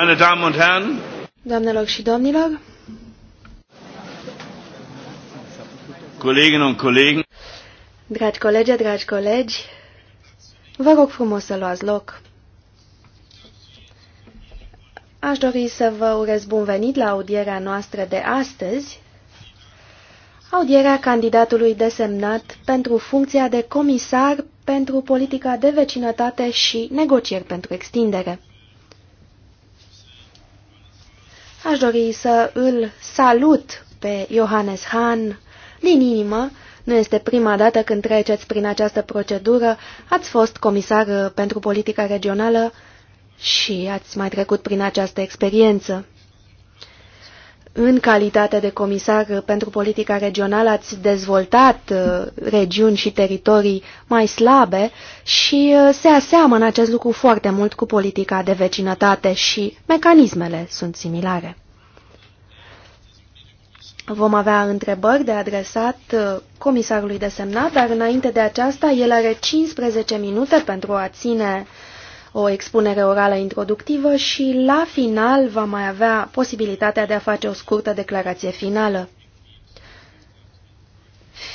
meine Damen und Herren. Doamnelor și domnilor. Kolleginnen und Kollegen. Dragi colegi, dragi colegi, vă rog frumos să luați loc. Aș dori să vă urez bun venit la audierea noastră de astăzi, audierea candidatului desemnat pentru funcția de comisar pentru politica de vecinătate și negocieri pentru extindere. Aș dori să îl salut pe Johannes Hahn din inimă. Nu este prima dată când treceți prin această procedură. Ați fost comisar uh, pentru politica regională și ați mai trecut prin această experiență. În calitate de comisar pentru politica regională ați dezvoltat uh, regiuni și teritorii mai slabe și uh, se aseamănă acest lucru foarte mult cu politica de vecinătate și mecanismele sunt similare. Vom avea întrebări de adresat uh, comisarului desemnat, dar înainte de aceasta el are 15 minute pentru a ține uh, o expunere orală introductivă și la final va mai avea posibilitatea de a face o scurtă declarație finală.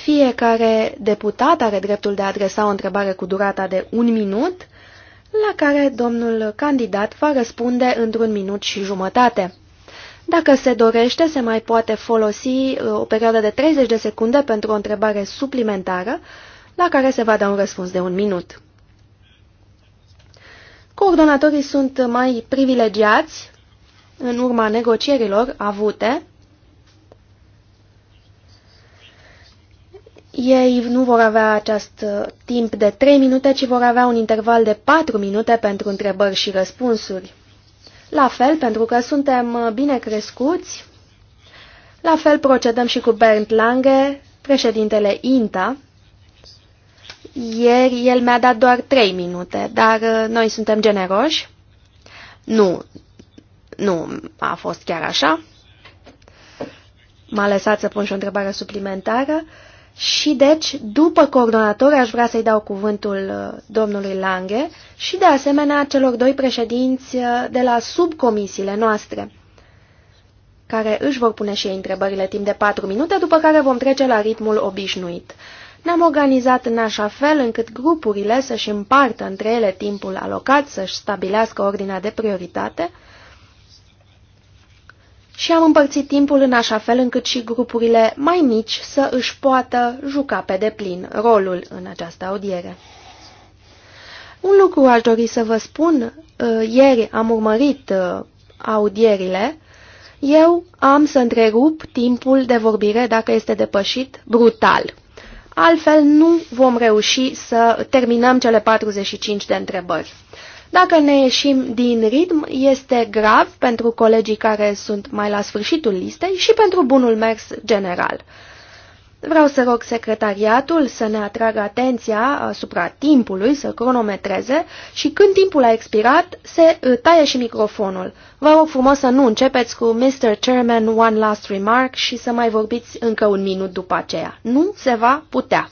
Fiecare deputat are dreptul de a adresa o întrebare cu durata de un minut, la care domnul candidat va răspunde într-un minut și jumătate. Dacă se dorește, se mai poate folosi uh, o perioadă de 30 de secunde pentru o întrebare suplimentară, la care se va da un răspuns de un minut. Coordonatorii sunt mai privilegiați în urma negocierilor avute. Ei nu vor avea acest timp de 3 minute, ci vor avea un interval de 4 minute pentru întrebări și răspunsuri. La fel, pentru că suntem bine crescuți, la fel procedăm și cu Bernd Lange, președintele INTA, ieri el mi-a dat doar trei minute, dar uh, noi suntem generoși. Nu, nu a fost chiar așa. M-a lăsat să pun și o întrebare suplimentară. Și deci, după coordonator, aș vrea să-i dau cuvântul uh, domnului Lange și de asemenea celor doi președinți uh, de la subcomisiile noastre, care își vor pune și ei întrebările timp de patru minute, după care vom trece la ritmul obișnuit. Ne-am organizat în așa fel încât grupurile să-și împartă între ele timpul alocat, să-și stabilească ordinea de prioritate și am împărțit timpul în așa fel încât și grupurile mai mici să își poată juca pe deplin rolul în această audiere. Un lucru aș dori să vă spun, uh, ieri am urmărit uh, audierile, eu am să întrerup timpul de vorbire dacă este depășit brutal altfel nu vom reuși să terminăm cele 45 de întrebări. Dacă ne ieșim din ritm, este grav pentru colegii care sunt mai la sfârșitul listei și pentru bunul mers general. Vreau să rog secretariatul să ne atragă atenția asupra timpului, să cronometreze și când timpul a expirat, se uh, taie și microfonul. Vă rog frumos să nu începeți cu Mr. Chairman One Last Remark și să mai vorbiți încă un minut după aceea. Nu se va putea.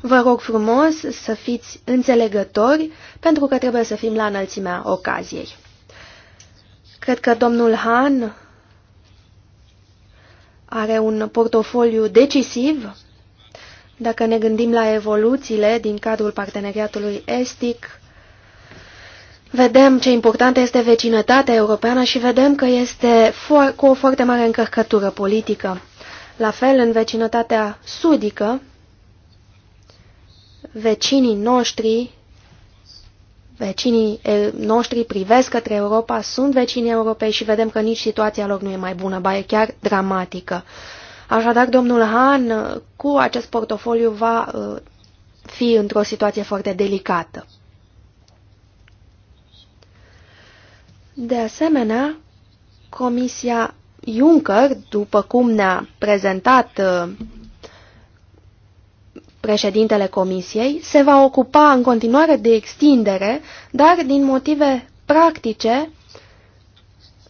Vă rog frumos să fiți înțelegători, pentru că trebuie să fim la înălțimea ocaziei. Cred că domnul Han are un portofoliu decisiv dacă ne gândim la evoluțiile din cadrul parteneriatului estic, vedem ce importantă este vecinătatea europeană și vedem că este cu o foarte mare încărcătură politică. La fel, în vecinătatea sudică, vecinii noștri vecinii noștri privesc către Europa, sunt vecinii Europei și vedem că nici situația lor nu e mai bună, ba e chiar dramatică. Așadar, domnul Han, cu acest portofoliu va fi într-o situație foarte delicată. De asemenea, Comisia Juncker, după cum ne-a prezentat președintele comisiei, se va ocupa în continuare de extindere, dar din motive practice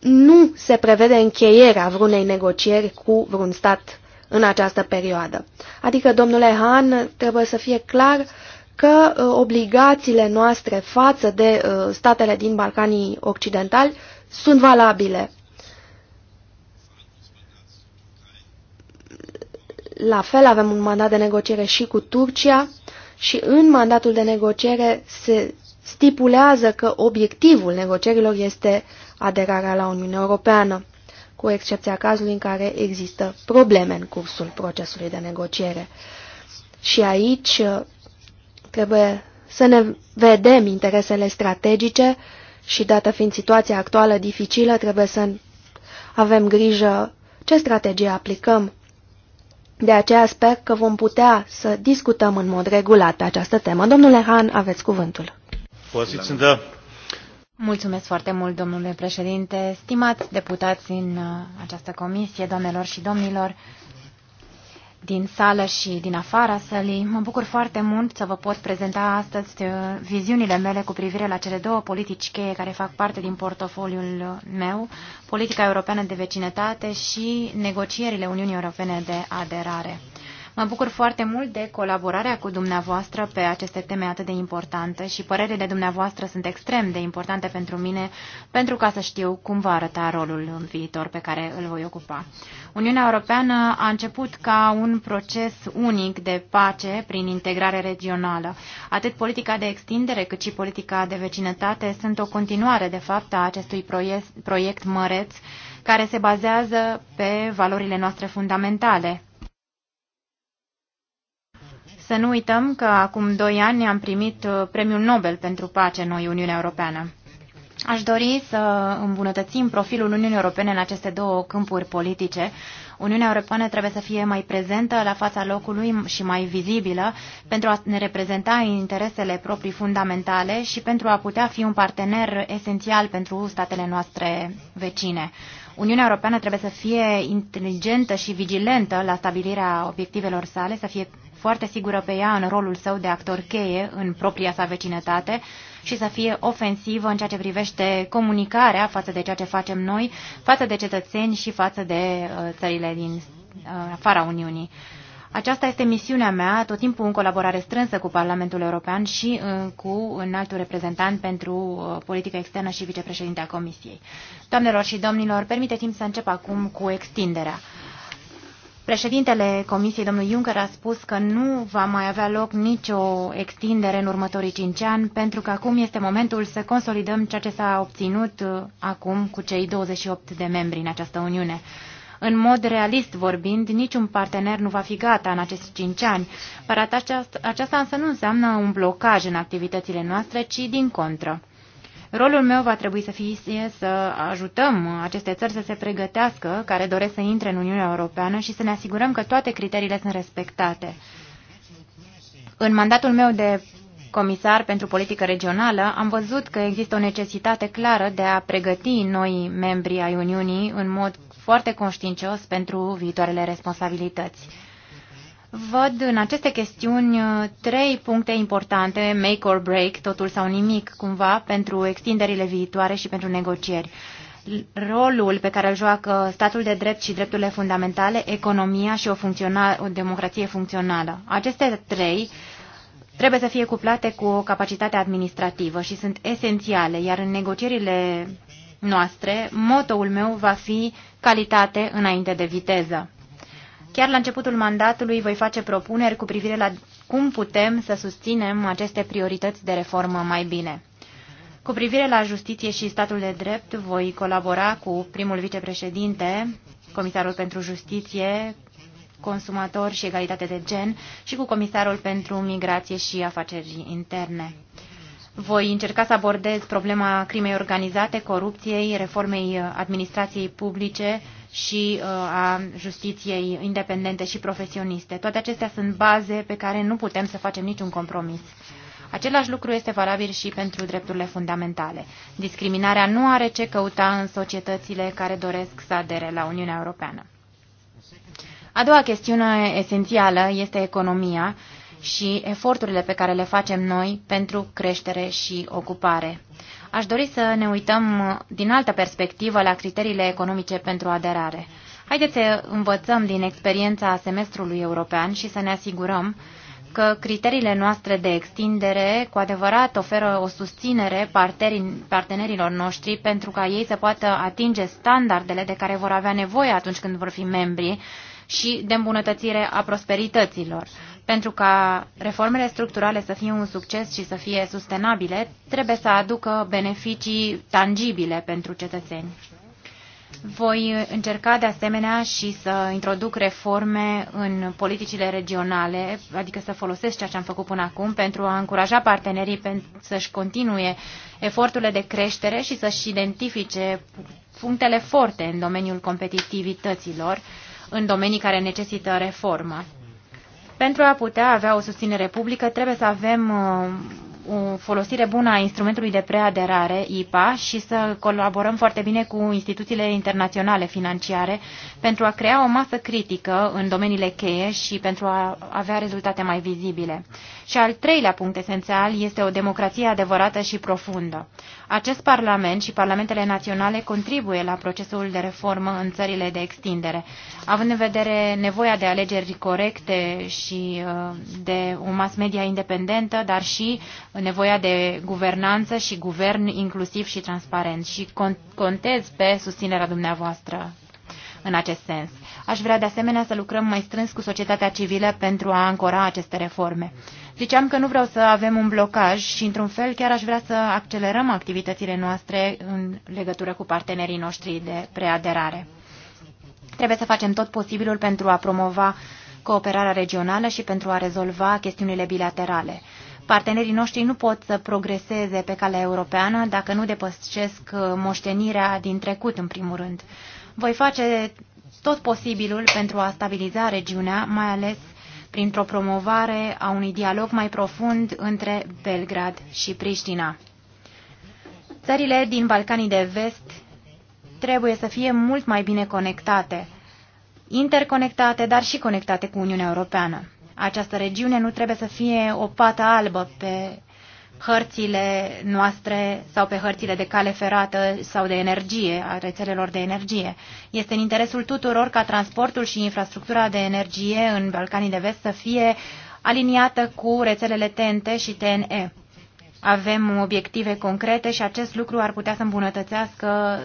nu se prevede încheierea vreunei negocieri cu vreun stat în această perioadă. Adică, domnule Han, trebuie să fie clar că uh, obligațiile noastre față de uh, statele din Balcanii Occidentali sunt valabile. La fel avem un mandat de negociere și cu Turcia și în mandatul de negociere se stipulează că obiectivul negocierilor este aderarea la Uniunea Europeană, cu excepția cazului în care există probleme în cursul procesului de negociere. Și aici uh, trebuie să ne vedem interesele strategice și, dată fiind situația actuală dificilă, trebuie să avem grijă ce strategie aplicăm. De aceea sper că vom putea să discutăm în mod regulat pe această temă. Domnule Han, aveți cuvântul. Mulțumesc foarte mult, domnule președinte, stimați deputați în uh, această comisie, doamnelor și domnilor din sală și din afara sălii. Mă bucur foarte mult să vă pot prezenta astăzi uh, viziunile mele cu privire la cele două politici cheie care fac parte din portofoliul meu, politica europeană de vecinătate și negocierile Uniunii Europene de aderare. Mă bucur foarte mult de colaborarea cu dumneavoastră pe aceste teme atât de importante și părerile dumneavoastră sunt extrem de importante pentru mine pentru ca să știu cum va arăta rolul în viitor pe care îl voi ocupa. Uniunea Europeană a început ca un proces unic de pace prin integrare regională. Atât politica de extindere cât și politica de vecinătate sunt o continuare, de fapt, a acestui proiect, proiect măreț care se bazează pe valorile noastre fundamentale, să nu uităm că acum doi ani am primit uh, premiul Nobel pentru pace noi, Uniunea Europeană. Aș dori să îmbunătățim profilul Uniunii Europene în aceste două câmpuri politice Uniunea Europeană trebuie să fie mai prezentă la fața locului și mai vizibilă pentru a ne reprezenta interesele proprii fundamentale și pentru a putea fi un partener esențial pentru statele noastre vecine. Uniunea Europeană trebuie să fie inteligentă și vigilentă la stabilirea obiectivelor sale, să fie foarte sigură pe ea în rolul său de actor cheie în propria sa vecinătate, și să fie ofensivă în ceea ce privește comunicarea față de ceea ce facem noi, față de cetățeni și față de uh, țările din uh, afara Uniunii. Aceasta este misiunea mea, tot timpul în colaborare strânsă cu Parlamentul European și uh, cu înaltul reprezentant pentru politică externă și vicepreședintea Comisiei. Doamnelor și domnilor, permiteți-mi să încep acum cu extinderea. Președintele Comisiei, domnul Juncker, a spus că nu va mai avea loc nicio extindere în următorii cinci ani, pentru că acum este momentul să consolidăm ceea ce s-a obținut uh, acum cu cei 28 de membri în această Uniune. În mod realist vorbind, niciun partener nu va fi gata în acești cinci ani, aceasta, aceasta însă nu înseamnă un blocaj în activitățile noastre, ci din contră. Rolul meu va trebui să fie să ajutăm aceste țări să se pregătească, care doresc să intre în Uniunea Europeană și să ne asigurăm că toate criteriile sunt respectate. În mandatul meu de comisar pentru politică regională, am văzut că există o necesitate clară de a pregăti noi membri ai Uniunii în mod foarte conștiincios pentru viitoarele responsabilități. Văd în aceste chestiuni uh, trei puncte importante, make or break, totul sau nimic, cumva, pentru extinderile viitoare și pentru negocieri. Rolul pe care îl joacă statul de drept și drepturile fundamentale, economia și o, o democrație funcțională. Aceste trei trebuie să fie cuplate cu o capacitate administrativă și sunt esențiale, iar în negocierile noastre, motoul meu va fi calitate înainte de viteză. Chiar la începutul mandatului voi face propuneri cu privire la cum putem să susținem aceste priorități de reformă mai bine. Cu privire la justiție și statul de drept, voi colabora cu primul vicepreședinte, comisarul pentru justiție, consumator și egalitate de gen și cu comisarul pentru migrație și afaceri interne. Voi încerca să abordez problema crimei organizate, corupției, reformei administrației publice, și uh, a justiției independente și profesioniste. Toate acestea sunt baze pe care nu putem să facem niciun compromis. Același lucru este valabil și pentru drepturile fundamentale. Discriminarea nu are ce căuta în societățile care doresc să adere la Uniunea Europeană. A doua chestiune esențială este economia și eforturile pe care le facem noi pentru creștere și ocupare. Aș dori să ne uităm din altă perspectivă la criteriile economice pentru aderare. Haideți să învățăm din experiența semestrului european și să ne asigurăm că criteriile noastre de extindere cu adevărat oferă o susținere partenerilor noștri pentru ca ei să poată atinge standardele de care vor avea nevoie atunci când vor fi membri și de îmbunătățire a prosperităților. Pentru ca reformele structurale să fie un succes și să fie sustenabile, trebuie să aducă beneficii tangibile pentru cetățeni. Voi încerca de asemenea și să introduc reforme în politicile regionale, adică să folosesc ceea ce am făcut până acum pentru a încuraja partenerii să-și continue eforturile de creștere și să-și identifice punctele forte în domeniul competitivităților, în domenii care necesită reformă. Pentru a putea avea o susținere publică, trebuie să avem uh, o folosire bună a instrumentului de preaderare, IPA, și să colaborăm foarte bine cu instituțiile internaționale financiare pentru a crea o masă critică în domeniile cheie și pentru a avea rezultate mai vizibile. Și al treilea punct esențial este o democrație adevărată și profundă. Acest Parlament și Parlamentele naționale contribuie la procesul de reformă în țările de extindere, având în vedere nevoia de alegeri corecte și uh, de o mass media independentă, dar și nevoia de guvernanță și guvern inclusiv și transparent și contez pe susținerea dumneavoastră în acest sens. Aș vrea de asemenea să lucrăm mai strâns cu societatea civilă pentru a ancora aceste reforme. Ziceam că nu vreau să avem un blocaj și, într-un fel, chiar aș vrea să accelerăm activitățile noastre în legătură cu partenerii noștri de preaderare. Trebuie să facem tot posibilul pentru a promova cooperarea regională și pentru a rezolva chestiunile bilaterale. Partenerii noștri nu pot să progreseze pe calea europeană dacă nu depășesc uh, moștenirea din trecut, în primul rând. Voi face tot posibilul pentru a stabiliza regiunea, mai ales printr-o promovare a unui dialog mai profund între Belgrad și Priștina. Țările din Balcanii de Vest trebuie să fie mult mai bine conectate, interconectate, dar și conectate cu Uniunea Europeană această regiune nu trebuie să fie o pată albă pe hărțile noastre sau pe hărțile de cale ferată sau de energie, a rețelelor de energie. Este în interesul tuturor ca transportul și infrastructura de energie în Balcanii de Vest să fie aliniată cu rețelele TNT și TNE. Avem obiective concrete și acest lucru ar putea să îmbunătățească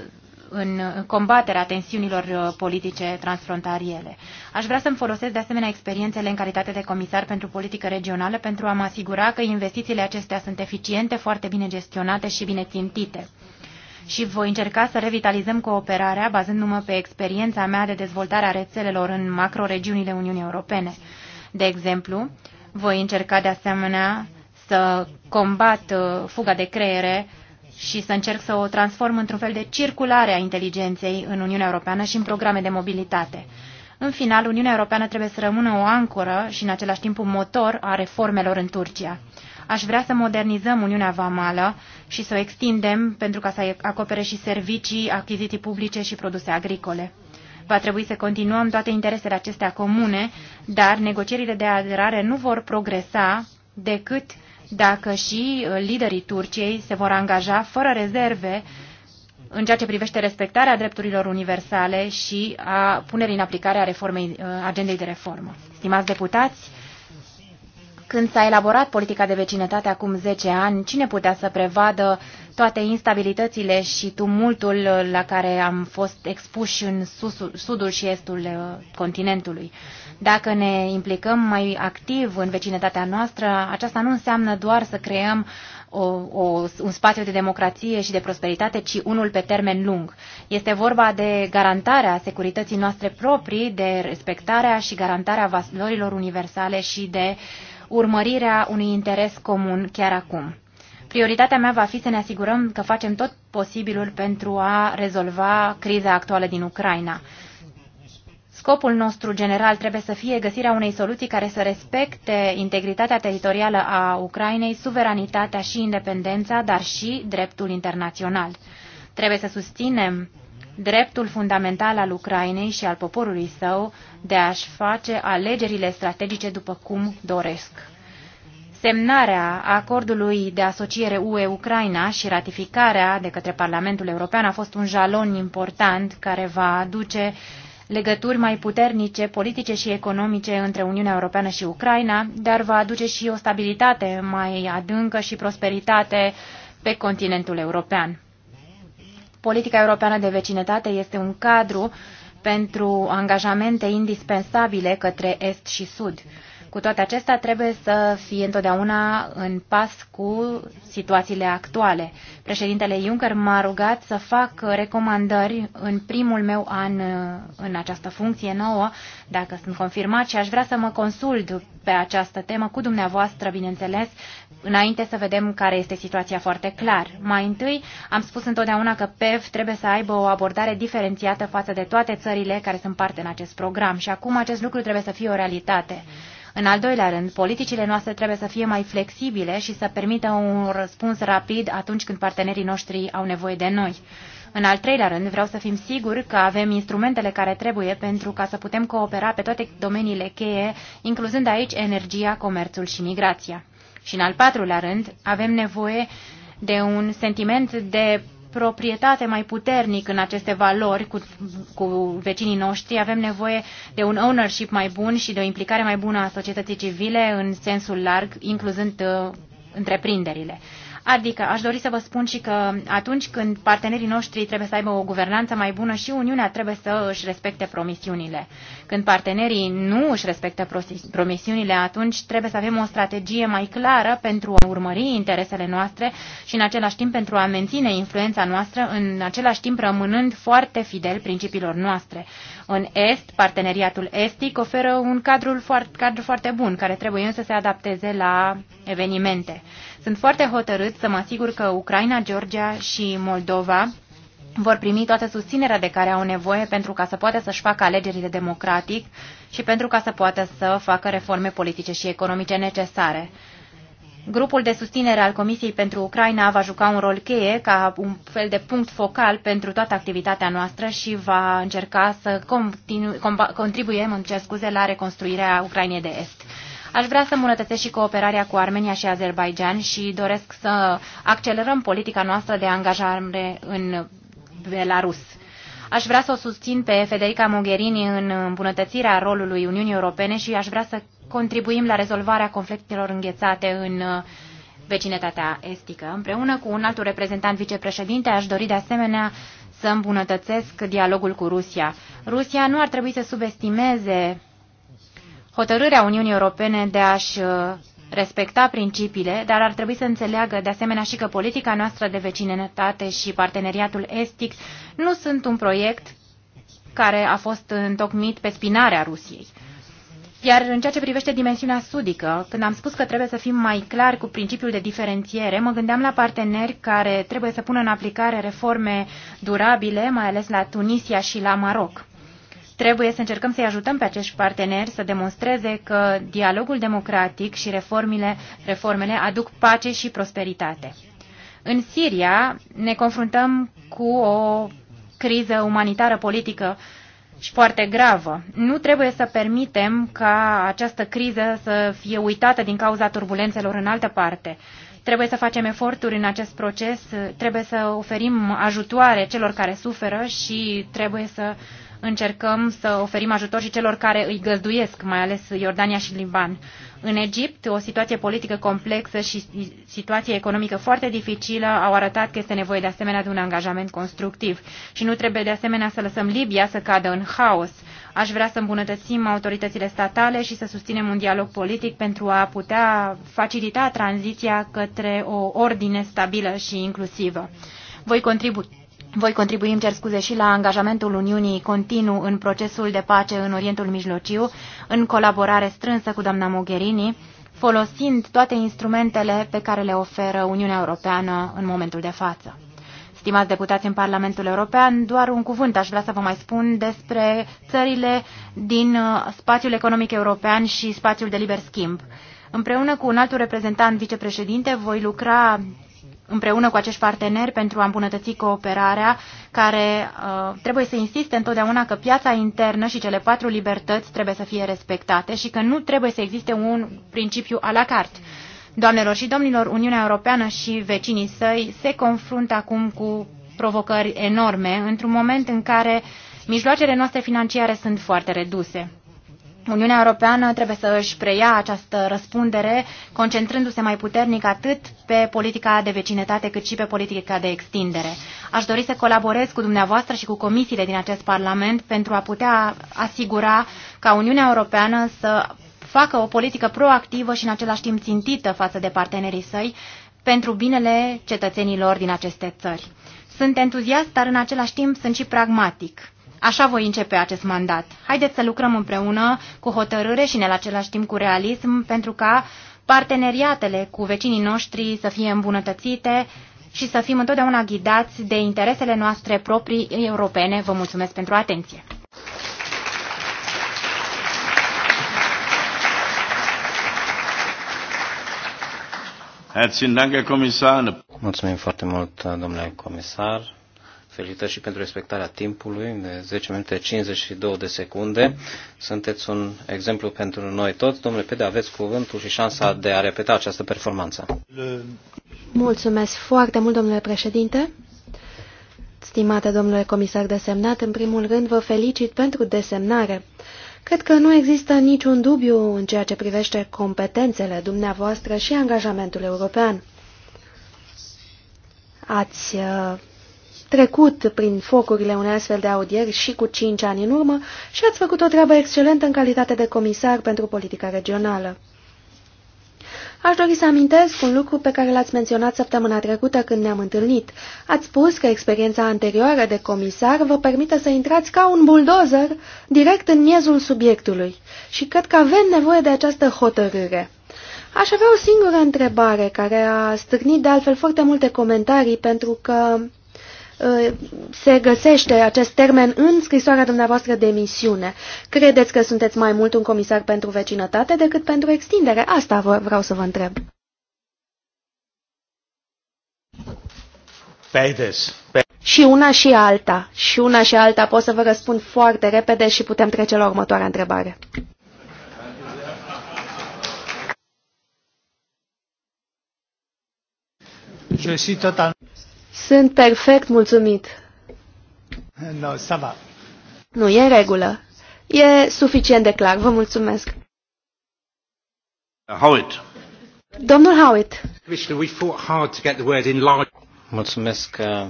în combaterea tensiunilor uh, politice transfrontaliere. Aș vrea să-mi folosesc de asemenea experiențele în calitate de comisar pentru politică regională pentru a mă asigura că investițiile acestea sunt eficiente, foarte bine gestionate și bine țintite și voi încerca să revitalizăm cooperarea bazându-mă pe experiența mea de dezvoltare a rețelelor în macroregiunile Uniunii Europene. De exemplu, voi încerca de asemenea să combat uh, fuga de creiere și să încerc să o transform într-un fel de circulare a inteligenței în Uniunea Europeană și în programe de mobilitate. În final, Uniunea Europeană trebuie să rămână o ancoră și în același timp un motor a reformelor în Turcia. Aș vrea să modernizăm Uniunea Vamală și să o extindem pentru ca să acopere și servicii, achiziții publice și produse agricole. Va trebui să continuăm toate interesele acestea comune, dar negocierile de aderare nu vor progresa decât dacă și uh, liderii Turciei se vor angaja fără rezerve în ceea ce privește respectarea drepturilor universale și a punerii în aplicare a reformei, uh, agendei de reformă. Stimați deputați, când s-a elaborat politica de vecinătate acum 10 ani, cine putea să prevadă toate instabilitățile și tumultul uh, la care am fost expuși în susul, sudul și estul continentului? Dacă ne implicăm mai activ în vecinătatea noastră, aceasta nu înseamnă doar să creăm o, o, un spațiu de democrație și de prosperitate, ci unul pe termen lung. Este vorba de garantarea securității noastre proprii, de respectarea și garantarea valorilor universale și de urmărirea unui interes comun chiar acum. Prioritatea mea va fi să ne asigurăm că facem tot posibilul pentru a rezolva criza actuală din Ucraina. Scopul nostru general trebuie să fie găsirea unei soluții care să respecte integritatea teritorială a Ucrainei, suveranitatea și independența, dar și dreptul internațional. Trebuie să susținem dreptul fundamental al Ucrainei și al poporului său de a-și face alegerile strategice după cum doresc. Semnarea acordului de asociere UE-Ucraina și ratificarea de către Parlamentul European a fost un jalon important care va aduce legături mai puternice, politice și economice între Uniunea Europeană și Ucraina, dar va aduce și o stabilitate mai adâncă și prosperitate pe continentul european. Politica europeană de vecinătate este un cadru pentru angajamente indispensabile către Est și Sud. Cu toate acestea, trebuie să fie întotdeauna în pas cu situațiile actuale. Președintele Juncker m-a rugat să fac recomandări în primul meu an uh, în această funcție nouă, dacă sunt confirmat, și aș vrea să mă consult pe această temă cu dumneavoastră, bineînțeles, înainte să vedem care este situația foarte clar. Mai întâi, am spus întotdeauna că PEV trebuie să aibă o abordare diferențiată față de toate țările care sunt parte în acest program și acum acest lucru trebuie să fie o realitate. Mm. În al doilea rând, politicile noastre trebuie să fie mai flexibile și să permită un răspuns rapid atunci când partenerii noștri au nevoie de noi. În al treilea rând, vreau să fim siguri că avem instrumentele care trebuie pentru ca să putem coopera pe toate domeniile cheie, incluzând aici energia, comerțul și migrația. Și în al patrulea rând, avem nevoie de un sentiment de proprietate mai puternic în aceste valori cu, cu vecinii noștri. Avem nevoie de un ownership mai bun și de o implicare mai bună a societății civile în sensul larg, incluzând uh, întreprinderile. Adică aș dori să vă spun și că atunci când partenerii noștri trebuie să aibă o guvernanță mai bună și Uniunea trebuie să își respecte promisiunile. Când partenerii nu își respectă promisiunile, atunci trebuie să avem o strategie mai clară pentru a urmări interesele noastre și în același timp pentru a menține influența noastră, în același timp rămânând foarte fidel principiilor noastre în Est, parteneriatul estic, oferă un cadru foarte, cadru foarte bun, care trebuie însă să se adapteze la evenimente. Sunt foarte hotărât să mă asigur că Ucraina, Georgia și Moldova vor primi toată susținerea de care au nevoie pentru ca să poată să-și facă alegerile democratic și pentru ca să poată să facă reforme politice și economice necesare. Grupul de susținere al Comisiei pentru Ucraina va juca un rol cheie ca un fel de punct focal pentru toată activitatea noastră și va încerca să continu, contribuiem în cer scuze, la reconstruirea Ucrainei de Est. Aș vrea să îmbunătățesc și cooperarea cu Armenia și Azerbaijan și doresc să accelerăm politica noastră de angajare în Belarus. Aș vrea să o susțin pe Federica Mogherini în îmbunătățirea rolului Uniunii Europene și aș vrea să contribuim la rezolvarea conflictelor înghețate în uh, vecinătatea estică. Împreună cu un alt reprezentant vicepreședinte, aș dori de asemenea să îmbunătățesc dialogul cu Rusia. Rusia nu ar trebui să subestimeze hotărârea Uniunii Europene de a-și uh, respecta principiile, dar ar trebui să înțeleagă de asemenea și că politica noastră de vecinătate și parteneriatul estic nu sunt un proiect care a fost întocmit pe spinarea Rusiei. Iar în ceea ce privește dimensiunea sudică, când am spus că trebuie să fim mai clari cu principiul de diferențiere, mă gândeam la parteneri care trebuie să pună în aplicare reforme durabile, mai ales la Tunisia și la Maroc. Trebuie să încercăm să-i ajutăm pe acești parteneri să demonstreze că dialogul democratic și reformele, reformele aduc pace și prosperitate. În Siria ne confruntăm cu o criză umanitară politică și foarte gravă. Nu trebuie să permitem ca această criză să fie uitată din cauza turbulențelor în altă parte. Trebuie să facem eforturi în acest proces, trebuie să oferim ajutoare celor care suferă și trebuie să uh, încercăm să oferim ajutor și celor care îi găzduiesc, mai ales Iordania și Liban. În Egipt, o situație politică complexă și situație economică foarte dificilă au arătat că este nevoie de asemenea de un angajament constructiv și nu trebuie de asemenea să lăsăm Libia să cadă în haos. Aș vrea să îmbunătățim autoritățile statale și să susținem un dialog politic pentru a putea facilita tranziția către o ordine stabilă și inclusivă. Voi contribui voi contribui, îmi cer scuze, și la angajamentul Uniunii continuu în procesul de pace în Orientul Mijlociu, în colaborare strânsă cu doamna Mogherini, folosind toate instrumentele pe care le oferă Uniunea Europeană în momentul de față. Stimați deputați în Parlamentul European, doar un cuvânt aș vrea să vă mai spun despre țările din uh, spațiul economic european și spațiul de liber schimb. Împreună cu un altul reprezentant vicepreședinte voi lucra împreună cu acești parteneri pentru a îmbunătăți cooperarea, care uh, trebuie să insiste întotdeauna că piața internă și cele patru libertăți trebuie să fie respectate și că nu trebuie să existe un principiu a la carte. Doamnelor și domnilor, Uniunea Europeană și vecinii săi se confruntă acum cu provocări enorme, într-un moment în care mijloacele noastre financiare sunt foarte reduse. Uniunea Europeană trebuie să își preia această răspundere, concentrându-se mai puternic atât pe politica de vecinătate cât și pe politica de extindere. Aș dori să colaborez cu dumneavoastră și cu comisiile din acest Parlament pentru a putea asigura ca Uniunea Europeană să facă o politică proactivă și în același timp țintită față de partenerii săi pentru binele cetățenilor din aceste țări. Sunt entuziast, dar în același timp sunt și pragmatic. Așa voi începe acest mandat. Haideți să lucrăm împreună cu hotărâre și în același timp cu realism pentru ca parteneriatele cu vecinii noștri să fie îmbunătățite și să fim întotdeauna ghidați de interesele noastre proprii europene. Vă mulțumesc pentru atenție! Mulțumim foarte mult, domnule comisar. Felicitări și pentru respectarea timpului de 10 minute 52 de secunde. Sunteți un exemplu pentru noi toți. Domnule Pede, aveți cuvântul și șansa de a repeta această performanță. Mulțumesc foarte mult, domnule președinte. Stimate domnule comisar desemnat, în primul rând vă felicit pentru desemnare. Cred că nu există niciun dubiu în ceea ce privește competențele dumneavoastră și angajamentul european. Ați uh, trecut prin focurile unei astfel de audieri și cu cinci ani în urmă și ați făcut o treabă excelentă în calitate de comisar pentru politica regională. Aș dori să amintesc un lucru pe care l-ați menționat săptămâna trecută când ne-am întâlnit. Ați spus că experiența anterioară de comisar vă permite să intrați ca un buldozer direct în miezul subiectului și cred că avem nevoie de această hotărâre. Aș avea o singură întrebare care a stârnit de altfel foarte multe comentarii pentru că Uh, se găsește acest termen în scrisoarea dumneavoastră de misiune. Credeți că sunteți mai mult un comisar pentru vecinătate decât pentru extindere? Asta vreau să vă întreb. Beides. Și una și alta. Și una și alta pot să vă răspund foarte repede și putem trece la următoarea întrebare. Je suis total... Sunt perfect mulțumit. No, ça va. Nu, e în regulă. E suficient de clar. Vă mulțumesc. Uh, Howitt. Domnul Howitt. Mulțumesc, uh,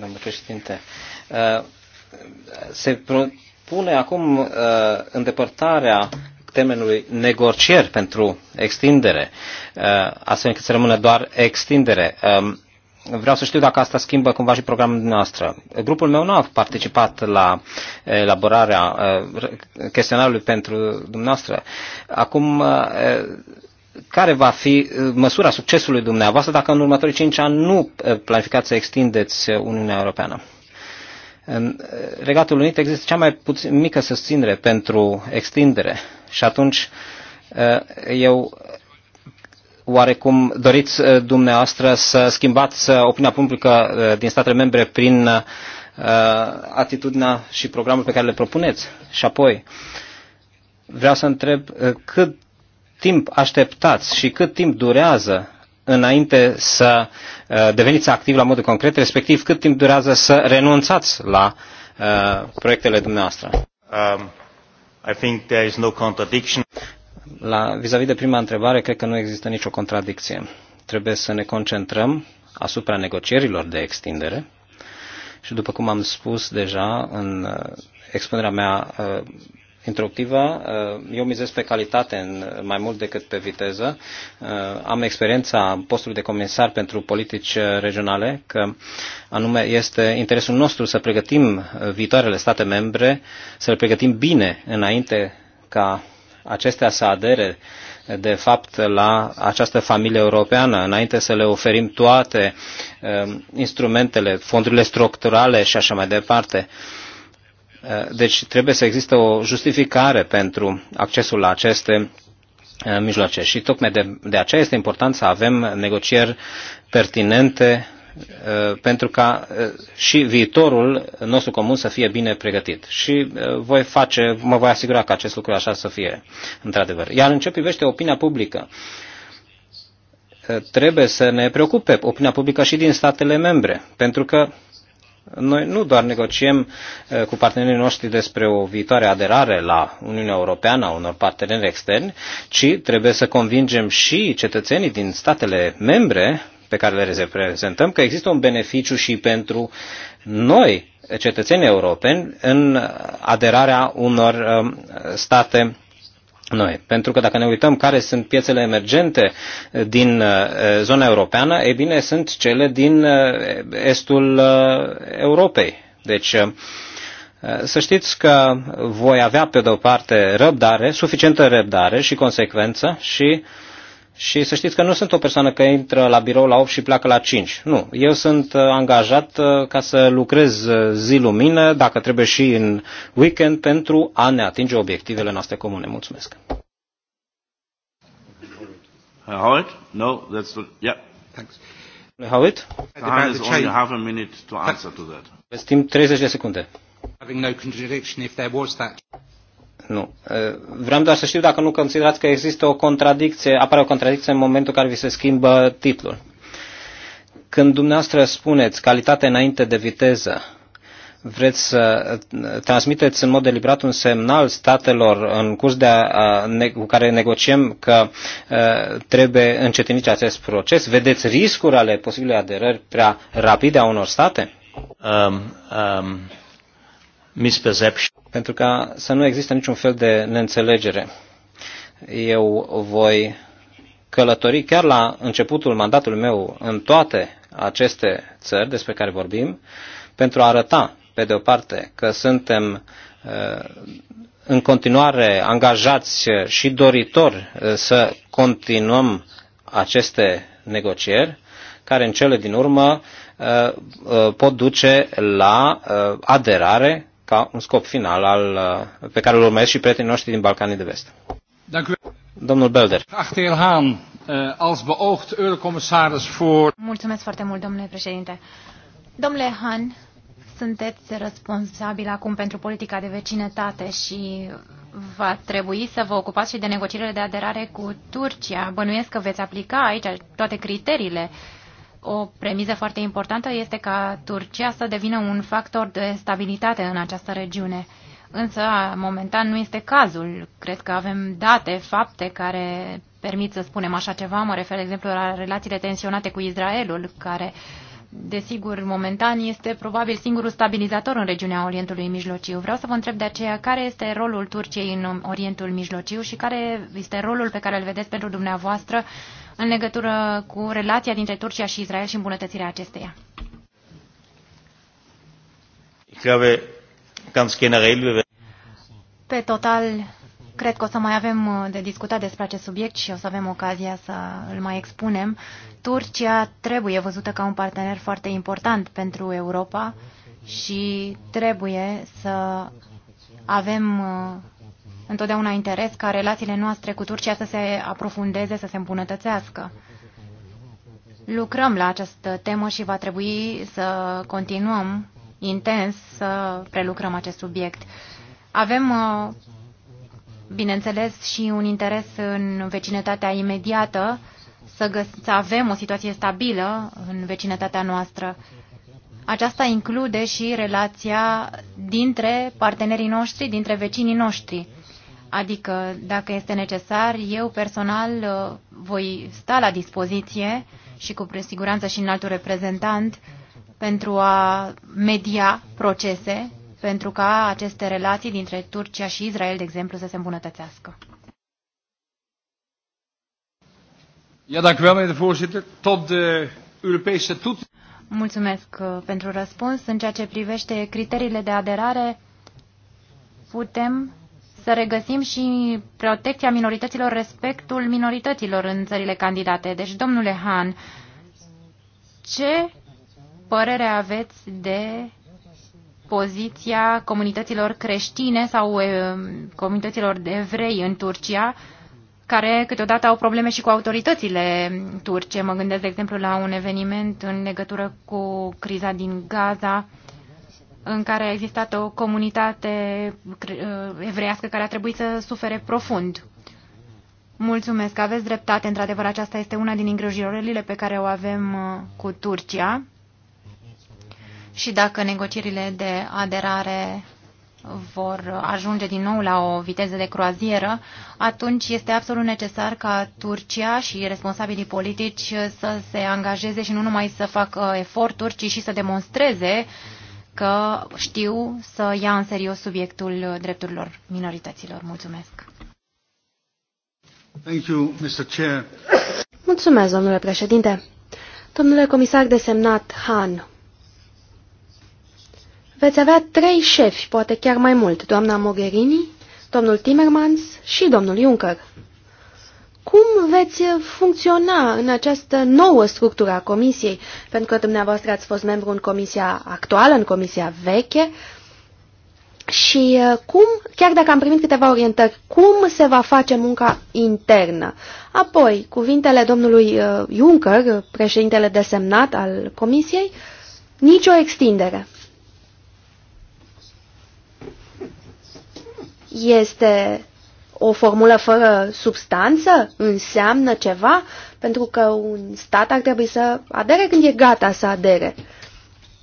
domnul președinte. Uh, se pune acum îndepărtarea termenului negocieri pentru extindere, astfel încât să rămână doar extindere. Um, vreau să știu dacă asta schimbă cumva și programul dumneavoastră. Grupul meu nu a participat la elaborarea uh, chestionarului pentru dumneavoastră. Acum, uh, care va fi uh, măsura succesului dumneavoastră dacă în următorii 5 ani nu planificați să extindeți Uniunea Europeană? În Regatul Unit există cea mai puțin, mică susținere pentru extindere și atunci eu oarecum doriți eh, dumneavoastră să schimbați eh, opinia publică eh, din statele membre prin atitudinea și programul pe care le propuneți? Și apoi, vreau să întreb cât timp așteptați și cât timp durează înainte să deveniți activ la modul concret, respectiv cât timp durează să renunțați la proiectele dumneavoastră? Um, I think there is no contradiction la, vis-a-vis de prima întrebare, cred că nu există nicio contradicție. Trebuie să ne concentrăm asupra negocierilor de extindere și, după cum am spus deja în uh, expunerea mea uh, introductivă, uh, eu mizez pe calitate în, mai mult decât pe viteză. Am experiența postului de comisar pentru politici regionale, că anume este interesul nostru să pregătim viitoarele state membre, să le pregătim bine înainte ca acestea să adere de fapt la această familie europeană, înainte să le oferim toate uh, instrumentele, fondurile structurale și așa mai departe. Uh, deci trebuie să există o justificare pentru accesul la aceste uh, mijloace. Și tocmai de, de aceea este important să avem negocieri pertinente Uh, pentru ca uh, și viitorul nostru comun să fie bine pregătit. Și uh, voi face, mă voi asigura că acest lucru așa să fie, într-adevăr. Iar în ce privește opinia publică, trebuie să ne preocupe opinia publică și din statele membre, pentru că noi nu doar negociem cu partenerii noștri despre o viitoare aderare la Uniunea Europeană a unor parteneri externi, ci trebuie să convingem și cetățenii din statele membre pe care le reprezentăm, că există un beneficiu și pentru noi, cetățenii europeni, în aderarea unor um, state noi. Pentru că dacă ne uităm care sunt piețele emergente din uh, zona europeană, e bine, sunt cele din uh, estul uh, Europei. Deci, să știți că voi avea pe de o parte răbdare, suficientă răbdare și consecvență și uh, și să știți că nu sunt o persoană care intră la birou la 8 și pleacă la 5. Nu, eu sunt uh, angajat uh, ca să lucrez uh, zi lumină, dacă trebuie și în weekend, pentru a ne atinge obiectivele noastre comune. Mulțumesc. Howard? No, that's the... Yeah. Thanks. Howard? Time is only half a minute to answer to that. Timp 30 de secunde. Having no contradiction if there was that nu. Vreau doar să știu dacă nu considerați că există o contradicție, apare o contradicție în momentul în care vi se schimbă titlul. Când dumneavoastră spuneți calitate înainte de viteză, vreți să transmiteți în mod deliberat un semnal statelor în curs de a, a, ne, cu care negociem că a, trebuie încetinit acest proces? Vedeți riscuri ale posibile aderări prea rapide a unor state? Um, um, misperception pentru ca să nu există niciun fel de neînțelegere. Eu voi călători chiar la începutul mandatului meu în toate aceste țări despre care vorbim, pentru a arăta, pe de o parte, că suntem uh, în continuare angajați și doritori uh, să continuăm aceste negocieri, care în cele din urmă uh, pot duce la aderare ca un scop final al, uh, pe care îl urmăresc și prietenii noștri din Balcanii de Vest. Domnul Belder. Eh, Mulțumesc foarte mult, domnule președinte. Domnule Han, sunteți responsabil acum pentru politica de vecinătate și va trebui să vă ocupați și de negocierile de aderare cu Turcia. Bănuiesc că veți aplica aici toate criteriile uh, o premiză foarte importantă este ca Turcia să devină un factor de stabilitate în această regiune. Însă, momentan, nu este cazul. Cred că avem date, fapte care permit să spunem așa ceva. Mă refer, de exemplu, la relațiile tensionate cu Israelul, care, desigur, momentan este probabil singurul stabilizator în regiunea Orientului Mijlociu. Vreau să vă întreb de aceea care este rolul Turciei în Orientul Mijlociu și care este rolul pe care îl vedeți pentru dumneavoastră uh, în legătură cu relația dintre Turcia și Israel și îmbunătățirea acesteia? Pe total, cred că o să mai avem uh, de discutat despre acest subiect și o să avem ocazia să îl mai expunem. Turcia trebuie văzută ca un partener foarte important pentru Europa și trebuie să avem uh, întotdeauna interes ca relațiile noastre cu Turcia să se aprofundeze, să se îmbunătățească. Lucrăm la această temă și va trebui să continuăm intens să prelucrăm acest subiect. Avem, uh, bineînțeles, și un interes în vecinătatea imediată să, să avem o situație stabilă în vecinătatea noastră. Aceasta include și relația dintre partenerii noștri, dintre vecinii noștri. Adică, dacă este necesar, eu personal uh, voi sta la dispoziție și cu siguranță și în altul reprezentant pentru a media procese, pentru ca aceste relații dintre Turcia și Israel, de exemplu, să se îmbunătățească. Ja, dank u wel, meneer de voorzitter. Tot de Europese toet. Mulțumesc uh, pentru răspuns. În ceea ce privește criteriile de aderare, putem să regăsim și protecția minorităților, respectul minorităților în țările candidate. Deci, domnule Han, ce părere aveți de poziția comunităților creștine sau eh, comunităților de evrei în Turcia, care câteodată au probleme și cu autoritățile turce. Mă gândesc, de exemplu, la un eveniment în legătură cu criza din Gaza, în care a existat o comunitate uh, evreiască care a trebuit să sufere profund. Mulțumesc, aveți dreptate. Într-adevăr, aceasta este una din îngrijorările pe care o avem uh, cu Turcia. Și dacă negocierile de aderare vor ajunge din nou la o viteză de croazieră, atunci este absolut necesar ca Turcia și responsabilii politici să se angajeze și nu numai să facă eforturi, ci și să demonstreze uh, că știu să ia în serios subiectul drepturilor minorităților. Mulțumesc! Thank you, Mr. Chair. Mulțumesc, domnule președinte. Domnule comisar desemnat Han, veți avea trei șefi, poate chiar mai mult, doamna Mogherini, domnul Timmermans și domnul Juncker. Cum veți funcționa în această nouă structură a comisiei? Pentru că dumneavoastră ați fost membru în comisia actuală, în comisia veche. Și uh, cum, chiar dacă am primit câteva orientări, cum se va face munca internă? Apoi, cuvintele domnului uh, Juncker, președintele desemnat al comisiei, nicio extindere. Este o formulă fără substanță înseamnă ceva? Pentru că un stat ar trebui să adere când e gata să adere.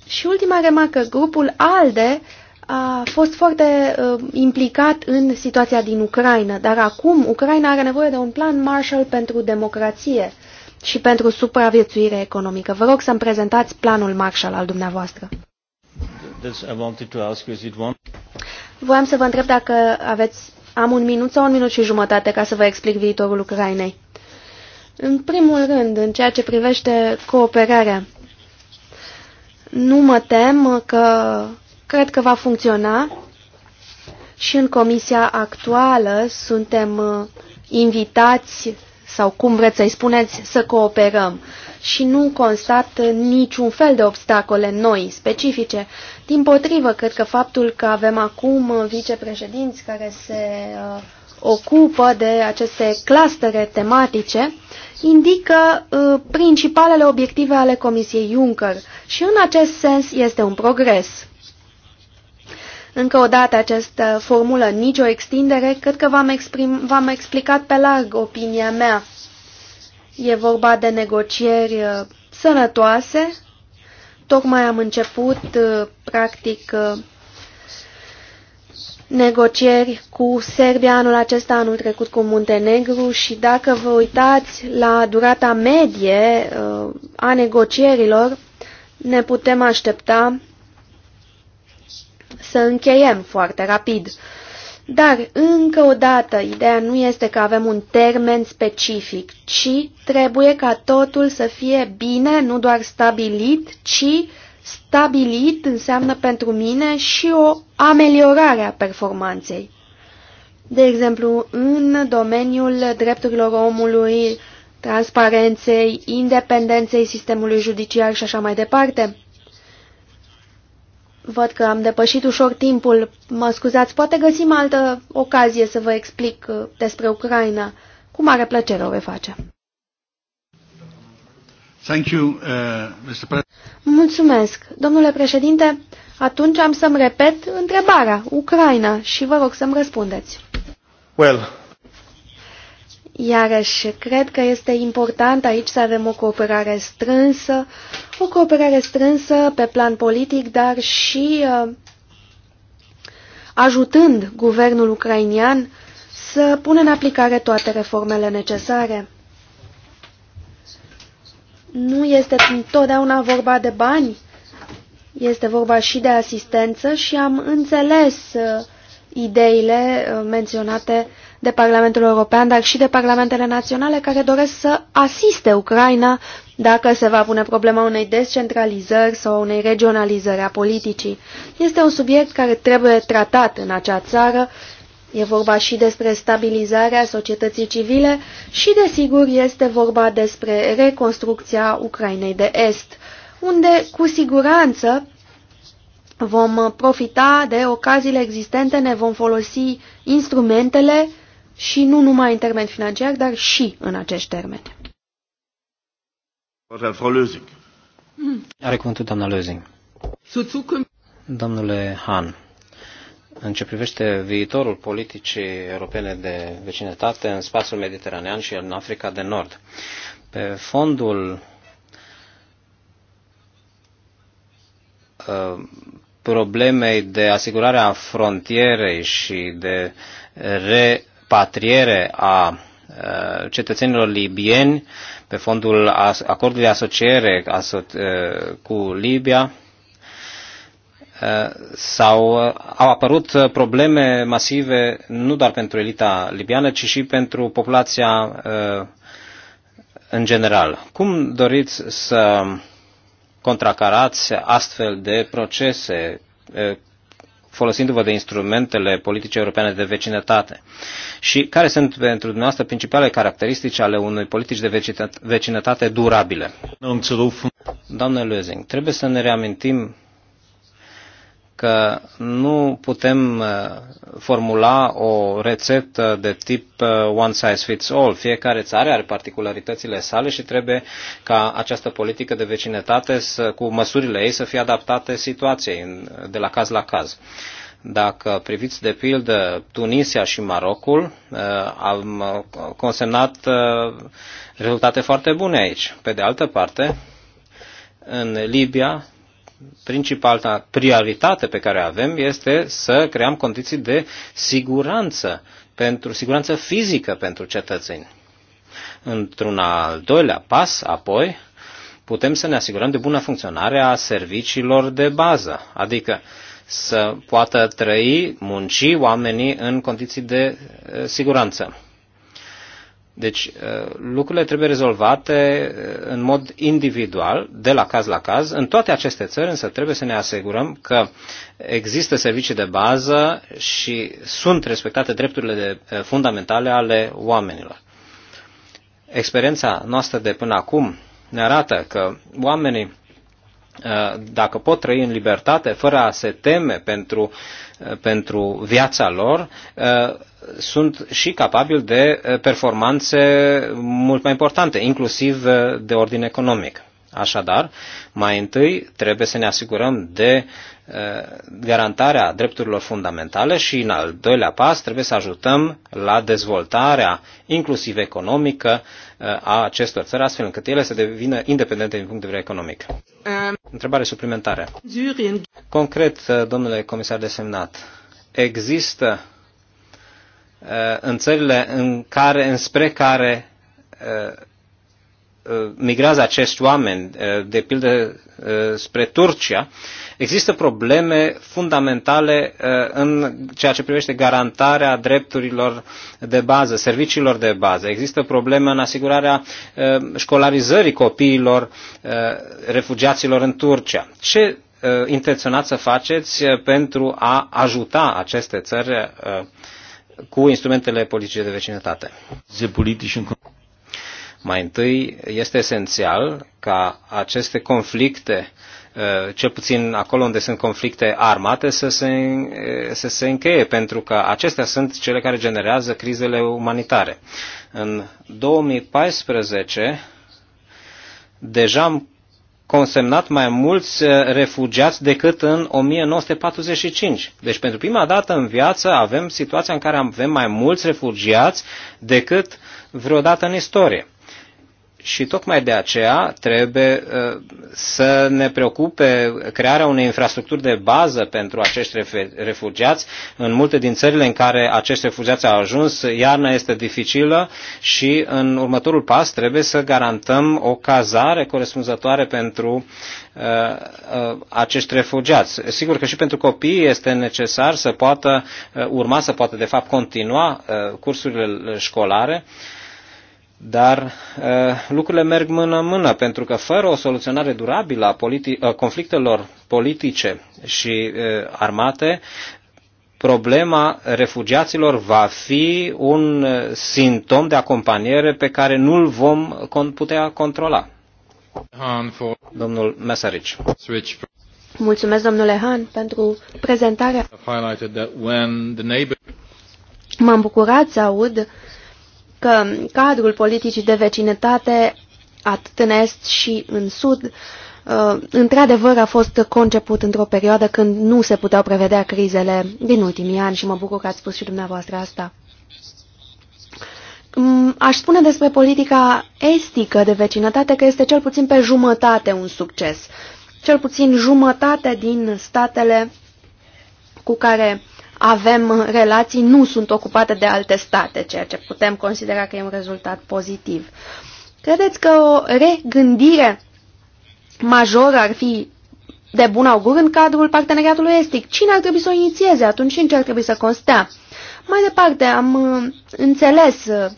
Și ultima remarcă, grupul ALDE a fost foarte uh, implicat în situația din Ucraina, dar acum Ucraina are nevoie de un plan Marshall pentru democrație și pentru supraviețuire economică. Vă rog să-mi prezentați planul Marshall al dumneavoastră. Voiam să vă întreb dacă aveți am un minut sau un minut și jumătate ca să vă explic viitorul Ucrainei. În primul rând, în ceea ce privește cooperarea, nu mă tem că cred că va funcționa și în comisia actuală suntem uh, invitați sau cum vreți să-i spuneți, să cooperăm și nu constat niciun fel de obstacole noi, specifice. Din potrivă, cred că faptul că avem acum vicepreședinți care se uh, ocupă de aceste clustere tematice indică uh, principalele obiective ale Comisiei Juncker și în acest sens este un progres. Încă o dată această formulă, nicio extindere, cred că v-am explicat pe larg opinia mea. E vorba de negocieri uh, sănătoase. Tocmai am început, uh, practic, uh, negocieri cu Serbia anul acesta, anul trecut cu Muntenegru și dacă vă uitați la durata medie a negocierilor, ne putem aștepta să încheiem foarte rapid. Dar, încă o dată, ideea nu este că avem un termen specific, ci trebuie ca totul să fie bine, nu doar stabilit, ci stabilit înseamnă pentru mine și o ameliorare a performanței. De exemplu, în domeniul drepturilor omului, transparenței, independenței sistemului judiciar și așa mai departe. Văd că am depășit ușor timpul. Mă scuzați, poate găsim altă ocazie să vă explic uh, despre Ucraina. Cu mare plăcere o voi face. Thank you, uh, Mr. Mulțumesc. Domnule președinte, atunci am să-mi repet întrebarea, Ucraina, și vă rog să-mi răspundeți. Well, Iarăși, cred că este important aici să avem o cooperare strânsă, o cooperare strânsă pe plan politic, dar și uh, ajutând guvernul ucrainian să pună în aplicare toate reformele necesare. Nu este întotdeauna vorba de bani, este vorba și de asistență și am înțeles uh, ideile uh, menționate de Parlamentul European, dar și de Parlamentele Naționale care doresc să asiste Ucraina dacă se va pune problema unei descentralizări sau unei regionalizări a politicii. Este un subiect care trebuie tratat în acea țară. E vorba și despre stabilizarea societății civile și, desigur, este vorba despre reconstrucția Ucrainei de Est, unde, cu siguranță, vom profita de ocaziile existente, ne vom folosi instrumentele și nu numai în termeni financiari, dar și în acești termeni. Are cuvântul doamna Lözing. Domnule Han, în ce privește viitorul politicii europene de vecinătate în spațiul mediteranean și în Africa de Nord, pe fondul ă, problemei de asigurare a frontierei și de re repatriere a cetățenilor libieni pe fondul acordului de asociere cu Libia sau au apărut probleme masive nu doar pentru elita libiană, ci și pentru populația în general. Cum doriți să contracarați astfel de procese folosindu-vă de instrumentele politice europene de vecinătate? Și care sunt pentru dumneavoastră principalele caracteristici ale unui politici de vecinătate durabile? Doamne Lözing, trebuie să ne reamintim că nu putem uh, formula o rețetă de tip uh, one size fits all. Fiecare țară are particularitățile sale și trebuie ca această politică de vecinătate să, cu măsurile ei să fie adaptate situației de la caz la caz. Dacă priviți de pildă Tunisia și Marocul, uh, am consemnat rezultate foarte bune aici. Pe de altă parte, în Libia principala prioritate pe care o avem este să creăm condiții de siguranță, pentru siguranță fizică pentru cetățeni. Într-un al doilea pas, apoi, putem să ne asigurăm de bună funcționare a serviciilor de bază, adică să poată trăi, munci oamenii în condiții de eh, siguranță. Deci uh, lucrurile trebuie rezolvate uh, în mod individual, de la caz la caz. În toate aceste țări însă trebuie să ne asigurăm că există servicii de bază și sunt respectate drepturile uh, fundamentale ale oamenilor. Experiența noastră de până acum ne arată că oamenii Uh, dacă pot trăi în libertate fără a se teme pentru, uh, pentru viața lor, uh, sunt și capabili de performanțe mult mai importante, inclusiv de ordin economic. Așadar, mai întâi trebuie să ne asigurăm de Uh, garantarea drepturilor fundamentale și, în al doilea pas, trebuie să ajutăm la dezvoltarea, inclusiv economică, uh, a acestor țări, astfel încât ele să devină independente din punct de vedere economic. Um, Întrebare suplimentară. Concret, uh, domnule comisar desemnat, există în țările în care, înspre care Uh, migrează acești oameni, uh, de pildă uh, spre Turcia, există probleme fundamentale în ceea ce privește garantarea drepturilor de bază, serviciilor de bază. Există probleme în asigurarea școlarizării copiilor refugiaților în Turcia. Ce intenționați să faceți pentru a ajuta aceste țări cu instrumentele politice de vecinătate? Mai întâi, este esențial ca aceste conflicte, eh, cel puțin acolo unde sunt conflicte armate, să se, eh, să se încheie, pentru că acestea sunt cele care generează crizele umanitare. În 2014, deja am consemnat mai mulți eh, refugiați decât în 1945. Deci pentru prima dată în viață avem situația în care avem mai mulți refugiați decât vreodată în istorie și tocmai de aceea trebuie uh, să ne preocupe crearea unei infrastructuri de bază pentru acești refugiați. În multe din țările în care acești refugiați au ajuns, iarna este dificilă și în următorul pas trebuie să garantăm o cazare corespunzătoare pentru uh, uh, acești refugiați. Sigur că și pentru copii este necesar să poată urma, să poată de fapt continua cursurile școlare, dar uh, lucrurile merg mână-mână, pentru că fără o soluționare durabilă a politi- uh, conflictelor politice și uh, armate, problema refugiaților va fi un uh, simptom de acompaniere pe care nu-l vom putea controla. Domnul Mesaric. Mulțumesc, domnule Han, pentru prezentare. M-am bucurat să aud că cadrul politicii de vecinătate, atât în Est și în Sud, uh, într-adevăr a fost conceput într-o perioadă când nu se puteau prevedea crizele din ultimii ani și mă bucur că ați spus și dumneavoastră asta. Mm, aș spune despre politica estică de vecinătate că este cel puțin pe jumătate un succes. Cel puțin jumătate din statele cu care avem relații nu sunt ocupate de alte state, ceea ce putem considera că e un rezultat pozitiv. Credeți că o regândire majoră ar fi de bun augur în cadrul parteneriatului estic? Cine ar trebui să o inițieze atunci și în ce ar trebui să constea? Mai departe, am uh, înțeles uh,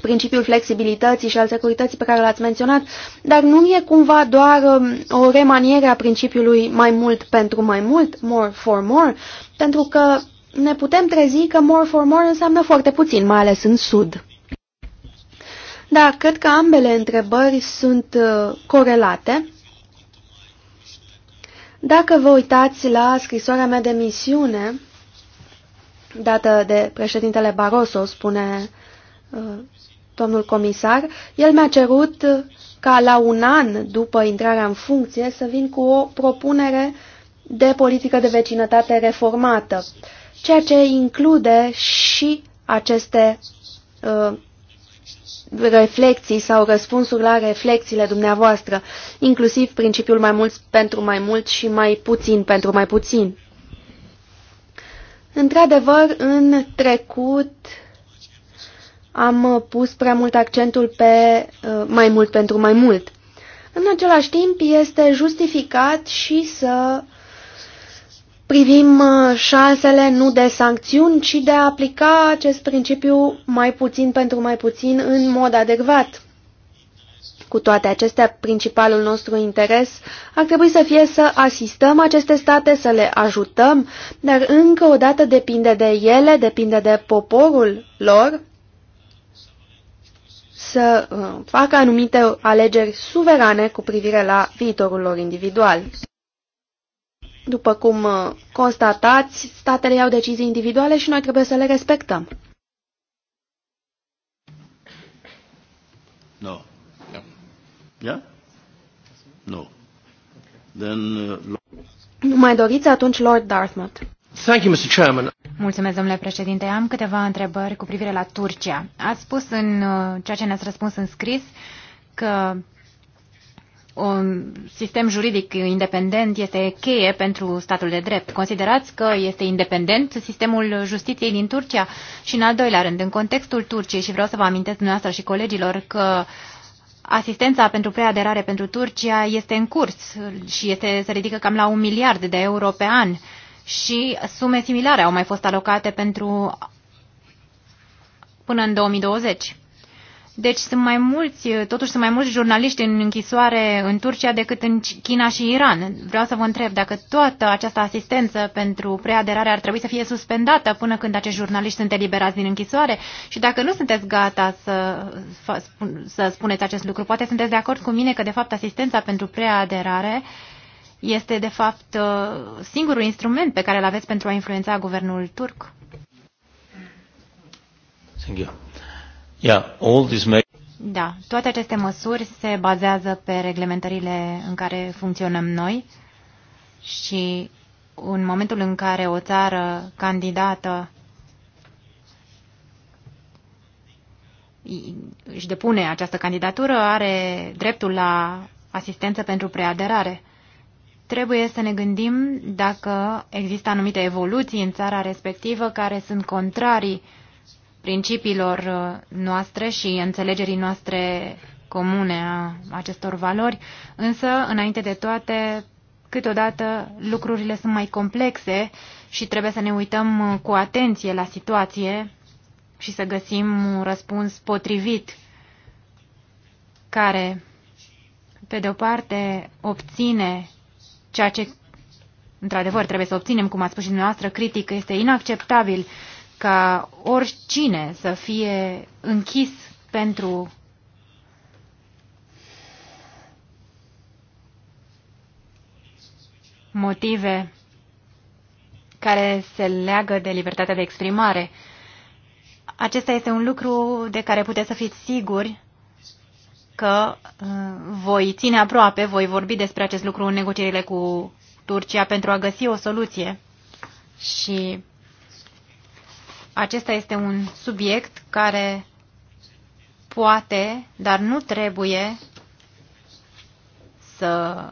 principiul flexibilității și al securității pe care l-ați menționat, dar nu e cumva doar um, o remaniere a principiului mai mult pentru mai mult, more for more, pentru că ne putem trezi că more for more înseamnă foarte puțin, mai ales în Sud. Da, cred că ambele întrebări sunt uh, corelate. Dacă vă uitați la scrisoarea mea de misiune, dată de președintele Barroso, spune uh, domnul comisar, el mi-a cerut ca la un an după intrarea în funcție să vin cu o propunere de politică de vecinătate reformată, ceea ce include și aceste uh, reflexii sau răspunsuri la reflexiile dumneavoastră, inclusiv principiul mai mult pentru mai mult și mai puțin pentru mai puțin. Într-adevăr, în trecut, am uh, pus prea mult accentul pe uh, mai mult pentru mai mult. În același timp, este justificat și să privim uh, șansele nu de sancțiuni, ci de a aplica acest principiu mai puțin pentru mai puțin în mod adecvat. Cu toate acestea, principalul nostru interes ar trebui să fie să asistăm aceste state, să le ajutăm, dar încă o dată depinde de ele, depinde de poporul lor să uh, facă anumite alegeri suverane cu privire la viitorul lor individual. După cum uh, constatați, statele iau decizii individuale și noi trebuie să le respectăm. No. Yeah? yeah? No. Then, uh, nu mai doriți atunci Lord Dartmouth. Thank you, Mr. Chairman. Mulțumesc, domnule președinte. Am câteva întrebări cu privire la Turcia. Ați spus în uh, ceea ce ne-ați răspuns în scris că un sistem juridic independent este cheie pentru statul de drept. Considerați că este independent sistemul justiției din Turcia? Și în al doilea rând, în contextul Turciei, și vreau să vă amintesc dumneavoastră și colegilor că asistența pentru preaderare pentru Turcia este în curs și este, se ridică cam la un miliard de euro pe an. Uh, și sume similare au mai fost alocate pentru până în 2020. Deci sunt mai mulți, totuși sunt mai mulți jurnaliști în închisoare în Turcia decât în China și Iran. Vreau să vă întreb dacă toată această asistență pentru preaderare ar trebui să fie suspendată până când acești jurnaliști sunt eliberați din închisoare și dacă nu sunteți gata să, să spuneți acest lucru, poate sunteți de acord cu mine că de fapt asistența pentru preaderare uh, este de fapt uh, singurul instrument pe care îl aveți pentru a influența guvernul turc? Thank you. Yeah, all da, toate aceste măsuri se bazează pe reglementările în care funcționăm noi și în momentul în care o țară candidată își depune această candidatură, are dreptul la asistență pentru preaderare. Trebuie să ne gândim dacă există anumite evoluții în țara respectivă care sunt contrarii principiilor uh, noastre și înțelegerii noastre comune a acestor valori, însă, înainte de toate, câteodată lucrurile sunt mai complexe și trebuie să ne uităm uh, cu atenție la situație și să găsim un răspuns potrivit care, pe de o parte, obține Ceea ce, într-adevăr, trebuie să obținem, cum a spus și dumneavoastră, critic, este inacceptabil ca oricine să fie închis pentru motive care se leagă de libertatea de exprimare. Acesta este un lucru de care puteți să fiți siguri că uh, voi ține aproape, voi vorbi despre acest lucru în negocierile cu Turcia pentru a găsi o soluție. Și acesta este un subiect care poate, dar nu trebuie să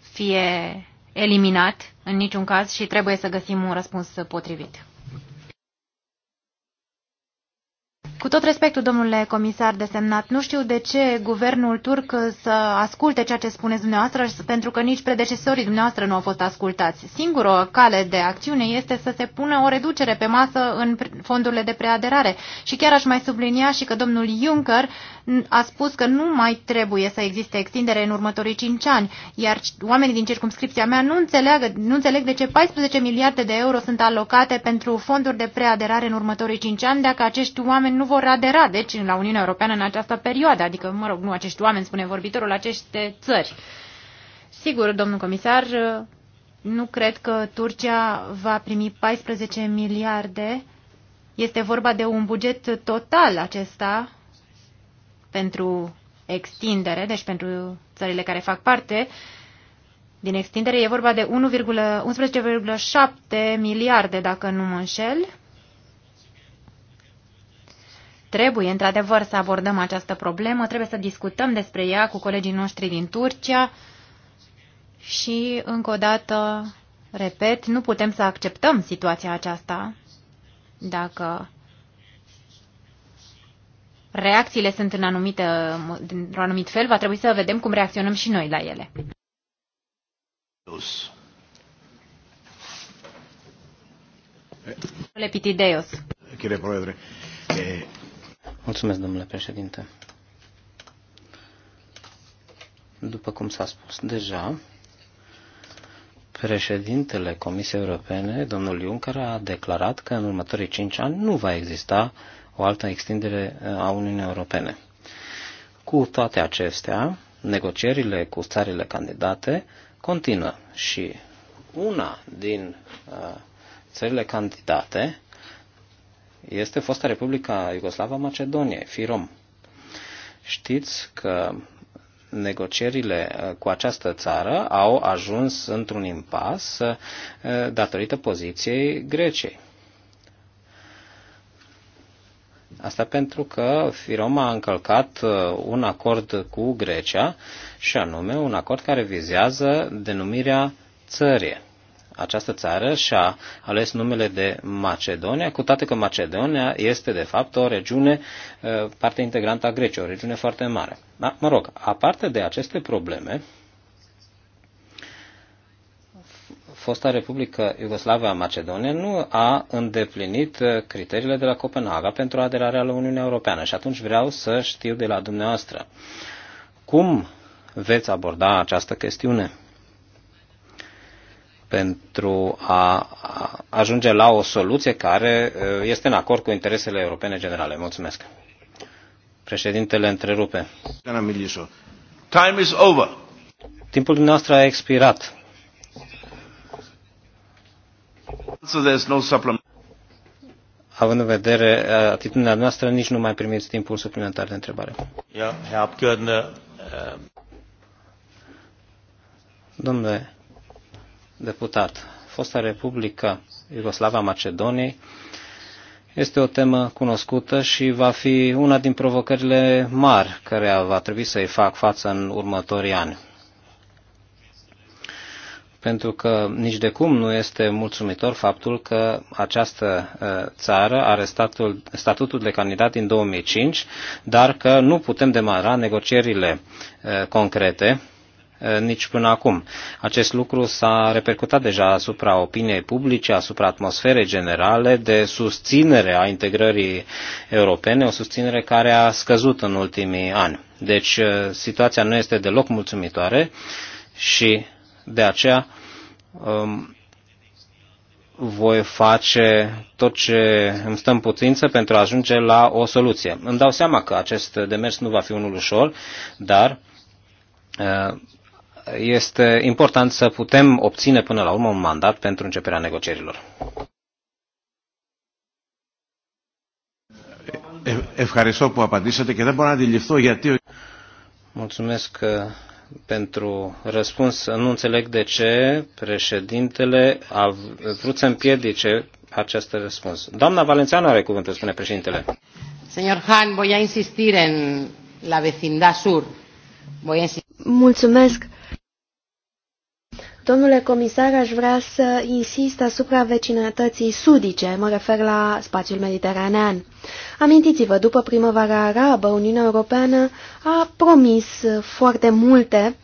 fie eliminat în niciun caz și trebuie să găsim un răspuns potrivit. Cu tot respectul, domnule comisar desemnat, nu știu de ce guvernul turc să asculte ceea ce spuneți dumneavoastră, pentru că nici predecesorii dumneavoastră nu au fost ascultați. Singura cale de acțiune este să se pună o reducere pe masă în fondurile de preaderare. Și chiar aș mai sublinia și că domnul Juncker a spus că nu mai trebuie să existe extindere în următorii 5 ani, iar oamenii din circumscripția mea nu, înțeleagă, nu înțeleg de ce 14 miliarde de euro sunt alocate pentru fonduri de preaderare în următorii 5 ani, dacă acești oameni nu vor adera, deci, la Uniunea Europeană în această perioadă, adică, mă rog, nu acești oameni, spune vorbitorul, aceste țări. Sigur, domnul comisar, nu cred că Turcia va primi 14 miliarde. Este vorba de un buget total acesta pentru extindere, deci pentru țările care fac parte din extindere. E vorba de 11,7 miliarde, dacă nu mă înșel. Trebuie, într-adevăr, să abordăm această problemă, trebuie să discutăm despre ea cu colegii noștri din Turcia și, încă o dată, repet, nu putem să acceptăm situația aceasta dacă reacțiile sunt în anumite, într-un anumit fel, va trebui să vedem cum reacționăm și noi la ele. Lepitideos. Κύριε Mulțumesc, domnule președinte. După cum s-a spus deja, președintele Comisiei Europene, domnul Juncker, a declarat că în următorii cinci ani nu va exista o altă extindere uh, a Uniunii Europene. Cu toate acestea, negocierile cu țările candidate continuă și una din uh, țările candidate este fosta Republica Iugoslava Macedoniei, FIROM. Știți că negocierile uh, cu această țară au ajuns într-un impas uh, datorită poziției Greciei. Asta pentru că Firom a încălcat uh, un acord cu Grecia și anume un acord care vizează denumirea țării această țară și-a ales numele de Macedonia, cu toate că Macedonia este de fapt o regiune uh, parte integrantă a Greciei, o regiune foarte mare. Da? Mă rog, aparte de aceste probleme, fosta Republică Iugoslavă a Macedonia nu a îndeplinit uh, criteriile de la Copenhaga pentru aderarea la Uniunea Europeană și atunci vreau să știu de la dumneavoastră cum veți aborda această chestiune pentru a ajunge la o soluție care uh, este în acord cu interesele europene generale. Mulțumesc. Președintele întrerupe. Time is over. Timpul dumneavoastră a expirat. So no Având în vedere uh, atitudinea noastră, nici nu mai primiți timpul suplimentar de întrebare. Yeah, Herr Abgeordneter. Uh, Domnule deputat. Fosta Republică Iugoslava Macedoniei este o temă cunoscută și va fi una din provocările mari care va trebui să-i fac față în următorii ani. Pentru că nici de cum nu este mulțumitor faptul că această ă, țară are statul, statutul de candidat din 2005, dar că nu putem demara negocierile ă, concrete Eh, nici până acum. Acest lucru s-a repercutat deja asupra opiniei publice, asupra atmosferei generale de susținere a integrării europene, o susținere care a scăzut în ultimii ani. Deci eh, situația nu este deloc mulțumitoare și de aceea um, voi face tot ce îmi stă în putință pentru a ajunge la o soluție. Îmi dau seama că acest demers nu va fi unul ușor, dar eh, este important să putem obține până la urmă un mandat pentru începerea negocierilor. Mulțumesc uh, pentru răspuns. Nu înțeleg de ce președintele a vrut să împiedice acest răspuns. Doamna Valențeanu are cuvântul, spune președintele. Señor Han, voi a insistir în la vecindad sur. Voy a insistir... Mulțumesc. Domnule comisar, aș vrea să insist asupra vecinătății sudice, mă refer la spațiul mediteranean. Amintiți-vă, după primăvara arabă, Uniunea Europeană a promis foarte multe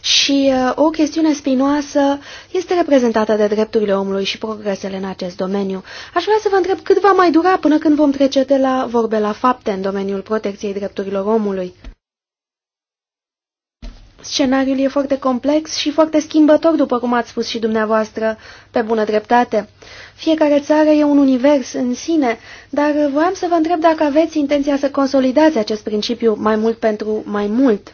și uh, o chestiune spinoasă este reprezentată de drepturile omului și progresele în acest domeniu. Aș vrea să vă întreb cât va mai dura până când vom trece de la vorbe la fapte în domeniul protecției drepturilor omului. Scenariul e foarte complex și foarte schimbător, după cum ați spus și dumneavoastră, pe bună dreptate. Fiecare țară e un univers în sine, dar voiam să vă întreb dacă aveți intenția să consolidați acest principiu mai mult pentru mai mult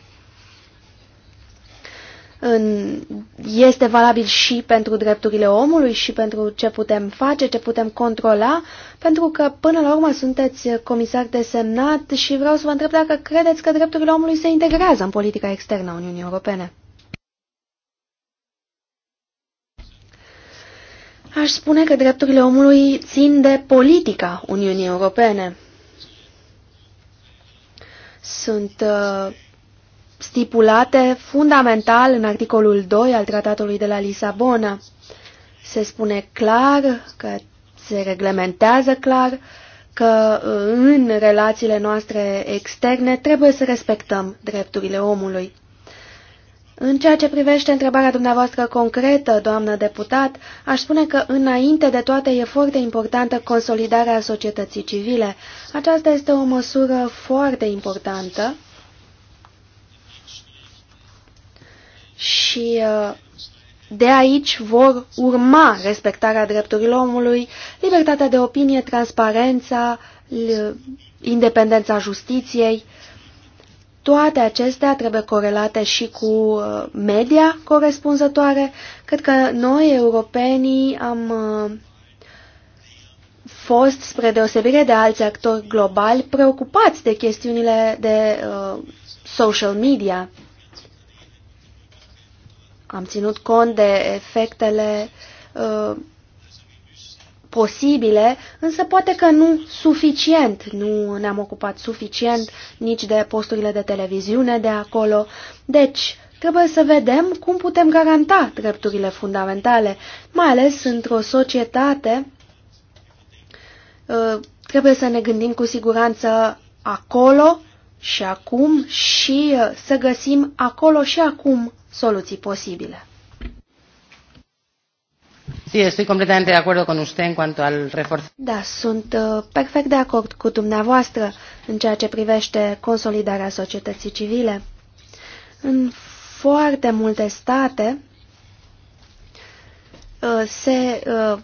în, este valabil și pentru drepturile omului și pentru ce putem face, ce putem controla, pentru că până la urmă sunteți comisar desemnat și vreau să vă întreb dacă credeți că drepturile omului se integrează în politica externă a Uniunii Europene. Aș spune că drepturile omului țin de politica Uniunii Europene. Sunt uh, stipulate fundamental în articolul 2 al Tratatului de la Lisabona. Se spune clar că se reglementează clar că uh, în relațiile noastre externe trebuie să respectăm drepturile omului. În ceea ce privește întrebarea dumneavoastră concretă, doamnă deputat, aș spune că înainte de toate e foarte importantă consolidarea societății civile. Aceasta este o măsură foarte importantă și uh, de aici vor urma respectarea drepturilor omului, libertatea de opinie, transparența, independența justiției. Toate acestea trebuie corelate și cu uh, media corespunzătoare. Cred că noi, europenii, am uh, fost, spre deosebire de alți actori globali, preocupați de chestiunile de uh, social media. Am ținut cont de efectele uh, posibile, însă poate că nu suficient. Nu ne-am ocupat suficient nici de posturile de televiziune de acolo. Deci, trebuie să vedem cum putem garanta drepturile fundamentale, mai ales într-o societate. Uh, trebuie să ne gândim cu siguranță acolo și acum și uh, să găsim acolo și acum soluții posibile. Sí, estoy completamente de acuerdo con usted en cuanto al refuerzo. Da, sunt uh, perfect de acord cu dumneavoastră în ceea ce privește consolidarea societății civile. În foarte multe state uh, se uh,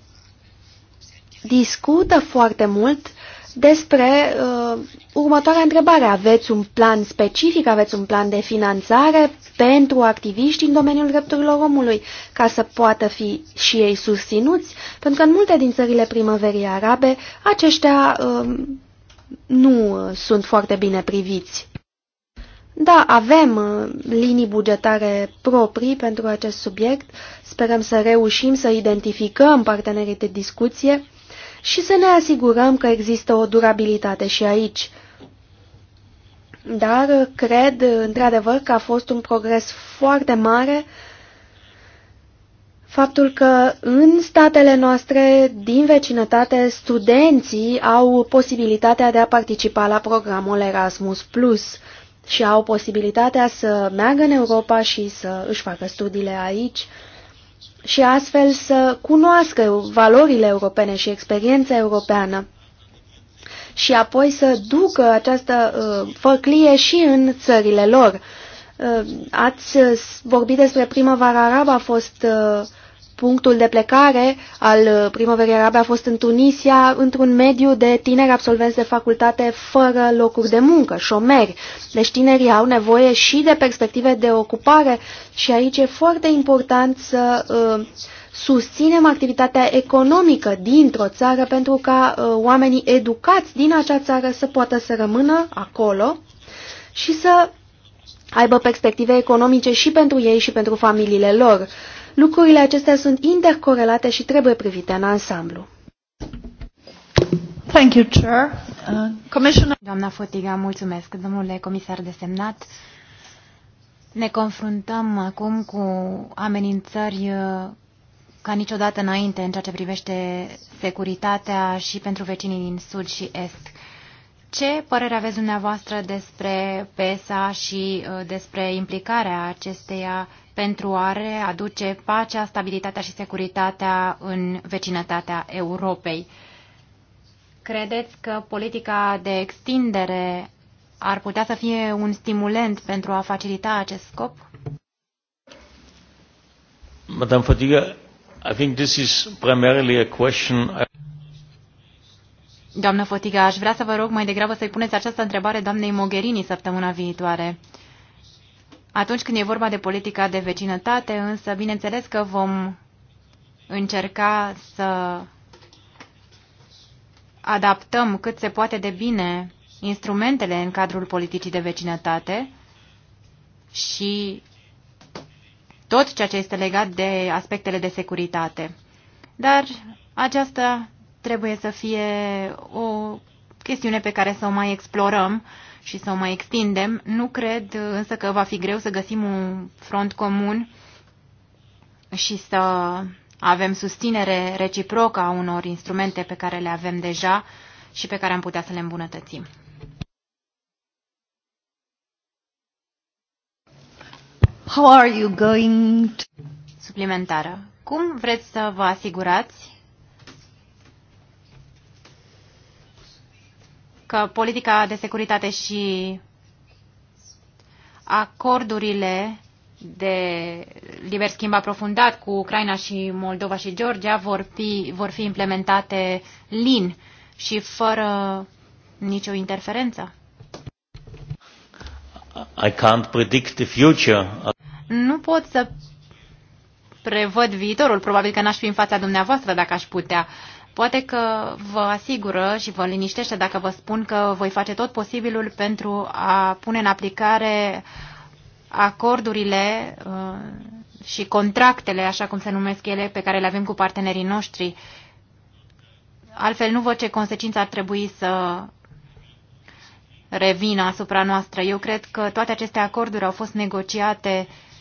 discută foarte mult despre uh, următoarea întrebare. Aveți un plan specific, aveți un plan de finanțare pentru activiști în domeniul drepturilor omului, ca să poată fi și ei susținuți? Pentru că în multe din țările primăverii arabe, aceștia uh, nu uh, sunt foarte bine priviți. Da, avem uh, linii bugetare proprii pentru acest subiect. Sperăm să reușim să identificăm partenerii de discuție și să ne asigurăm că există o durabilitate și aici. Dar cred, într-adevăr, că a fost un progres foarte mare faptul că în statele noastre din vecinătate studenții au posibilitatea de a participa la programul Erasmus+, și au posibilitatea să meargă în Europa și să își facă studiile aici și astfel să cunoască valorile europene și experiența europeană și apoi să ducă această uh, făclie și în țările lor. Uh, ați uh, vorbit despre primăvara arabă, a fost uh, punctul de plecare al uh, primăverii arabe a fost în Tunisia, într-un mediu de tineri absolvenți de facultate fără locuri de muncă, șomeri. Deci tinerii au nevoie și de perspective de ocupare și aici e foarte important să uh, susținem activitatea economică dintr-o țară pentru ca uh, oamenii educați din acea țară să poată să rămână acolo și să aibă perspective economice și pentru ei și pentru familiile lor. Lucrurile acestea sunt intercorelate și trebuie privite în ansamblu. Thank you, Chair. Uh, Commissioner... Doamna Fotiga, mulțumesc. Domnule comisar desemnat, ne confruntăm acum cu amenințări uh, ca niciodată înainte în ceea ce privește securitatea și pentru vecinii din sud și est. Ce părere aveți dumneavoastră despre PSA și uh, despre implicarea acesteia pentru a readuce pacea, stabilitatea și securitatea în vecinătatea Europei? Credeți că politica de extindere ar putea să fie un stimulent pentru a facilita acest scop? Madame Fatiga, I think this is primarily a question Doamnă Fotiga, aș vrea să vă rog mai degrabă să-i puneți această întrebare doamnei Mogherini săptămâna viitoare. Atunci când e vorba de politica de vecinătate, însă, bineînțeles că vom încerca să adaptăm cât se poate de bine instrumentele în cadrul politicii de vecinătate și tot ceea ce este legat de aspectele de securitate. Dar aceasta trebuie să fie o chestiune pe care să o mai explorăm și să o mai extindem. Nu cred însă că va fi greu să găsim un front comun și să avem susținere reciprocă a unor instrumente pe care le avem deja și pe care am putea să le îmbunătățim. How are you going to... Suplimentară. Cum vreți să vă asigurați că politica de securitate și acordurile de liber schimb aprofundat cu Ucraina și Moldova și Georgia vor fi, vor fi implementate lin și fără nicio interferență? I can't predict the future. Nu pot să prevăd viitorul. Probabil că n-aș fi în fața dumneavoastră dacă aș putea. Uh, Poate că vă asigură și vă liniștește dacă vă spun că voi face tot posibilul pentru a pune în aplicare acordurile uh, și contractele, așa cum se numesc ele, pe care le avem cu partenerii noștri. Altfel nu văd ce consecință ar trebui să revină asupra noastră. Eu cred că toate aceste acorduri au fost negociate uh,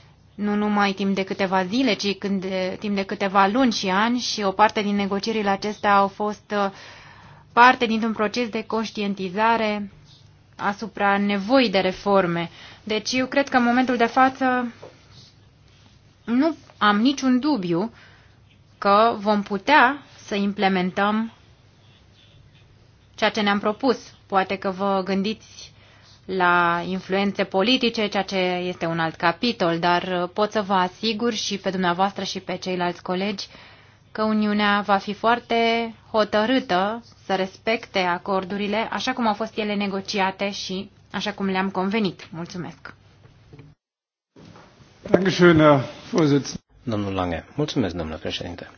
nu numai timp de câteva zile, ci când de, timp de câteva luni și ani și o parte din negocierile acestea au fost uh, parte dintr-un proces de conștientizare asupra nevoii de reforme. Deci eu cred că în momentul de față nu am niciun dubiu că vom putea să implementăm ceea ce ne-am propus. Poate că vă gândiți la influențe politice, ceea ce este un alt capitol, dar uh, pot să vă asigur și pe dumneavoastră și pe ceilalți colegi că Uniunea va fi foarte hotărâtă să respecte acordurile așa cum au fost ele negociate și așa cum le-am convenit. Mulțumesc! Domnul Lange, mulțumesc, domnule președinte.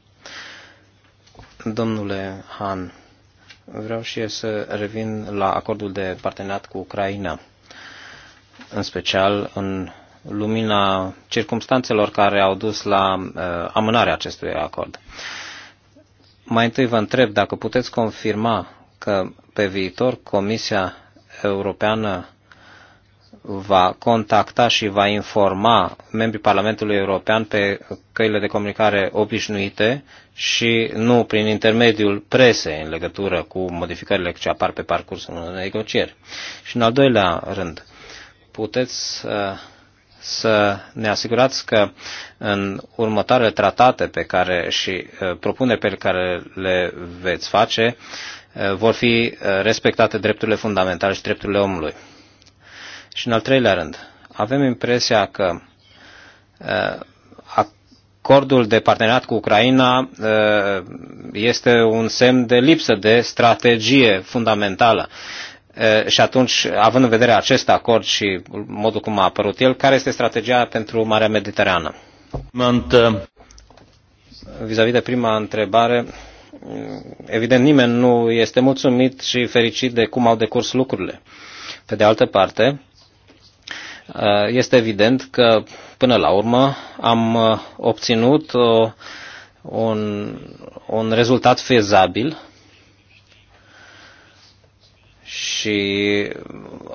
Domnule Han, Vreau și eu să revin la acordul de parteneriat cu Ucraina, în special în lumina circumstanțelor care au dus la uh, amânarea acestui acord. Mai întâi vă întreb dacă puteți confirma că pe viitor Comisia Europeană va contacta și va informa membrii Parlamentului European pe căile de comunicare obișnuite și nu prin intermediul presei în legătură cu modificările ce apar pe parcursul unor negocieri. Și în al doilea rând, puteți uh, să ne asigurați că în următoarele tratate pe care și uh, propuneri pe care le veți face, uh, vor fi respectate drepturile fundamentale și drepturile omului. Și în al treilea rând, avem impresia că acordul de parteneriat cu Ucraina este un semn de lipsă de strategie fundamentală. Și atunci, având în vedere acest acord și modul cum a apărut el, care este strategia pentru Marea Mediterană? Vis-a-vis -vis de prima întrebare, evident nimeni nu este mulțumit și fericit de cum au decurs lucrurile. Pe de altă parte, Uh, este evident că până la urmă am uh, obținut o, uh, un, un rezultat fezabil și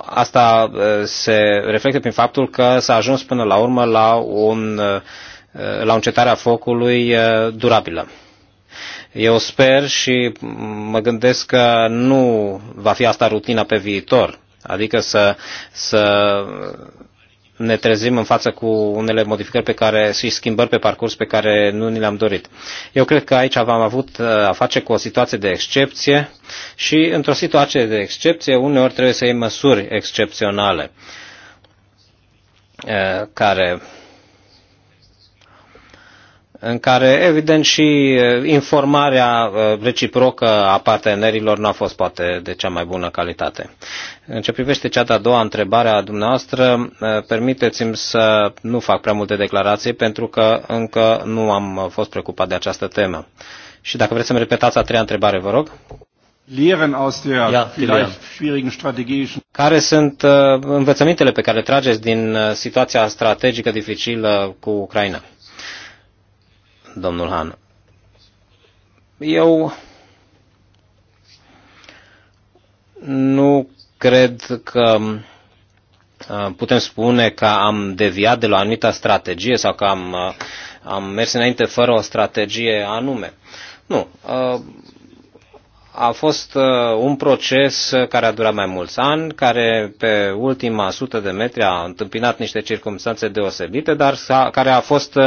asta se reflectă prin faptul că s-a ajuns până la urmă la, un, la o a focului durabilă. Eu sper și mă gândesc că nu va fi asta rutina pe viitor, adică să, să ne trezim în față cu unele modificări pe care și schimbări pe parcurs pe care nu ni le-am dorit. Eu cred că aici am avut uh, a face cu o situație de excepție și într-o situație de excepție uneori trebuie să iei măsuri excepționale uh, care în care, evident, și informarea reciprocă a partenerilor nu a fost poate de cea mai bună calitate. În ce privește cea de-a doua întrebare a dumneavoastră, permiteți-mi să nu fac prea multe declarații pentru că încă nu am fost preocupat de această temă. Și dacă vreți să-mi repetați a treia întrebare, vă rog. Lehren aus der ja, vielleicht schwierigen Care sunt învățămintele pe care le trageți din situația strategică dificilă cu Ucraina? domnul Han. Eu nu cred că uh, putem spune că am deviat de la o anumită strategie sau că am, uh, am mers înainte fără o strategie anume. Nu. Uh, a fost un proces care a durat mai mulți ani, care pe ultima sută de metri a întâmpinat niște circunstanțe deosebite, dar care a fost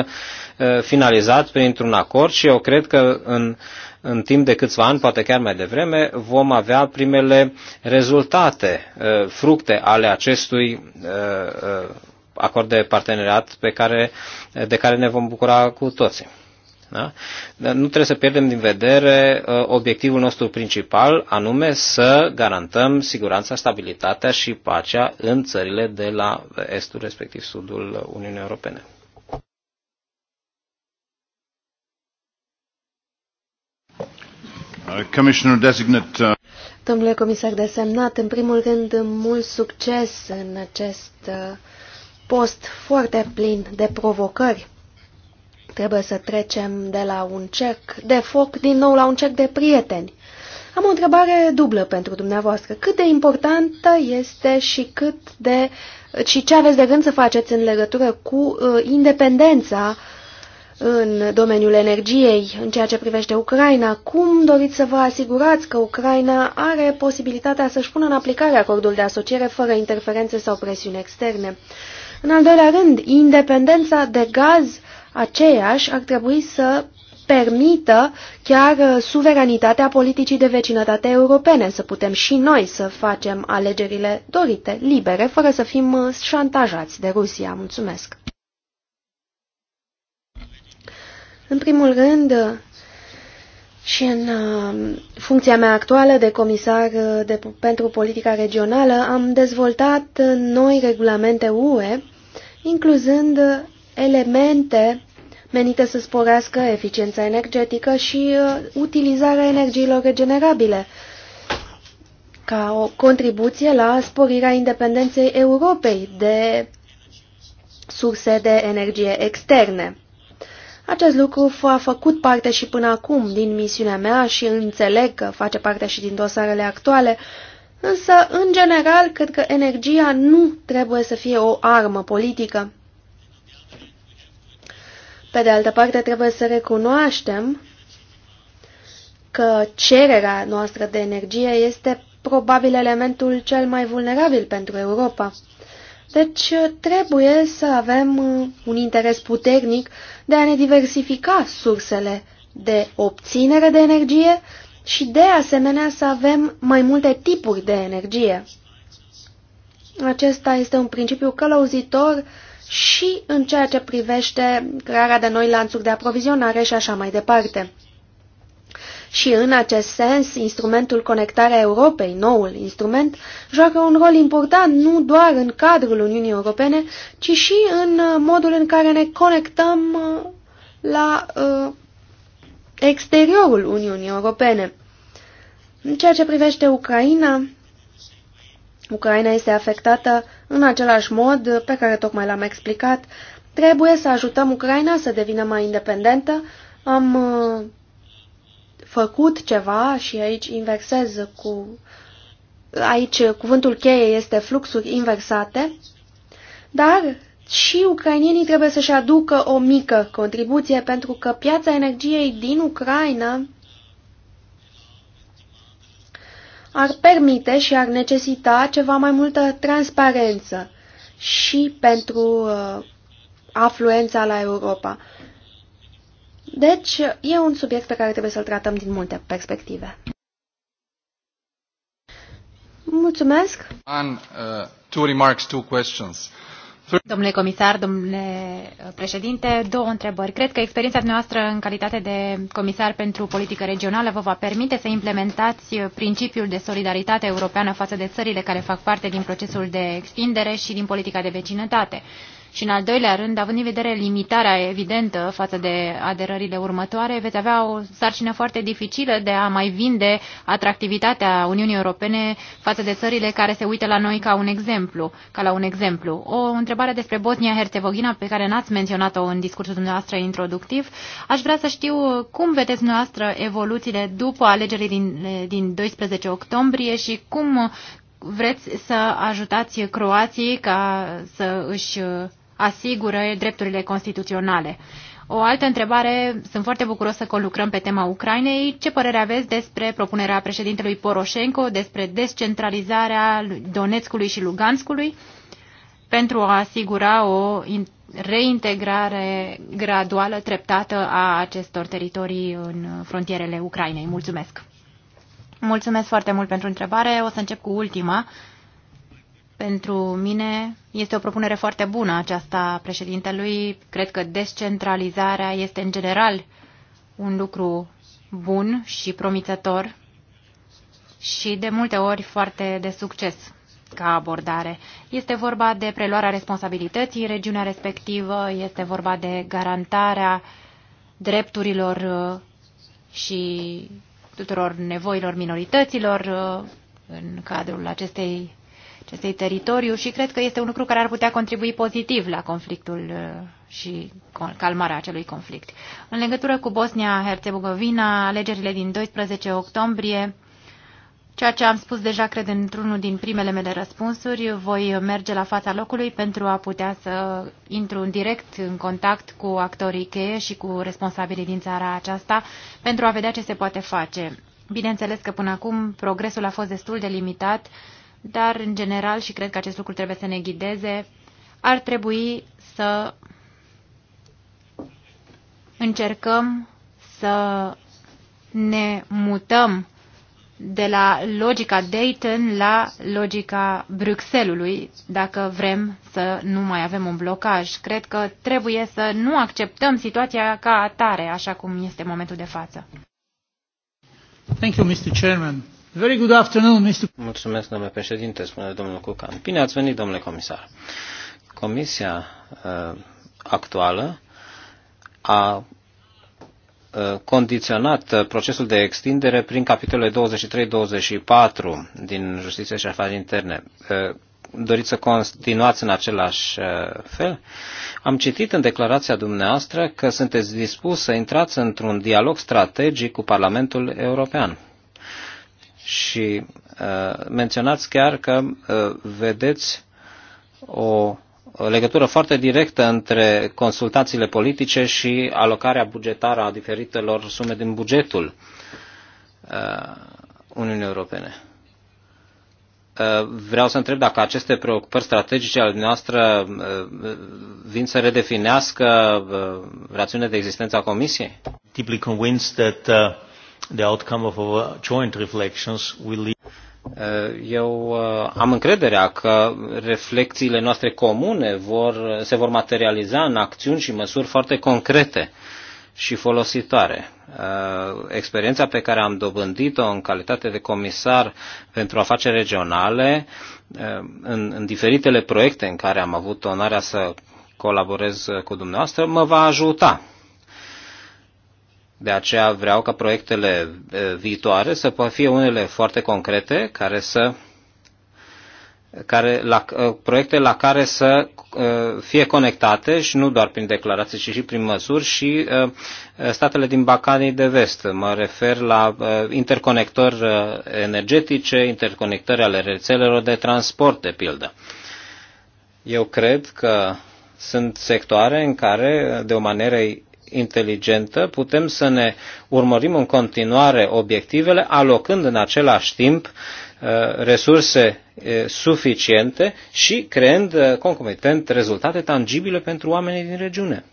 Uh, finalizat printr-un acord și eu cred că în, în timp de câțiva ani, poate chiar mai devreme, vom avea primele rezultate, uh, fructe ale acestui uh, acord de parteneriat pe care, de care ne vom bucura cu toții. Da? nu trebuie să pierdem din vedere obiectivul nostru principal, anume să garantăm siguranța, stabilitatea și pacea în țările de la estul, respectiv sudul Uniunii Europene. Uh, Commissioner designate. Uh, Domnule comisar desemnat, în primul rând, mult succes în acest uh, post foarte plin de provocări. Trebuie să trecem de la un cerc de foc din nou la un cerc de prieteni. Am o întrebare dublă pentru dumneavoastră. Cât de importantă este și cât de și ce aveți de gând să faceți în legătură cu uh, independența uh, în domeniul energiei, în ceea ce privește Ucraina, cum doriți să vă asigurați că Ucraina are posibilitatea să-și pună în aplicare acordul de asociere fără interferențe sau presiuni externe? În al doilea rând, independența de gaz aceeași ar trebui să permită chiar uh, suveranitatea politicii de vecinătate europene, să putem și noi să facem alegerile dorite, libere, fără să fim uh, șantajați de Rusia. Mulțumesc! În primul rând, și în uh, funcția mea actuală de comisar uh, de, pentru politica regională, am dezvoltat uh, noi regulamente UE, incluzând elemente menite să sporească eficiența energetică și utilizarea energiilor regenerabile, ca o contribuție la sporirea independenței Europei de surse de energie externe. Acest lucru a făcut parte și până acum din misiunea mea și înțeleg că face parte și din dosarele actuale, însă, în general, cred că energia nu trebuie să fie o armă politică. Pe de altă parte, trebuie să recunoaștem că cererea noastră de energie este probabil elementul cel mai vulnerabil pentru Europa. Deci uh, trebuie să avem uh, un interes puternic de a ne diversifica sursele de obținere de energie și de asemenea să avem mai multe tipuri de energie. Acesta este un principiu călăuzitor și în ceea ce privește crearea de noi lanțuri de aprovizionare și așa mai departe. Și în acest sens, instrumentul Conectarea Europei, noul instrument, joacă un rol important nu doar în cadrul Uniunii Europene, ci și în uh, modul în care ne conectăm uh, la uh, exteriorul Uniunii Europene. În ceea ce privește Ucraina, Ucraina este afectată în același mod pe care tocmai l-am explicat. Trebuie să ajutăm Ucraina să devină mai independentă. Am uh, făcut ceva și aici inversez cu... Aici cuvântul cheie este fluxuri inversate, dar și ucrainienii trebuie să-și aducă o mică contribuție pentru că piața energiei din Ucraina ar permite și ar necesita ceva mai multă transparență și pentru uh, afluența la Europa. Deci, e un subiect pe care trebuie să-l tratăm din multe perspective. Mulțumesc. An, uh, two remarks, two questions. Domnule comisar, domnule uh, președinte, două întrebări. Cred că experiența noastră în calitate de comisar pentru politică regională vă va permite să implementați uh, principiul de solidaritate europeană față de țările care fac parte din procesul de extindere și din politica de vecinătate. Și în al doilea rând, având în vedere limitarea evidentă față de aderările următoare, veți avea o sarcină foarte dificilă de a mai vinde atractivitatea Uniunii Europene față de țările care se uită la noi ca un exemplu. Ca la un exemplu. O întrebare despre Bosnia-Herzegovina pe care n-ați menționat-o în discursul dumneavoastră introductiv. Aș vrea să știu cum vedeți dumneavoastră evoluțiile după alegerile din, din 12 octombrie și cum vreți să ajutați croații ca să își asigură drepturile constituționale. O altă întrebare, sunt foarte bucuros să conlucrăm pe tema Ucrainei. Ce părere aveți despre propunerea președintelui Poroșenko despre descentralizarea Donetskului și Luganskului pentru a asigura o reintegrare graduală, treptată a acestor teritorii în frontierele Ucrainei? Mulțumesc! Mulțumesc foarte mult pentru întrebare. O să încep cu ultima. Pentru mine este o propunere foarte bună aceasta președintelui. Cred că descentralizarea este în general un lucru bun și promițător și de multe ori foarte de succes ca abordare. Este vorba de preluarea responsabilității regiunea respectivă, este vorba de garantarea drepturilor uh, și tuturor nevoilor minorităților uh, în cadrul acestei acestui teritoriu și cred că este un lucru care ar putea contribui pozitiv la conflictul uh, și calmarea acelui conflict. În legătură cu Bosnia-Herzegovina, alegerile din 12 octombrie, ceea ce am spus deja, cred, într-unul din primele mele răspunsuri, voi merge la fața locului pentru a putea să intru în direct în contact cu actorii cheie și cu responsabilii din țara aceasta pentru a vedea ce se poate face. Bineînțeles că până acum progresul a fost destul de limitat dar în general, și cred că acest lucru trebuie să ne ghideze, ar trebui să încercăm să ne mutăm de la logica Dayton la logica Bruxellesului, dacă vrem să nu mai avem un blocaj. Cred că trebuie să nu acceptăm situația ca atare, așa cum este momentul de față. Thank you, Mr. Chairman. Very good afternoon, Mr. Mulțumesc, domnule președinte, spune domnul Cucan. Bine ați venit, domnule comisar. Comisia uh, actuală a uh, condiționat procesul de extindere prin capitolele 23-24 din Justiție și Afaceri Interne. Uh, doriți să continuați în același uh, fel? Am citit în declarația dumneavoastră că sunteți dispus să intrați într-un dialog strategic cu Parlamentul European și uh, menționați chiar că uh, vedeți o legătură foarte directă între consultațiile politice și alocarea bugetară a diferitelor sume din bugetul uh, Uniunii Europene. Uh, vreau să întreb dacă aceste preocupări strategice ale noastre uh, vin să redefinească uh, rațiunea de existență a Comisiei. Deeply convinced that uh, the outcome of our joint reflections will lead eh, eu eh, am încrederea că reflecțiile noastre comune vor, se vor materializa în acțiuni și măsuri foarte concrete și folositoare. Eh, experiența pe care am dobândit-o în calitate de comisar pentru afaceri regionale, în, în diferitele proiecte în care am avut onoarea să colaborez cu dumneavoastră, mă va ajuta de aceea vreau ca proiectele viitoare să fie unele foarte concrete, care să care, la, proiecte la care să fie conectate și nu doar prin declarații, ci și prin măsuri și statele din Bacanii de Vest. Mă refer la interconectori energetice, interconectări ale rețelelor de transport, de pildă. Eu cred că sunt sectoare în care, de o manieră inteligentă, putem să ne urmărim în continuare obiectivele, alocând în același timp uh, resurse uh, suficiente și creând uh, concomitent rezultate tangibile pentru oamenii din regiune.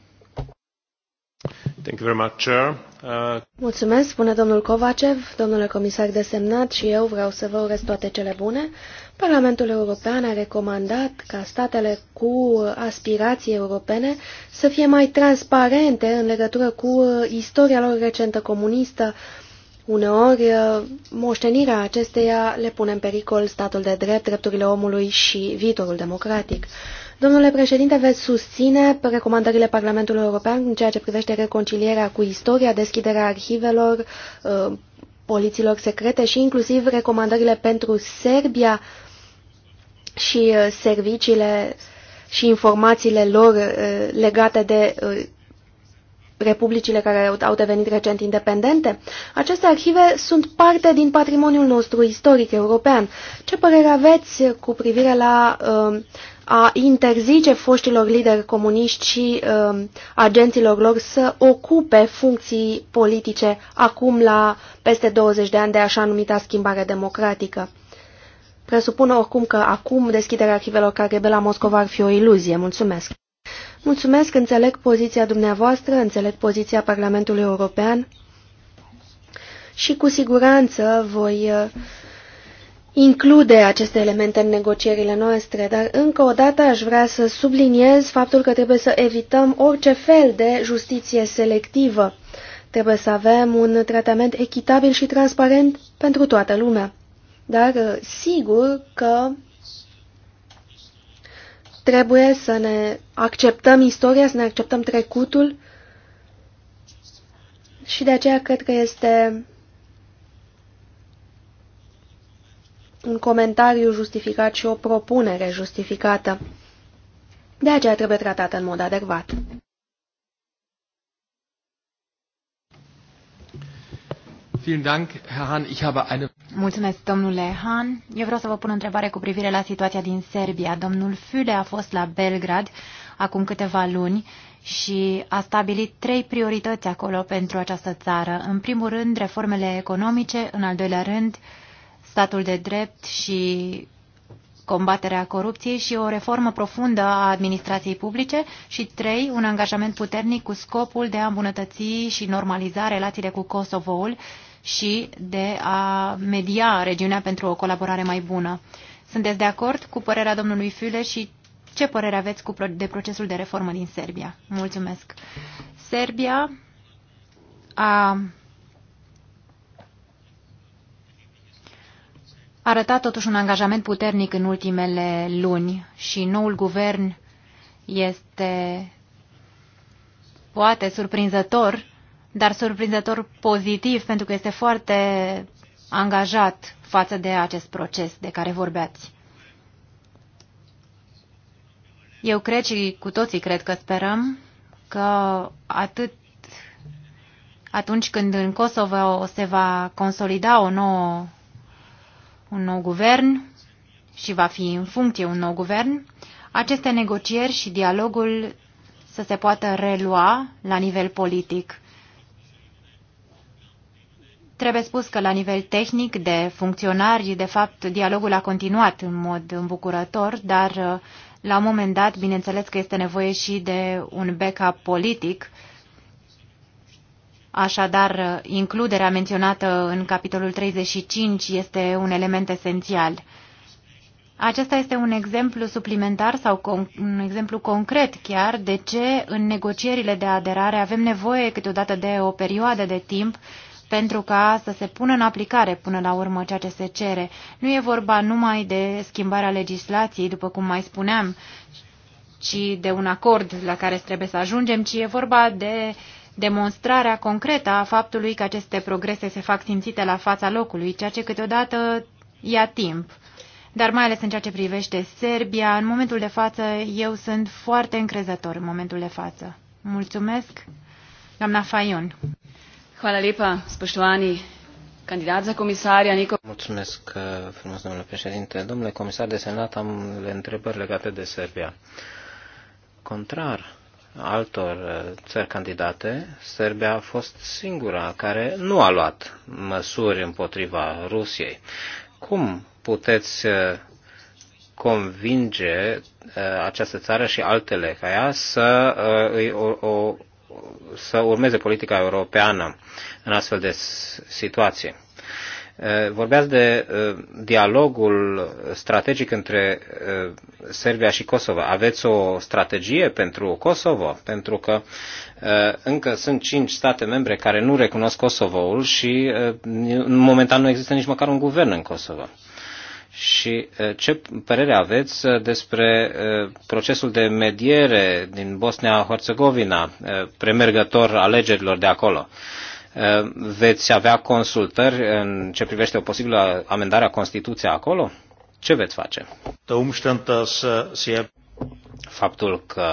Thank you very much, Chair. Uh... Mulțumesc, spune domnul Kovacev, domnule comisar desemnat și eu vreau să vă urez toate cele bune. Parlamentul European a recomandat ca statele cu aspirații europene să fie mai transparente în legătură cu uh, istoria lor recentă comunistă. Uneori, uh, moștenirea acesteia le pune în pericol statul de drept, drepturile omului și viitorul democratic. Domnule președinte, veți susține recomandările Parlamentului European în ceea ce privește reconcilierea cu istoria, deschiderea arhivelor, uh, poliților secrete și inclusiv recomandările pentru Serbia, și uh, serviciile și informațiile lor uh, legate de uh, republicile care au devenit recent independente, aceste arhive sunt parte din patrimoniul nostru istoric european. Ce părere aveți cu privire la um, a interzice foștilor lideri comuniști și um, agenților lor să ocupe funcții politice acum la peste 20 de ani de așa numita schimbare democratică? Presupun oricum că acum deschiderea arhivelor KGB la Moscova ar fi o iluzie. Mulțumesc! Mulțumesc, înțeleg poziția dumneavoastră, înțeleg poziția Parlamentului European și cu siguranță voi uh, include aceste elemente în negocierile noastre, dar încă o dată aș vrea să subliniez faptul că trebuie să evităm orice fel de justiție selectivă. Trebuie să avem un tratament echitabil și transparent pentru toată lumea. Dar uh, sigur că trebuie să ne acceptăm istoria, să ne acceptăm trecutul și de aceea cred că este un comentariu justificat și o propunere justificată. De aceea trebuie tratată în mod adecvat. Vielen Dank, Herr Hahn. Ich habe eine Mulțumesc, domnule Han. Eu vreau să vă pun o întrebare cu privire la situația din Serbia. Domnul Fule a fost la Belgrad acum câteva luni și a stabilit trei priorități acolo pentru această țară. În primul rând, reformele economice, în al doilea rând, statul de drept și combaterea corupției și o reformă profundă a administrației publice și, trei, un angajament puternic cu scopul de a îmbunătăți și normaliza relațiile cu Kosovoul și de a media regiunea pentru o colaborare mai bună. Sunteți de acord cu părerea domnului Fule și ce părere aveți cu pro de procesul de reformă din Serbia? Mulțumesc. Serbia a arătat totuși un angajament puternic în ultimele luni și noul guvern este poate surprinzător dar surprinzător pozitiv pentru că este foarte angajat față de acest proces de care vorbeați. Eu cred și cu toții cred că sperăm că atât atunci când în Kosovo se va consolida o nouă, un nou guvern și va fi în funcție un nou guvern, aceste negocieri și dialogul să se poată relua la nivel politic Trebuie spus că la nivel tehnic de funcționari, de fapt, dialogul a continuat în mod îmbucurător, dar uh, la un moment dat, bineînțeles că este nevoie și de un backup politic, așadar uh, includerea menționată în capitolul 35 este un element esențial. Acesta este un exemplu suplimentar sau un exemplu concret chiar de ce în negocierile de aderare avem nevoie câteodată de o perioadă de timp pentru ca să se pună în aplicare până la urmă ceea ce se cere. Nu e vorba numai de schimbarea legislației, după cum mai spuneam, ci de un acord la care trebuie să ajungem, ci e vorba de demonstrarea concretă a faptului că aceste progrese se fac simțite la fața locului, ceea ce câteodată ia timp. Dar mai ales în ceea ce privește Serbia, în momentul de față eu sunt foarte încrezător în momentul de față. Mulțumesc, doamna Faion. Hvala lepa, spoštovani candidat za comisaria Nico. Mulțumesc uh, frumos, domnule președinte. Domnule comisar de senat, am întrebări legate de Serbia. Contrar altor uh, țări candidate, Serbia a fost singura care nu a luat măsuri împotriva Rusiei. Cum puteți uh, convinge această țară și altele ca ea să îi o, o să urmeze politica europeană în astfel de situații. Vorbeați de dialogul strategic între Serbia și Kosovo. Aveți o strategie pentru Kosovo? Pentru că încă sunt cinci state membre care nu recunosc Kosovoul și momentan nu există nici măcar un guvern în Kosovo. Și ce părere aveți despre procesul de mediere din Bosnia-Herzegovina, premergător alegerilor de acolo? Veți avea consultări în ce privește o posibilă amendare a Constituției acolo? Ce veți face? Faptul că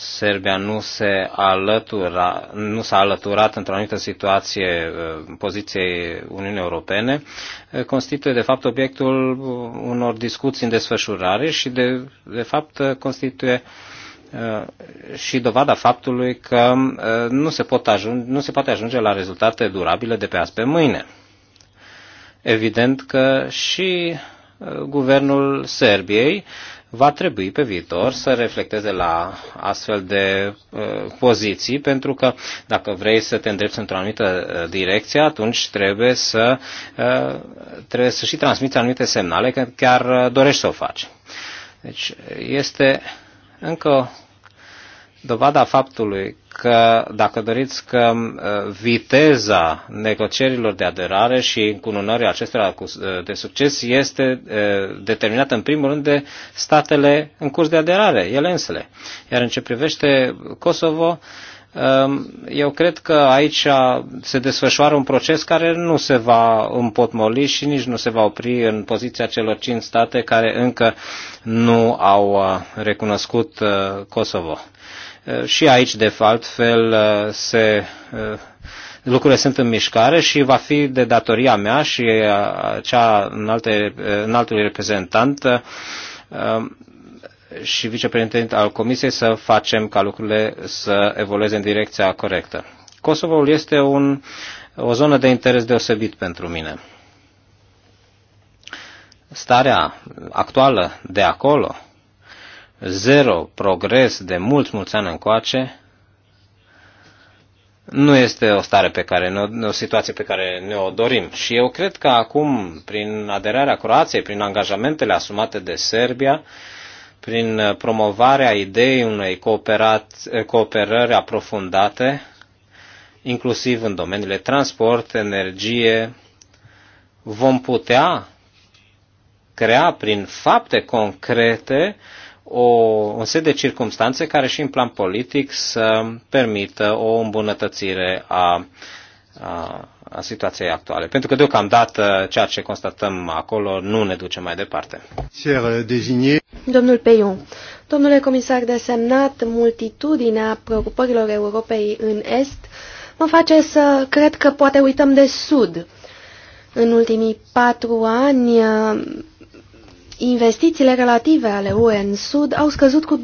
Serbia nu, se alătura, nu s-a alăturat într-o anumită situație uh, poziției Uniunii Europene, uh, constituie de fapt obiectul unor discuții în desfășurare și de, de fapt uh, constituie și dovada faptului că nu se, pot ajunge, nu se poate ajunge la rezultate durabile de pe azi pe mâine. Evident că și guvernul Serbiei va trebui pe viitor să reflecteze la astfel de uh, poziții, pentru că dacă vrei să te îndrepți într-o anumită uh, direcție, atunci trebuie să, uh, trebuie să și transmiți anumite semnale că chiar dorești să o faci. Deci este încă dovada faptului că, dacă doriți, că uh, viteza negocierilor de aderare și încununării acestora uh, de succes este uh, determinată în primul rând de statele în curs de aderare, ele însele. Iar în ce privește Kosovo, um, eu cred că aici se desfășoară un proces care nu se va împotmoli și nici nu se va opri în poziția celor cinci state care încă nu au recunoscut Kosovo. Eh, și aici, de altfel, eh, se, eh, lucrurile sunt în mișcare și va fi de datoria mea și cea în, alte, în altului reprezentant și vicepreședinte al Comisiei să facem ca lucrurile să evolueze în direcția corectă. Kosovoul este un, o zonă de interes deosebit pentru mine. Starea actuală de acolo zero progres de mulți, mulți ani încoace, nu este o stare pe care, o, o situație pe care ne o dorim. Și eu cred că acum, prin aderarea Croației, prin angajamentele asumate de Serbia, prin promovarea ideii unei cooperări aprofundate, inclusiv în domeniile transport, energie, vom putea crea prin fapte concrete uh, o, un set de circumstanțe care și în plan politic să permită o îmbunătățire a, a, a situației actuale. Pentru că deocamdată ceea ce constatăm acolo nu ne duce mai departe. Domnul Peiu, domnule comisar desemnat, multitudinea preocupărilor Europei în Est mă face să cred că poate uităm de Sud. În ultimii patru ani Investițiile relative ale UE în Sud au scăzut cu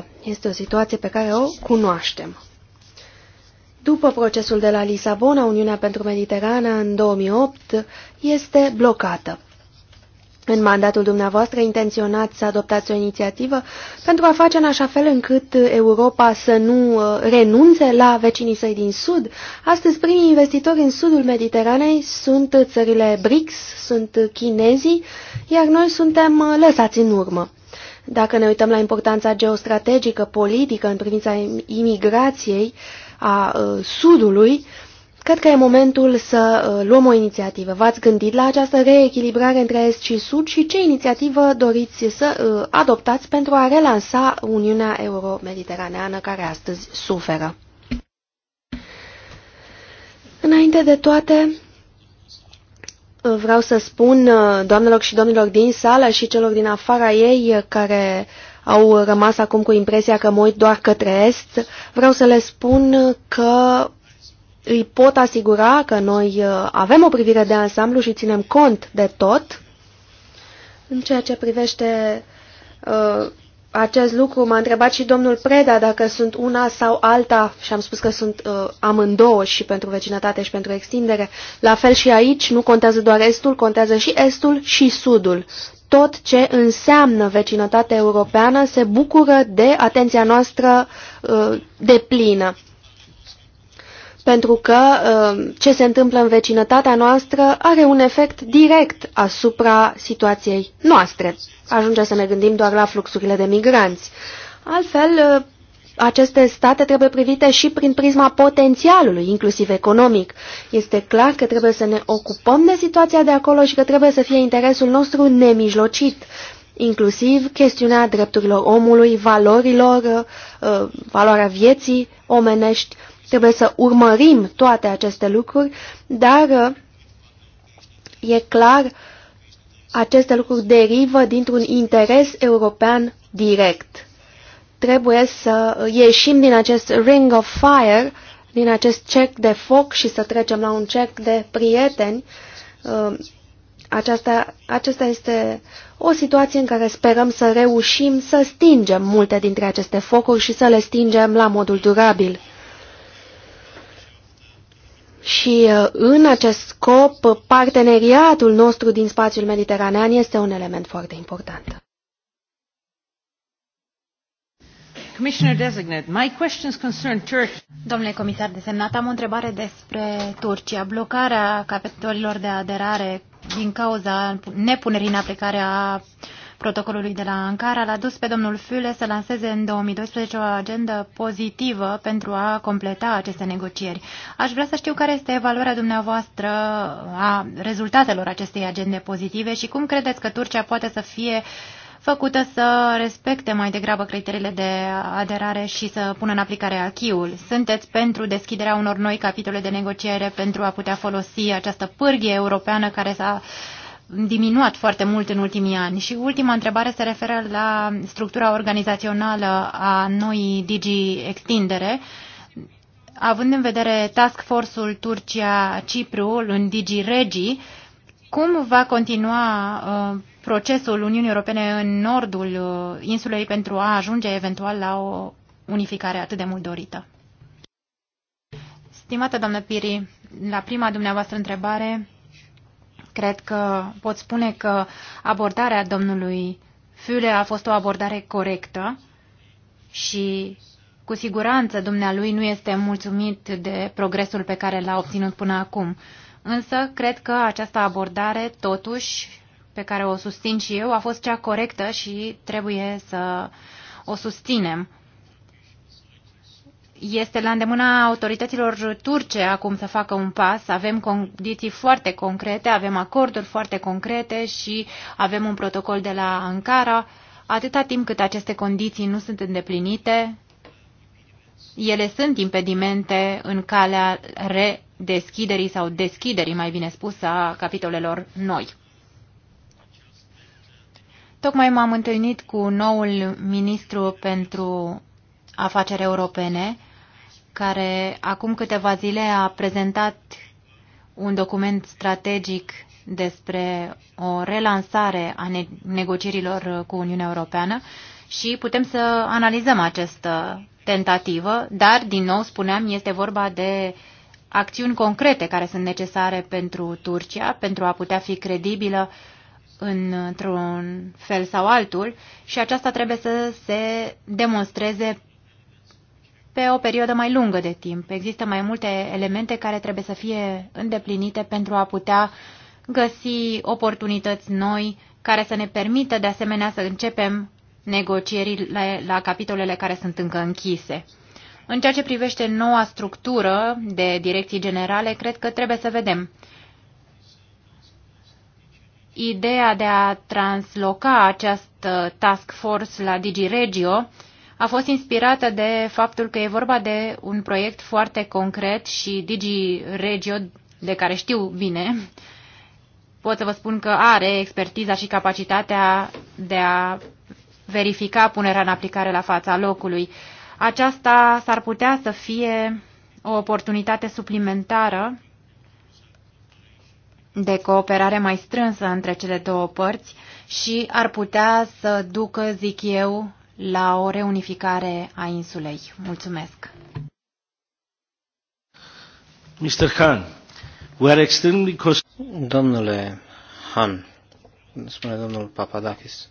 20%. Este o situație pe care o cunoaștem. După procesul de la Lisabona, Uniunea pentru Mediterană în 2008 este blocată. În mandatul dumneavoastră intenționați să adoptați o inițiativă pentru a face în așa fel încât Europa să nu uh, renunțe la vecinii săi din Sud. Astăzi primii investitori în sudul Mediteranei sunt țările BRICS, sunt chinezii, iar noi suntem uh, lăsați în urmă. Dacă ne uităm la importanța geostrategică, politică în privința imigrației a uh, sudului, Cred că e momentul să uh, luăm o inițiativă. V-ați gândit la această reechilibrare între Est și Sud și ce inițiativă doriți să uh, adoptați pentru a relansa Uniunea Euro-Mediteraneană care astăzi suferă? Înainte de toate, uh, vreau să spun doamnelor și domnilor din sală și celor din afara ei care au rămas acum cu impresia că mă uit doar către Est, vreau să le spun că îi pot asigura că noi uh, avem o privire de ansamblu și ținem cont de tot. În ceea ce privește uh, acest lucru, m-a întrebat și domnul Preda dacă sunt una sau alta și am spus că sunt uh, amândouă și pentru vecinătate și pentru extindere. La fel și aici, nu contează doar estul, contează și estul și sudul. Tot ce înseamnă vecinătatea europeană se bucură de atenția noastră uh, de plină pentru că uh, ce se întâmplă în vecinătatea noastră are un efect direct asupra situației noastre. Ajunge să ne gândim doar la fluxurile de migranți. Altfel, uh, aceste state trebuie privite și prin prisma potențialului, inclusiv economic. Este clar că trebuie să ne ocupăm de situația de acolo și că trebuie să fie interesul nostru nemijlocit, inclusiv chestiunea drepturilor omului, valorilor, uh, valoarea vieții omenești Trebuie să urmărim toate aceste lucruri, dar e clar, aceste lucruri derivă dintr-un interes european direct. Trebuie să ieșim din acest ring of fire, din acest cerc de foc și să trecem la un cerc de prieteni. Uh, aceasta, aceasta este o situație în care sperăm să reușim să stingem multe dintre aceste focuri și să le stingem la modul durabil. Și uh, în acest scop, parteneriatul nostru din spațiul mediteranean este un element foarte important. Domnule comisar desemnat, am o întrebare despre Turcia. Blocarea capitolilor de aderare din cauza nepunerii în aplicare a protocolului de la Ankara l-a dus pe domnul Füle să lanseze în 2012 o agendă pozitivă pentru a completa aceste negocieri. Aș vrea să știu care este evaluarea dumneavoastră a rezultatelor acestei agende pozitive și cum credeți că Turcia poate să fie făcută să respecte mai degrabă criteriile de aderare și să pună în aplicare achiul. Sunteți pentru deschiderea unor noi capitole de negociere pentru a putea folosi această pârghie europeană care s-a uh, diminuat foarte mult în ultimii ani. Și ultima întrebare se referă la structura organizațională a noii Digi Extindere. Având în vedere Task Force-ul Turcia-Cipru în Digi regi, cum va continua uh, procesul Uniunii Europene în nordul uh, insulei pentru a ajunge eventual la o unificare atât de mult dorită? Stimată doamnă Piri, la prima dumneavoastră întrebare, Cred că pot spune că abordarea domnului Füle a fost o abordare corectă și cu siguranță dumnealui nu este mulțumit de progresul pe care l-a obținut până acum. Însă, cred că această abordare, totuși, pe care o susțin și eu, a fost cea corectă și trebuie să o susținem este la îndemâna autorităților turce acum să facă un pas. Avem condiții foarte concrete, avem acorduri foarte concrete și avem un protocol de la Ankara. Atâta timp cât aceste condiții nu sunt îndeplinite, ele sunt impedimente în calea redeschiderii sau deschiderii, mai bine spus, a capitolelor noi. Tocmai m-am întâlnit cu noul ministru pentru afaceri europene care acum câteva zile a prezentat un document strategic despre o relansare a negocierilor cu Uniunea Europeană și putem să analizăm această tentativă, dar, din nou, spuneam, este vorba de acțiuni concrete care sunt necesare pentru Turcia, pentru a putea fi credibilă într-un fel sau altul și aceasta trebuie să se demonstreze pe o perioadă mai lungă de timp. Există mai multe elemente care trebuie să fie îndeplinite pentru a putea găsi oportunități noi care să ne permită de asemenea să începem negocierile la capitolele care sunt încă închise. În ceea ce privește noua structură de direcții generale, cred că trebuie să vedem. Ideea de a transloca această task force la DigiRegio Regio a fost inspirată de faptul că e vorba de un proiect foarte concret și Digi Regio, de care știu bine, pot să vă spun că are expertiza și capacitatea de a verifica punerea în aplicare la fața locului. Aceasta s-ar putea să fie o oportunitate suplimentară de cooperare mai strânsă între cele două părți și ar putea să ducă, zic eu, la o reunificare a insulei. Mulțumesc. Mr. Khan, we are extremely Domnule Han, spune domnul Papadakis,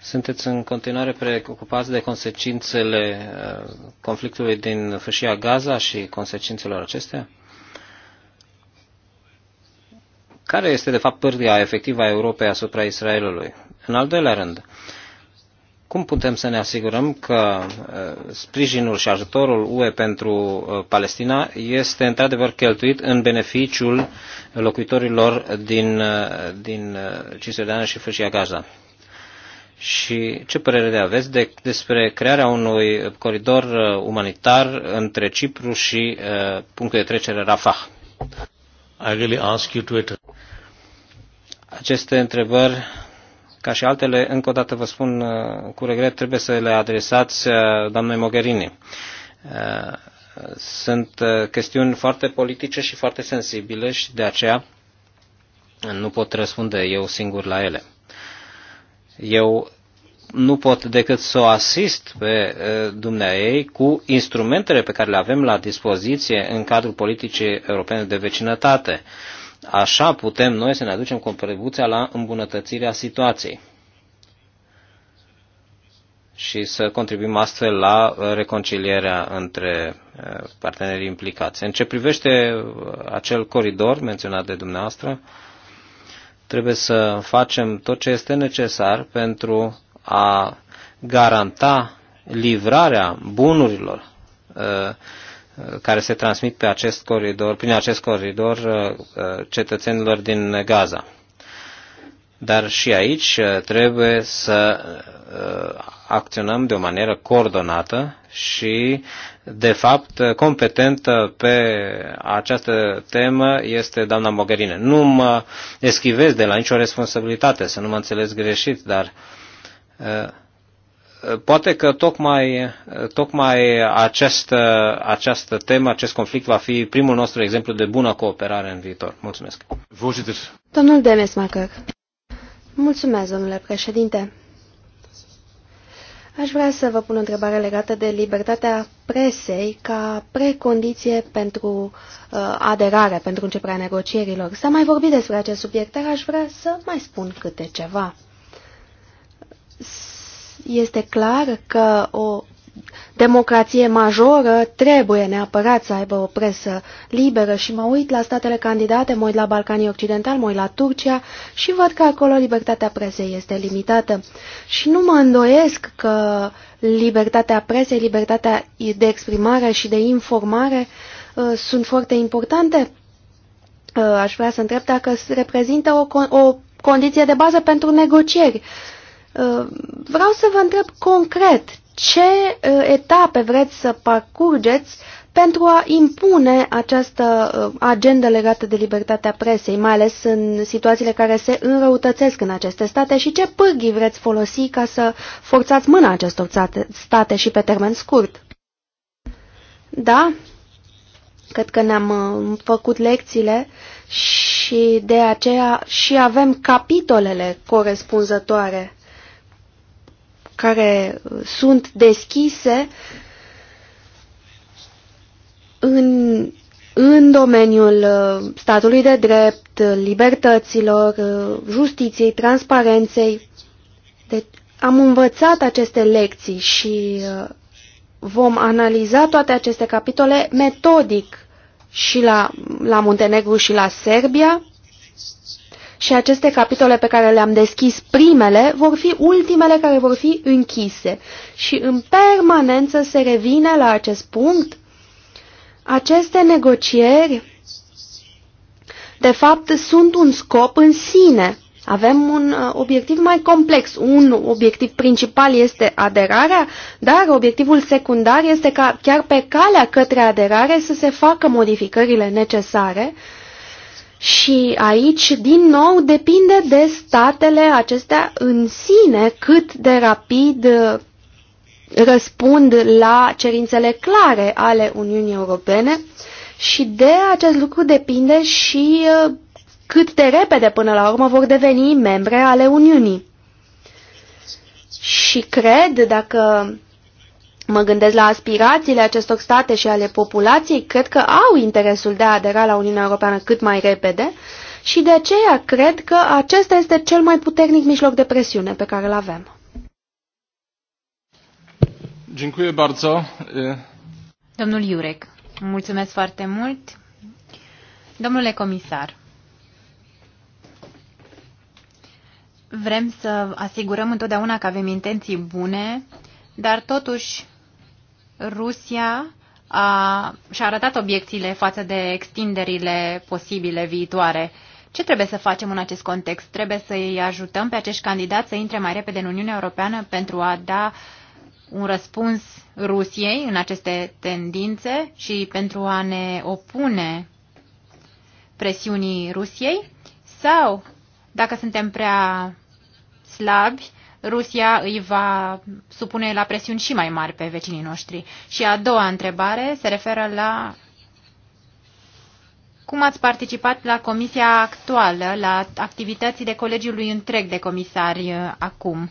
sunteți în continuare preocupați de consecințele uh, conflictului din fâșia Gaza și consecințelor acestea? Care este, de fapt, pârdia efectivă a Europei asupra Israelului? În al doilea rând, cum putem să ne asigurăm că uh, sprijinul și ajutorul UE pentru uh, Palestina este într-adevăr cheltuit în beneficiul locuitorilor din, uh, din Cisjordania și Fâșia Gaza? Și ce părere de aveți de, despre crearea unui coridor umanitar între Cipru și punctul de trecere Rafah? I really ask you to Aceste întrebări ca și altele, încă o dată vă spun uh, cu regret, trebuie să le adresați uh, doamnei Mogherini. Uh, sunt chestiuni foarte politice și foarte sensibile și de aceea nu pot răspunde eu singur la ele. Eu nu pot decât să o asist pe dumneaei cu instrumentele pe care le avem la dispoziție în cadrul politicii europene de vecinătate. Uh, Așa putem noi să ne aducem contribuția la îmbunătățirea situației și să contribuim astfel la uh, reconcilierea între uh, partenerii implicați. În ce privește uh, acel coridor menționat de dumneavoastră, trebuie să facem tot ce este necesar pentru a garanta livrarea bunurilor care se transmit pe acest coridor, prin acest coridor uh, uh, cetățenilor din Gaza. Dar și aici uh, trebuie să acționăm de o manieră coordonată și, de fapt, competentă pe această temă este doamna Mogherine. Nu mă eschivez de la nicio responsabilitate, să nu mă înțeles greșit, dar poate că tocmai, tocmai această, această temă, acest conflict va fi primul nostru exemplu de bună cooperare în viitor. Mulțumesc. Vojitor. Domnul Demesmacher. Mulțumesc, domnule președinte. Aș vrea să vă pun o întrebare legată de libertatea presei ca precondiție pentru uh, aderare, pentru începerea negocierilor. S-a mai vorbit despre acest subiect, dar aș vrea să mai spun câte ceva este clar că o democrație majoră trebuie neapărat să aibă o presă liberă și mă uit la statele candidate, mă uit la Balcanii Occidentali, mă uit la Turcia și văd că acolo libertatea presei este limitată. Și nu mă îndoiesc că libertatea presei, libertatea de exprimare și de informare uh, sunt foarte importante. Uh, aș vrea să întreb dacă reprezintă o, o condiție de bază pentru negocieri. Uh, Uh, vreau să vă întreb concret ce uh, etape vreți să parcurgeți pentru a impune această uh, agendă legată de libertatea presei, mai ales în situațiile care se înrăutățesc în aceste state și ce pârghii vreți folosi ca să forțați mâna acestor state și pe termen scurt? Da, cred că ne-am făcut lecțiile și de aceea și avem capitolele corespunzătoare care uh, sunt deschise în, în domeniul uh, statului de drept, uh, libertăților, justiției, transparenței. Deci am învățat aceste lecții și vom analiza toate aceste capitole metodic și la, la Muntenegru și la Serbia și aceste capitole pe care le-am deschis primele vor fi ultimele care vor fi închise. Și în permanență se revine la acest punct. Aceste negocieri, de fapt, sunt un scop în sine. Avem un uh, obiectiv mai complex. Un obiectiv principal este aderarea, dar obiectivul secundar este ca chiar pe calea către aderare să se facă modificările necesare și aici, din nou, depinde de statele acestea în sine cât de rapid uh, răspund la cerințele clare ale Uniunii Europene și de acest lucru depinde și uh, cât de repede până la urmă vor deveni membre ale Uniunii. Și cred, dacă Mă gândesc la aspirațiile acestor state și ale populației, cred că au interesul de a adera la Uniunea Europeană cât mai repede și de aceea cred că acesta este cel mai puternic mijloc de presiune pe care îl avem. Dziękuję bardzo. Domnul Iurec, mulțumesc foarte mult. Domnule comisar, vrem să asigurăm întotdeauna că avem intenții bune, dar totuși Rusia a, și-a arătat obiecțiile față de extinderile posibile viitoare. Ce trebuie să facem în acest context? Trebuie să îi ajutăm pe acești candidați să intre mai repede în Uniunea Europeană pentru a da un răspuns Rusiei în aceste tendințe și pentru a ne opune presiunii Rusiei? Sau, dacă suntem prea slabi, Rusia îi va supune la presiuni și mai mari pe vecinii noștri. Și a doua întrebare se referă la cum ați participat la comisia actuală, la activității de colegiului întreg de comisari uh, acum?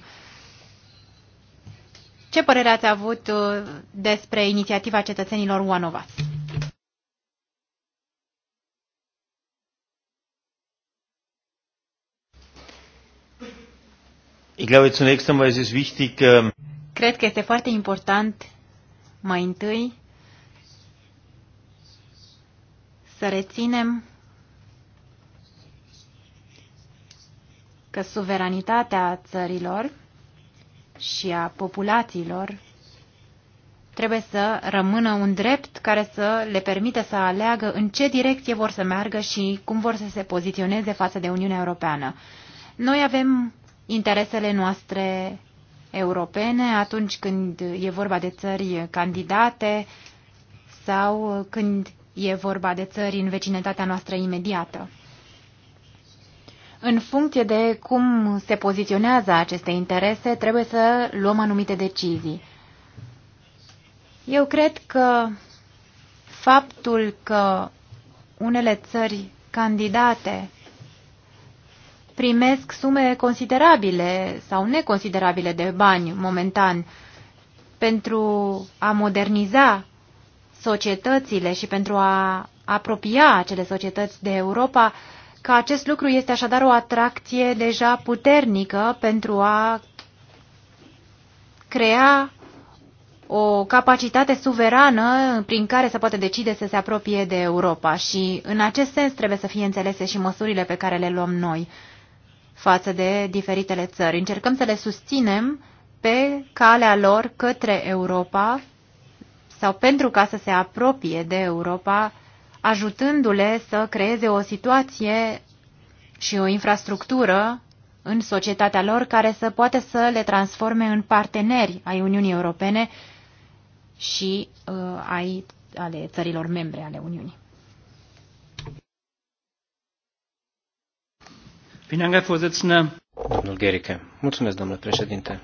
Ce părere ați avut uh, despre inițiativa cetățenilor One of Us? Ich glaube, zunächst einmal ist es wichtig, ähm, Cred că este foarte important mai întâi să reținem că suveranitatea țărilor și a populațiilor trebuie să rămână un drept care să le permită să aleagă în ce direcție vor să meargă și cum vor să se poziționeze față de Uniunea Europeană. Noi avem interesele noastre europene atunci când e vorba de țări candidate sau când e vorba de țări în vecinătatea noastră imediată. În funcție de cum se poziționează aceste interese, trebuie să luăm anumite decizii. Eu cred că faptul că unele țări candidate primesc sume considerabile sau neconsiderabile de bani momentan pentru a moderniza societățile și pentru a apropia acele societăți de Europa, că acest lucru este așadar o atracție deja puternică pentru a crea o capacitate suverană prin care se poate decide să se apropie de Europa și în acest sens trebuie să fie înțelese și măsurile pe care le luăm noi față de diferitele țări. Încercăm să le susținem pe calea lor către Europa sau pentru ca să se apropie de Europa, ajutându-le să creeze o situație și o infrastructură în societatea lor care să poate să le transforme în parteneri ai Uniunii Europene și uh, ai, ale țărilor membre ale Uniunii. Domnul Gherică. Mulțumesc, domnule președinte.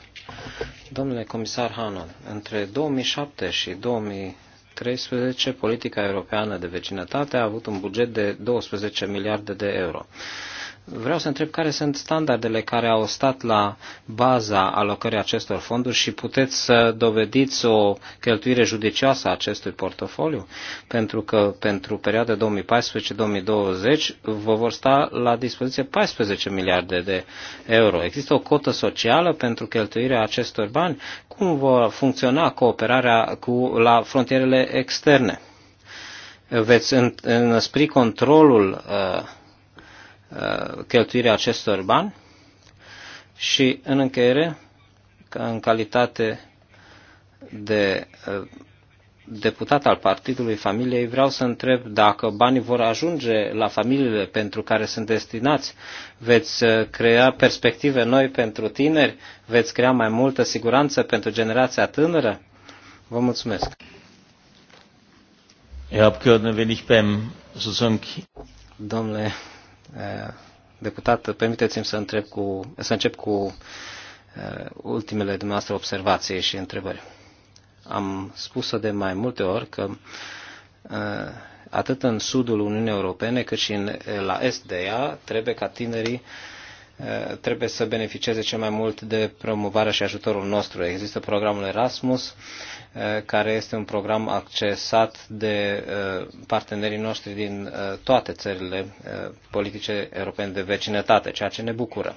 Domnule comisar Hanon, între 2007 și 2013, politica europeană de vecinătate a avut un buget de 12 miliarde de euro. Vreau să întreb care sunt standardele care au stat la baza alocării acestor fonduri și puteți să dovediți o cheltuire judicioasă a acestui portofoliu, pentru că pentru perioada 2014-2020 vă vor sta la dispoziție 14 miliarde de euro. Există o cotă socială pentru cheltuirea acestor bani? Cum va funcționa cooperarea cu, la frontierele externe? Veți înspri controlul uh, Uh, cheltuirea acestor bani și în încheiere, în calitate de uh, deputat al Partidului Familiei, vreau să întreb dacă banii vor ajunge la familiile pentru care sunt destinați, veți uh, crea perspective noi pentru tineri, veți crea mai multă siguranță pentru generația tânără? Vă mulțumesc! Herr Abgeordneter, wenn ich beim sozusagen Domnule deputat, permiteți-mi să, întreb cu, să încep cu uh, ultimele dumneavoastră observații și întrebări. Am spus-o de mai multe ori că uh, atât în sudul Uniunii Europene cât și în, la est de ea trebuie ca tinerii uh, trebuie să beneficieze cel mai mult de promovarea și ajutorul nostru. Există programul Erasmus, Eh, care este un program accesat de eh, partenerii noștri din eh, toate țările politice europene de vecinătate, ceea ce ne bucură.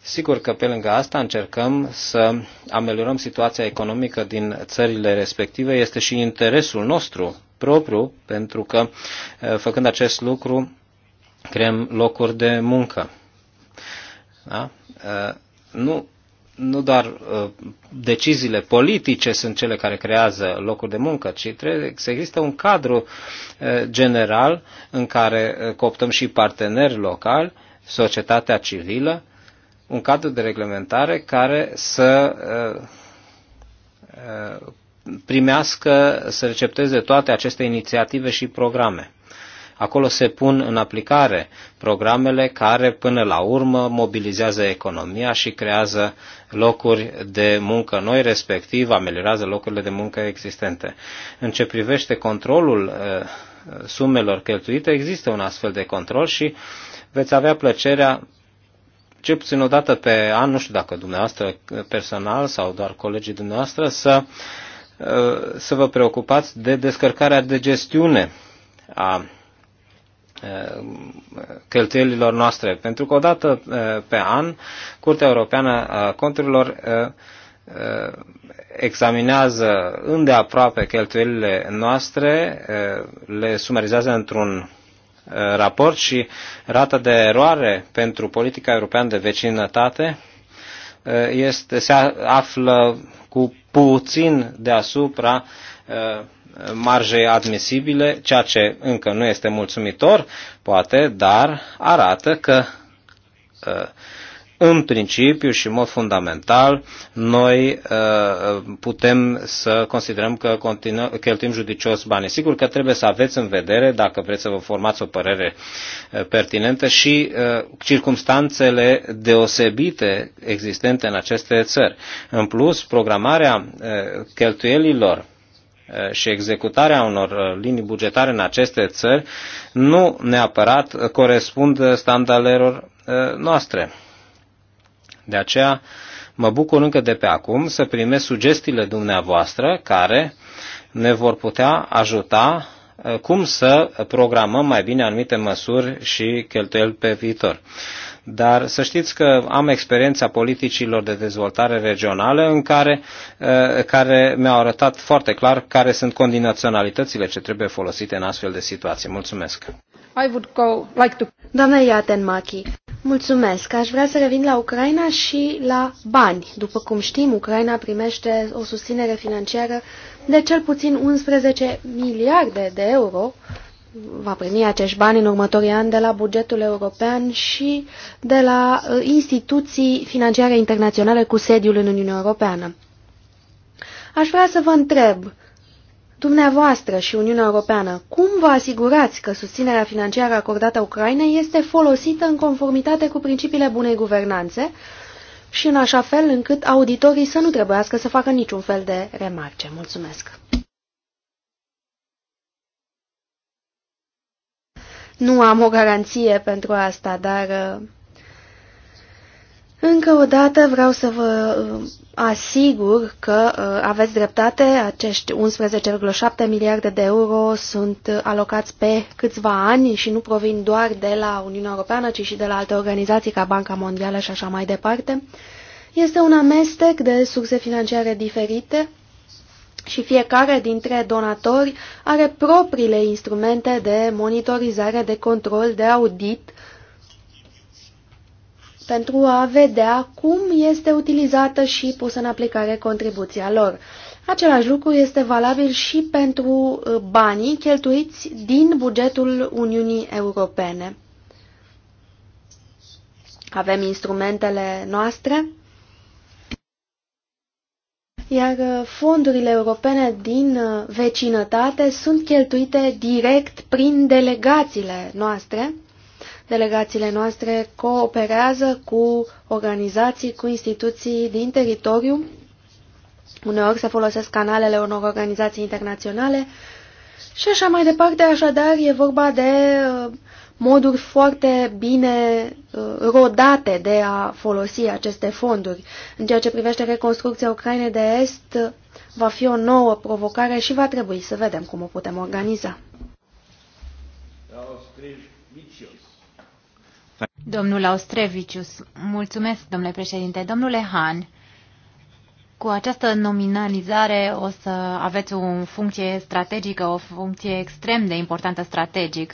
Sigur că pe lângă asta încercăm să ameliorăm situația economică din țările respective. Este și interesul nostru propriu, pentru că făcând acest lucru creăm locuri de muncă. Da? Nu nu doar uh, deciziile politice sunt cele care creează locuri de muncă, ci trebuie să există un cadru uh, general în care uh, cooptăm și parteneri locali, societatea civilă, un cadru de reglementare care să uh, uh, primească, să recepteze toate aceste inițiative și programe. Acolo se pun în aplicare programele care până la urmă mobilizează economia și creează locuri de muncă noi, respectiv ameliorează locurile de muncă existente. În ce privește controlul eh, sumelor cheltuite, există un astfel de control și veți avea plăcerea ce puțin o dată pe an, nu știu dacă dumneavoastră personal sau doar colegii dumneavoastră, să, eh, să vă preocupați de descărcarea de gestiune a Uh, cheltuielilor noastre. Pentru că odată uh, pe an, Curtea Europeană a Conturilor uh, examinează îndeaproape cheltuielile noastre, le sumarizează într-un raport și rata de eroare pentru politica europeană de vecinătate este, se află cu puțin deasupra marje admisibile, ceea ce încă nu este mulțumitor, poate, dar arată că uh, în principiu și în mod fundamental noi uh, putem să considerăm că continuă, cheltuim judicios banii. Sigur că trebuie să aveți în vedere, dacă vreți să vă formați o părere uh, pertinentă, și circumstanțele deosebite existente în aceste țări. În plus, programarea cheltuielilor Eh, și executarea unor eh, linii bugetare în aceste țări nu neapărat corespund standardelor eh, noastre. De aceea mă bucur încă de pe acum să primesc sugestiile dumneavoastră care ne vor putea ajuta cum să programăm mai bine anumite măsuri și cheltuieli pe viitor. Dar să știți că am experiența politicilor de dezvoltare regională în care, eh, care mi-au arătat foarte clar care sunt condiționalitățile ce trebuie folosite în astfel de situații. Mulțumesc! I would go like to... Iaten Machi, mulțumesc. Aș vrea să revin la Ucraina și la bani. După cum știm, Ucraina primește o susținere financiară de cel puțin 11 miliarde de euro va primi acești bani în următorii ani de la bugetul european și de la uh, instituții financiare internaționale cu sediul în Uniunea Europeană. Aș vrea să vă întreb, dumneavoastră și Uniunea Europeană, cum vă asigurați că susținerea financiară acordată Ucrainei este folosită în conformitate cu principiile bunei guvernanțe și în așa fel încât auditorii să nu trebuiască să facă niciun fel de remarce? Mulțumesc! Nu am o garanție pentru asta, dar uh, încă o dată vreau să vă uh, asigur că uh, aveți dreptate, acești 11,7 miliarde de euro sunt alocați pe câțiva ani și nu provin doar de la Uniunea Europeană, ci și de la alte organizații ca Banca Mondială și așa mai departe. Este un amestec de surse financiare diferite și fiecare dintre donatori are propriile instrumente de monitorizare, de control, de audit pentru a vedea cum este utilizată și pusă în aplicare contribuția lor. Același lucru este valabil și pentru uh, banii cheltuiți din bugetul Uniunii Europene. Avem instrumentele noastre iar uh, fondurile europene din uh, vecinătate sunt cheltuite direct prin delegațiile noastre. Delegațiile noastre cooperează cu organizații, cu instituții din teritoriu. Uneori se folosesc canalele unor organizații internaționale și așa mai departe. Așadar, e vorba de uh, moduri foarte bine uh, rodate de a folosi aceste fonduri. În ceea ce privește reconstrucția Ucrainei de Est, va fi o nouă provocare și va trebui să vedem cum o putem organiza. Domnul Austrevicius, mulțumesc, domnule președinte. Domnule Han, cu această nominalizare o să aveți o funcție strategică, o funcție extrem de importantă strategic.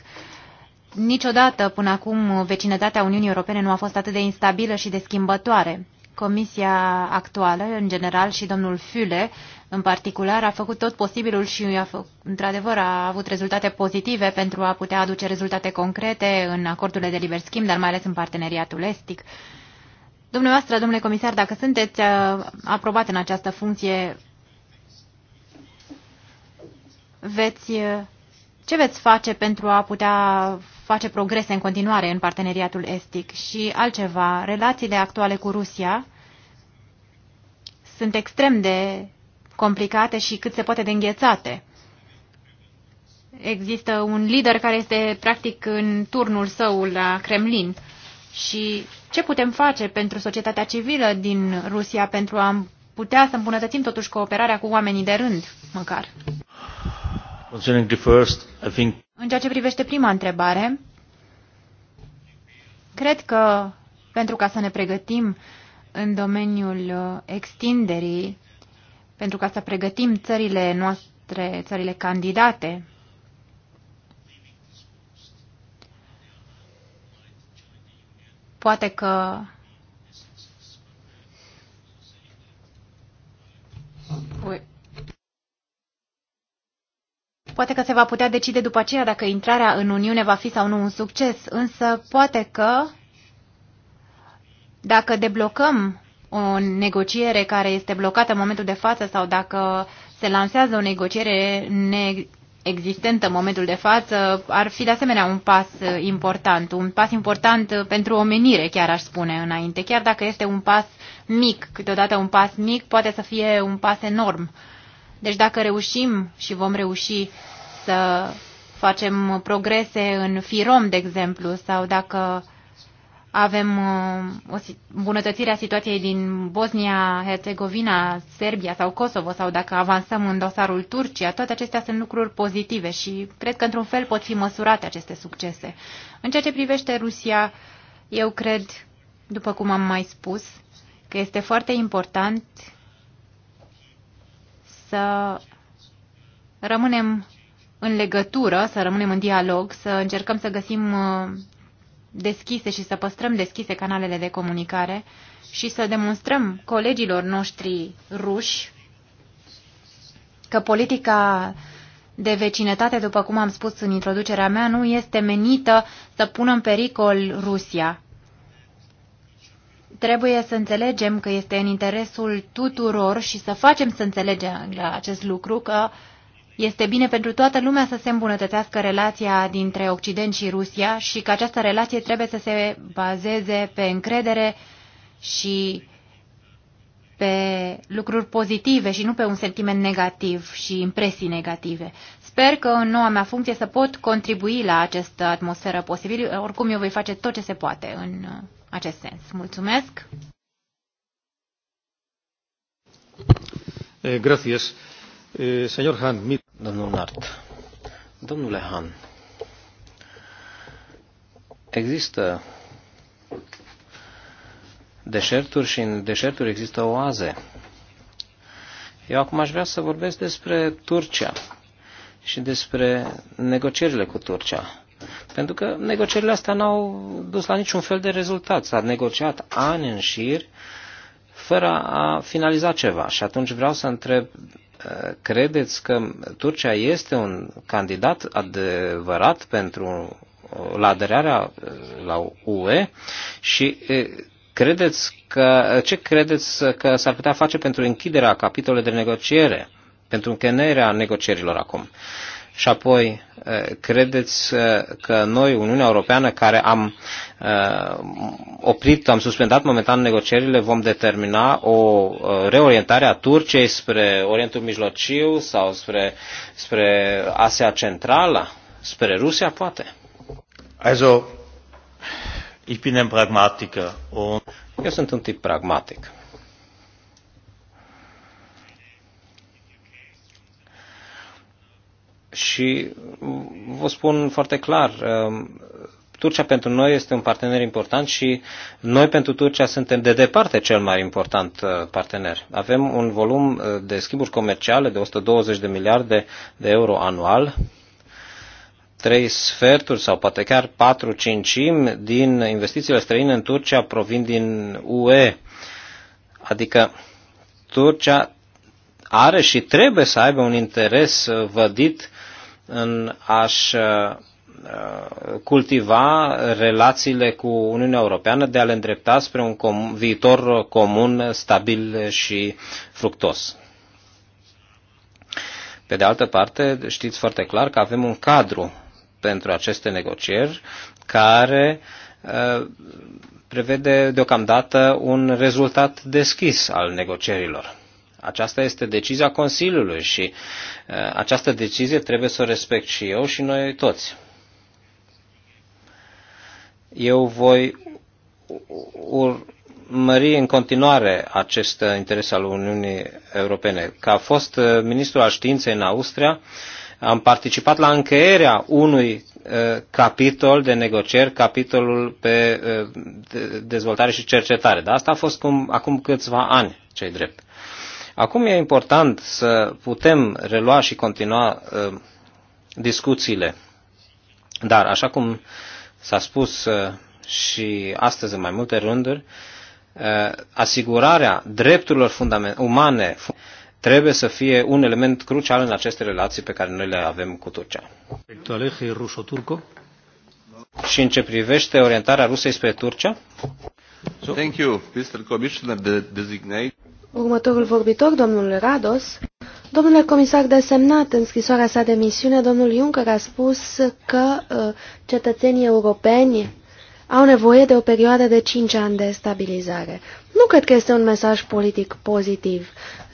Niciodată până acum vecinătatea Uniunii Europene nu a fost atât de instabilă și de schimbătoare. Comisia actuală, în general, și domnul Füle, în particular, a făcut tot posibilul și, într-adevăr, a avut rezultate pozitive pentru a putea aduce rezultate concrete în acordurile de liber schimb, dar mai ales în parteneriatul estic. Dumneavoastră, domnule comisar, dacă sunteți uh, aprobat în această funcție, veți, uh, ce veți face pentru a putea face progrese în continuare în parteneriatul estic. Și altceva, relațiile actuale cu Rusia sunt extrem de complicate și cât se poate de înghețate. Există un lider care este practic în turnul său la Kremlin. Și ce putem face pentru societatea civilă din Rusia pentru a putea să îmbunătățim totuși cooperarea cu oamenii de rând, măcar? În ceea ce privește prima întrebare, cred că pentru ca să ne pregătim în domeniul uh, extinderii, pentru ca să pregătim țările noastre, țările candidate, poate că Poate că se va putea decide după aceea dacă intrarea în Uniune va fi sau nu un succes, însă poate că dacă deblocăm o negociere care este blocată în momentul de față sau dacă se lansează o negociere neexistentă în momentul de față, ar fi de asemenea un pas important, un pas important pentru omenire, chiar aș spune înainte, chiar dacă este un pas mic, câteodată un pas mic poate să fie un pas enorm deci dacă reușim și vom reuși să facem progrese în FIROM, de exemplu, sau dacă avem uh, o bunătățire a situației din Bosnia, Herzegovina, Serbia sau Kosovo, sau dacă avansăm în dosarul Turcia, toate acestea sunt lucruri pozitive și cred că într-un fel pot fi măsurate aceste succese. În ceea ce privește Rusia, eu cred, după cum am mai spus, că este foarte important să rămânem în legătură, să rămânem în dialog, să încercăm să găsim uh, deschise și să păstrăm deschise canalele de comunicare și să demonstrăm colegilor noștri ruși că politica de vecinătate, după cum am spus în introducerea mea, nu este menită să pună în pericol Rusia. Trebuie să înțelegem că este în interesul tuturor și să facem să înțelegem la acest lucru că este bine pentru toată lumea să se îmbunătățească relația dintre Occident și Rusia și că această relație trebuie să se bazeze pe încredere și pe lucruri pozitive și nu pe un sentiment negativ și impresii negative. Sper că în noua mea funcție să pot contribui la această atmosferă posibil. Oricum, eu voi face tot ce se poate în acest sens. Mulțumesc! Eh, gracias. Eh, señor Han, mi... Domnul Nart. Domnule Han, există deșerturi și în deșerturi există oaze. Eu acum aș vrea să vorbesc despre Turcia și despre negocierile cu Turcia. Pentru că negocierile astea n-au dus la niciun fel de rezultat. S-a negociat ani în șir fără a finaliza ceva. Și atunci vreau să întreb, uh, credeți că Turcia este un candidat adevărat pentru uh, la aderarea uh, la UE și credeți că, ce credeți că s-ar putea face pentru închiderea capitolului de negociere, pentru încheierea negocierilor acum? Și apoi, uh, credeți uh, că noi, Uniunea Europeană, care am uh, oprit, am suspendat momentan negocierile, vom determina o reorientare a Turciei spre Orientul Mijlociu sau spre, spre Asia Centrală, spre Rusia, poate? Also, ich bin ein Pragmatiker. Und... Eu sunt un tip pragmatic. Și vă spun foarte clar, um, Turcia pentru noi este un partener important și noi pentru Turcia suntem de departe cel mai important uh, partener. Avem un volum uh, de schimburi comerciale de 120 de miliarde de euro anual, trei sferturi sau poate chiar patru cincimi din investițiile străine în Turcia provin din UE. Adică Turcia are și trebuie să aibă un interes uh, vădit în a-și uh, cultiva relațiile cu Uniunea Europeană de a le îndrepta spre un com- viitor comun, stabil și fructos. Pe de altă parte, știți foarte clar că avem un cadru pentru aceste negocieri care uh, prevede deocamdată un rezultat deschis al negocierilor. Aceasta este decizia Consiliului și uh, această decizie trebuie să o respect și eu și noi toți. Eu voi urmări în continuare acest interes al Uniunii Europene. Ca a fost uh, ministru al științei în Austria, am participat la încheierea unui uh, capitol de negocieri, capitolul pe dezvoltare și cercetare. Dar asta a fost cum, acum câțiva ani, cei drept. Acum e important să putem relua și continua uh, discuțiile. Dar, așa cum s-a spus uh, și astăzi în mai multe rânduri, uh, asigurarea drepturilor fundament- umane trebuie să fie un element crucial în aceste relații pe care noi le avem cu Turcia. Și în ce privește orientarea Rusiei spre Turcia? Thank you, Mr. Commissioner designate. Următorul vorbitor, domnul Rados. Domnule comisar desemnat, în scrisoarea sa de misiune, domnul Juncker a spus că uh, cetățenii europeni au nevoie de o perioadă de 5 ani de stabilizare. Nu cred că este un mesaj politic pozitiv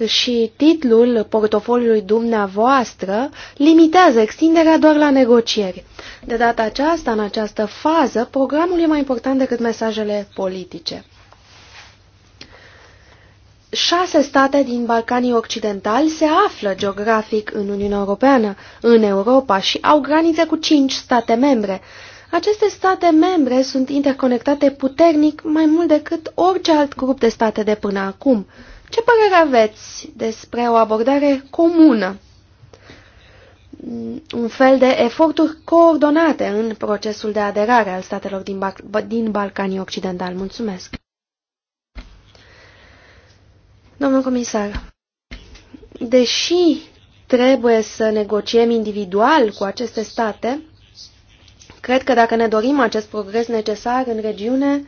și titlul portofoliului dumneavoastră limitează extinderea doar la negocieri. De data aceasta, în această fază, programul e mai important decât mesajele politice șase state din Balcanii Occidentali se află geografic în Uniunea Europeană, în Europa și au granițe cu cinci state membre. Aceste state membre sunt interconectate puternic mai mult decât orice alt grup de state de până acum. Ce părere aveți despre o abordare comună? Un fel de eforturi coordonate în procesul de aderare al statelor din, Bal din Balcanii Occidentali. Mulțumesc! Domnul comisar, deși trebuie să negociem individual cu aceste state, cred că dacă ne dorim acest progres necesar în regiune,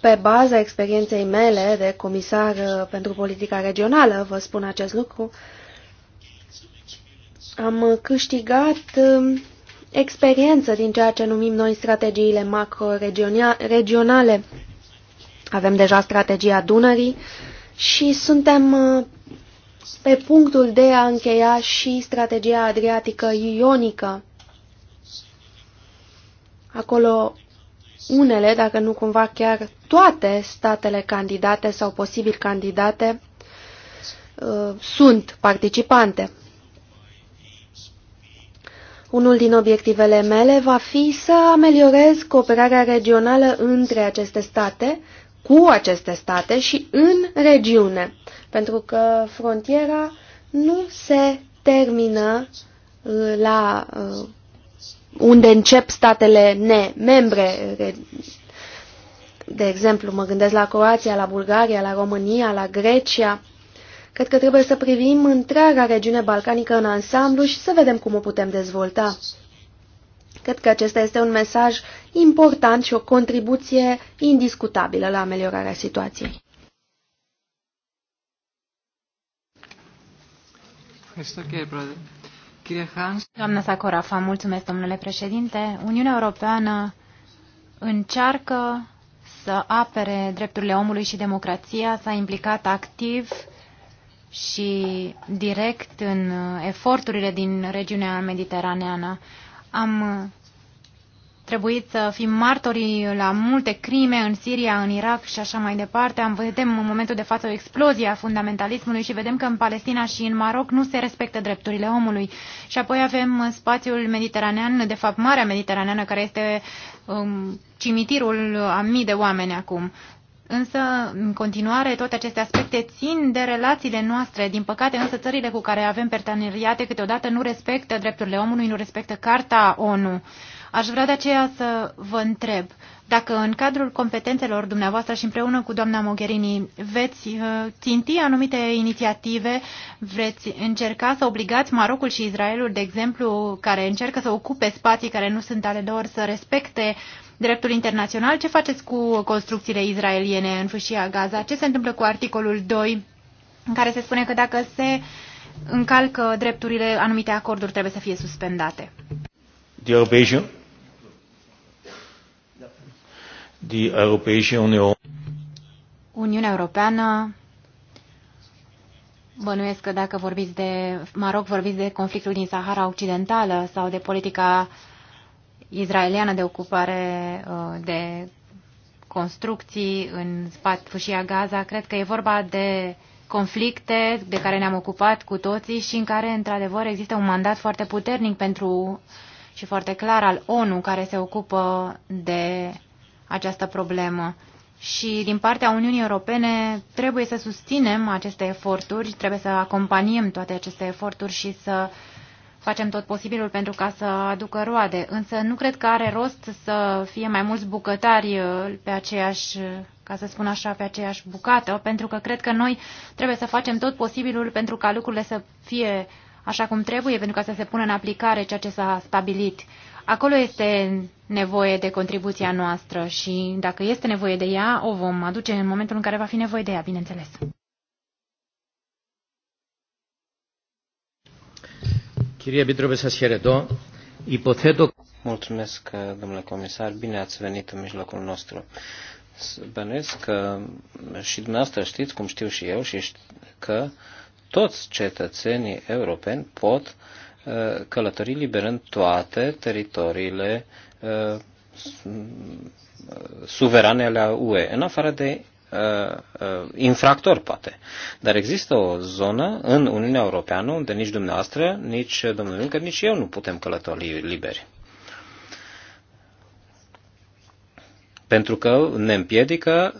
pe baza experienței mele de comisar uh, pentru politica regională, vă spun acest lucru, am câștigat um, experiență din ceea ce numim noi strategiile macro-regionale avem deja strategia Dunării și suntem uh, pe punctul de a încheia și strategia adriatică ionică. Acolo unele, dacă nu cumva chiar toate statele candidate sau posibil candidate uh, sunt participante. Unul din obiectivele mele va fi să ameliorez cooperarea regională între aceste state cu aceste state și în regiune, pentru că frontiera nu se termină uh, la uh, unde încep statele nemembre. De exemplu, mă gândesc la Croația, la Bulgaria, la România, la Grecia. Cred că trebuie să privim întreaga regiune balcanică în ansamblu și să vedem cum o putem dezvolta. Cred că acesta este un mesaj important și o contribuție indiscutabilă la ameliorarea situației. Doamna Sakorafa, mulțumesc, domnule președinte. Uniunea Europeană încearcă să apere drepturile omului și democrația, s-a implicat activ și direct în eforturile din regiunea mediteraneană. Am trebuit să fim martorii la multe crime în Siria, în Irak și așa mai departe. Am vedem în momentul de față o explozie a fundamentalismului și vedem că în Palestina și în Maroc nu se respectă drepturile omului. Și apoi avem spațiul mediteranean, de fapt Marea Mediteraneană, care este um, cimitirul a mii de oameni acum. Însă, în continuare, toate aceste aspecte țin de relațiile noastre. Din păcate, însă, țările cu care avem parteneriate câteodată nu respectă drepturile omului, nu respectă Carta ONU. Aș vrea de aceea să vă întreb dacă în cadrul competențelor dumneavoastră și împreună cu doamna Mogherini veți uh, ținti anumite inițiative, veți încerca să obligați Marocul și Israelul, de exemplu, care încercă să ocupe spații care nu sunt ale lor, să respecte dreptul internațional. Ce faceți cu construcțiile izraeliene în fâșia Gaza? Ce se întâmplă cu articolul 2 în care se spune că dacă se încalcă drepturile, anumite acorduri trebuie să fie suspendate? Dear die Europäische Union. Uniunea Europeană, bănuiesc că dacă vorbiți de Maroc, vorbiți de conflictul din Sahara Occidentală sau de politica izraeliană de ocupare uh, de construcții în spate fâșia Gaza. Cred că e vorba de conflicte de care ne-am ocupat cu toții și în care, într-adevăr, există un mandat foarte puternic pentru și foarte clar al ONU care se ocupă de această problemă. Și din partea Uniunii Europene trebuie să susținem aceste eforturi, trebuie să acompaniem toate aceste eforturi și să facem tot posibilul pentru ca să aducă roade. Însă nu cred că are rost să fie mai mulți bucătari uh, pe aceeași, uh, ca să spun așa, pe aceeași bucată, pentru că cred că noi trebuie să facem tot posibilul pentru ca lucrurile să fie așa cum trebuie, pentru ca să se pună în aplicare ceea ce s-a stabilit. Acolo este nevoie de contribuția noastră și dacă este nevoie de ea, o vom aduce în momentul în care va fi nevoie de ea, bineînțeles. Chiria Bidrobe, să Sasieredo, Mulțumesc, domnule comisar, bine ați venit în mijlocul nostru. Bănuiesc că și dumneavoastră știți, cum știu și eu, și că toți cetățenii europeni pot uh, Uh, călători liberând toate teritoriile uh, uh, suverane ale UE, în afară de infractor poate. Dar există o zonă în Uniunea Europeană unde nici dumneavoastră, nici domnul Juncker, nici eu nu putem călători liberi. Pentru că ne împiedică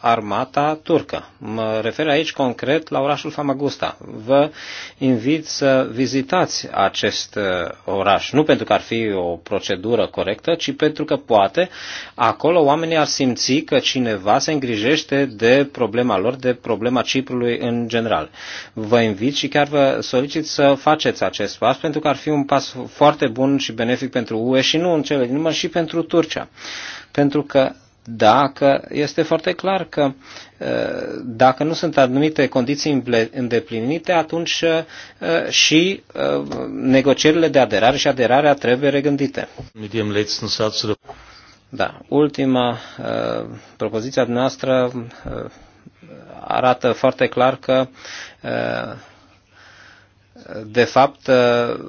armata turcă. Mă refer aici concret la orașul Famagusta. Vă invit să vizitați acest uh, oraș, nu pentru că ar fi o procedură corectă, ci pentru că poate acolo oamenii ar simți că cineva se îngrijește de problema lor, de problema Ciprului în general. Vă invit și chiar vă solicit să faceți acest pas, pentru că ar fi un pas foarte bun și benefic pentru UE și nu în cele din urmă, și pentru Turcia. Pentru că dacă este foarte clar că uh, dacă nu sunt anumite condiții îndeplinite, atunci uh, și uh, negocierile de aderare și aderarea trebuie regândite. Da, ultima propoziția noastră arată foarte clar că de fapt, uh,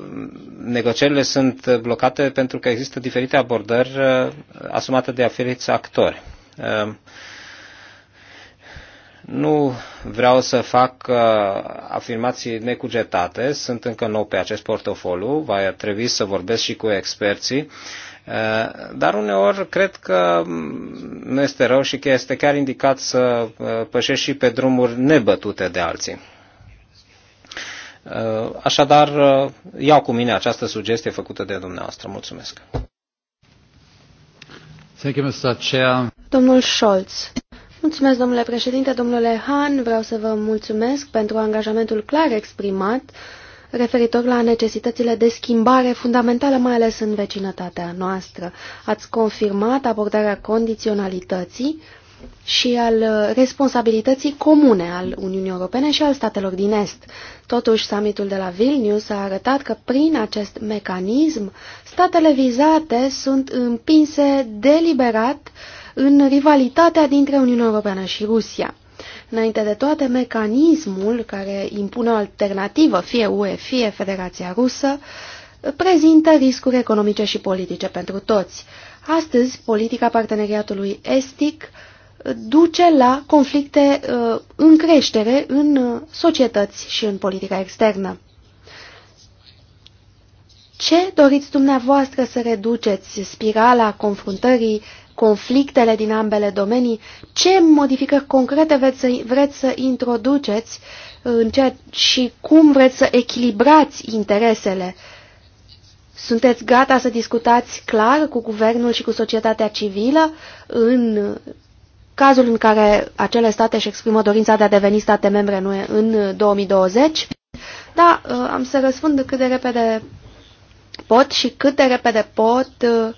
negocierile sunt blocate pentru că există diferite abordări uh, asumate de aferiți actori. Uh, nu vreau să fac afirmații necugetate, sunt încă nou pe acest portofoliu, va trebui să vorbesc și cu experții, dar uneori cred că mm, nu este rău și că este chiar indicat să pășești și pe drumuri nebătute de alții. Uh, așadar, uh, iau cu mine această sugestie făcută de dumneavoastră. Mulțumesc. Thank you, Mr. Chair. Domnul Scholz. Mulțumesc, domnule președinte, domnule Han, vreau să vă mulțumesc pentru angajamentul clar exprimat referitor la necesitățile de schimbare fundamentale, mai ales în vecinătatea noastră. Ați confirmat abordarea condiționalității și al responsabilității comune al Uniunii Europene și al statelor din Est. Totuși, summitul de la Vilnius a arătat că prin acest mecanism, statele vizate sunt împinse deliberat în rivalitatea dintre Uniunea Europeană și Rusia. Înainte de toate, mecanismul care impune o alternativă, fie UE, fie Federația Rusă, prezintă riscuri economice și politice pentru toți. Astăzi, politica parteneriatului estic duce la conflicte uh, în creștere în uh, societăți și în politica externă. Ce doriți dumneavoastră să reduceți spirala confruntării, conflictele din ambele domenii? Ce modificări concrete vreți să, vreți să introduceți uh, în ceea, și cum vreți să echilibrați interesele? Sunteți gata să discutați clar cu guvernul și cu societatea civilă în cazul în care acele state își exprimă dorința de a deveni state membre în 2020. Uh, da, uh, am să răspund cât de repede pot și cât de repede pot uh,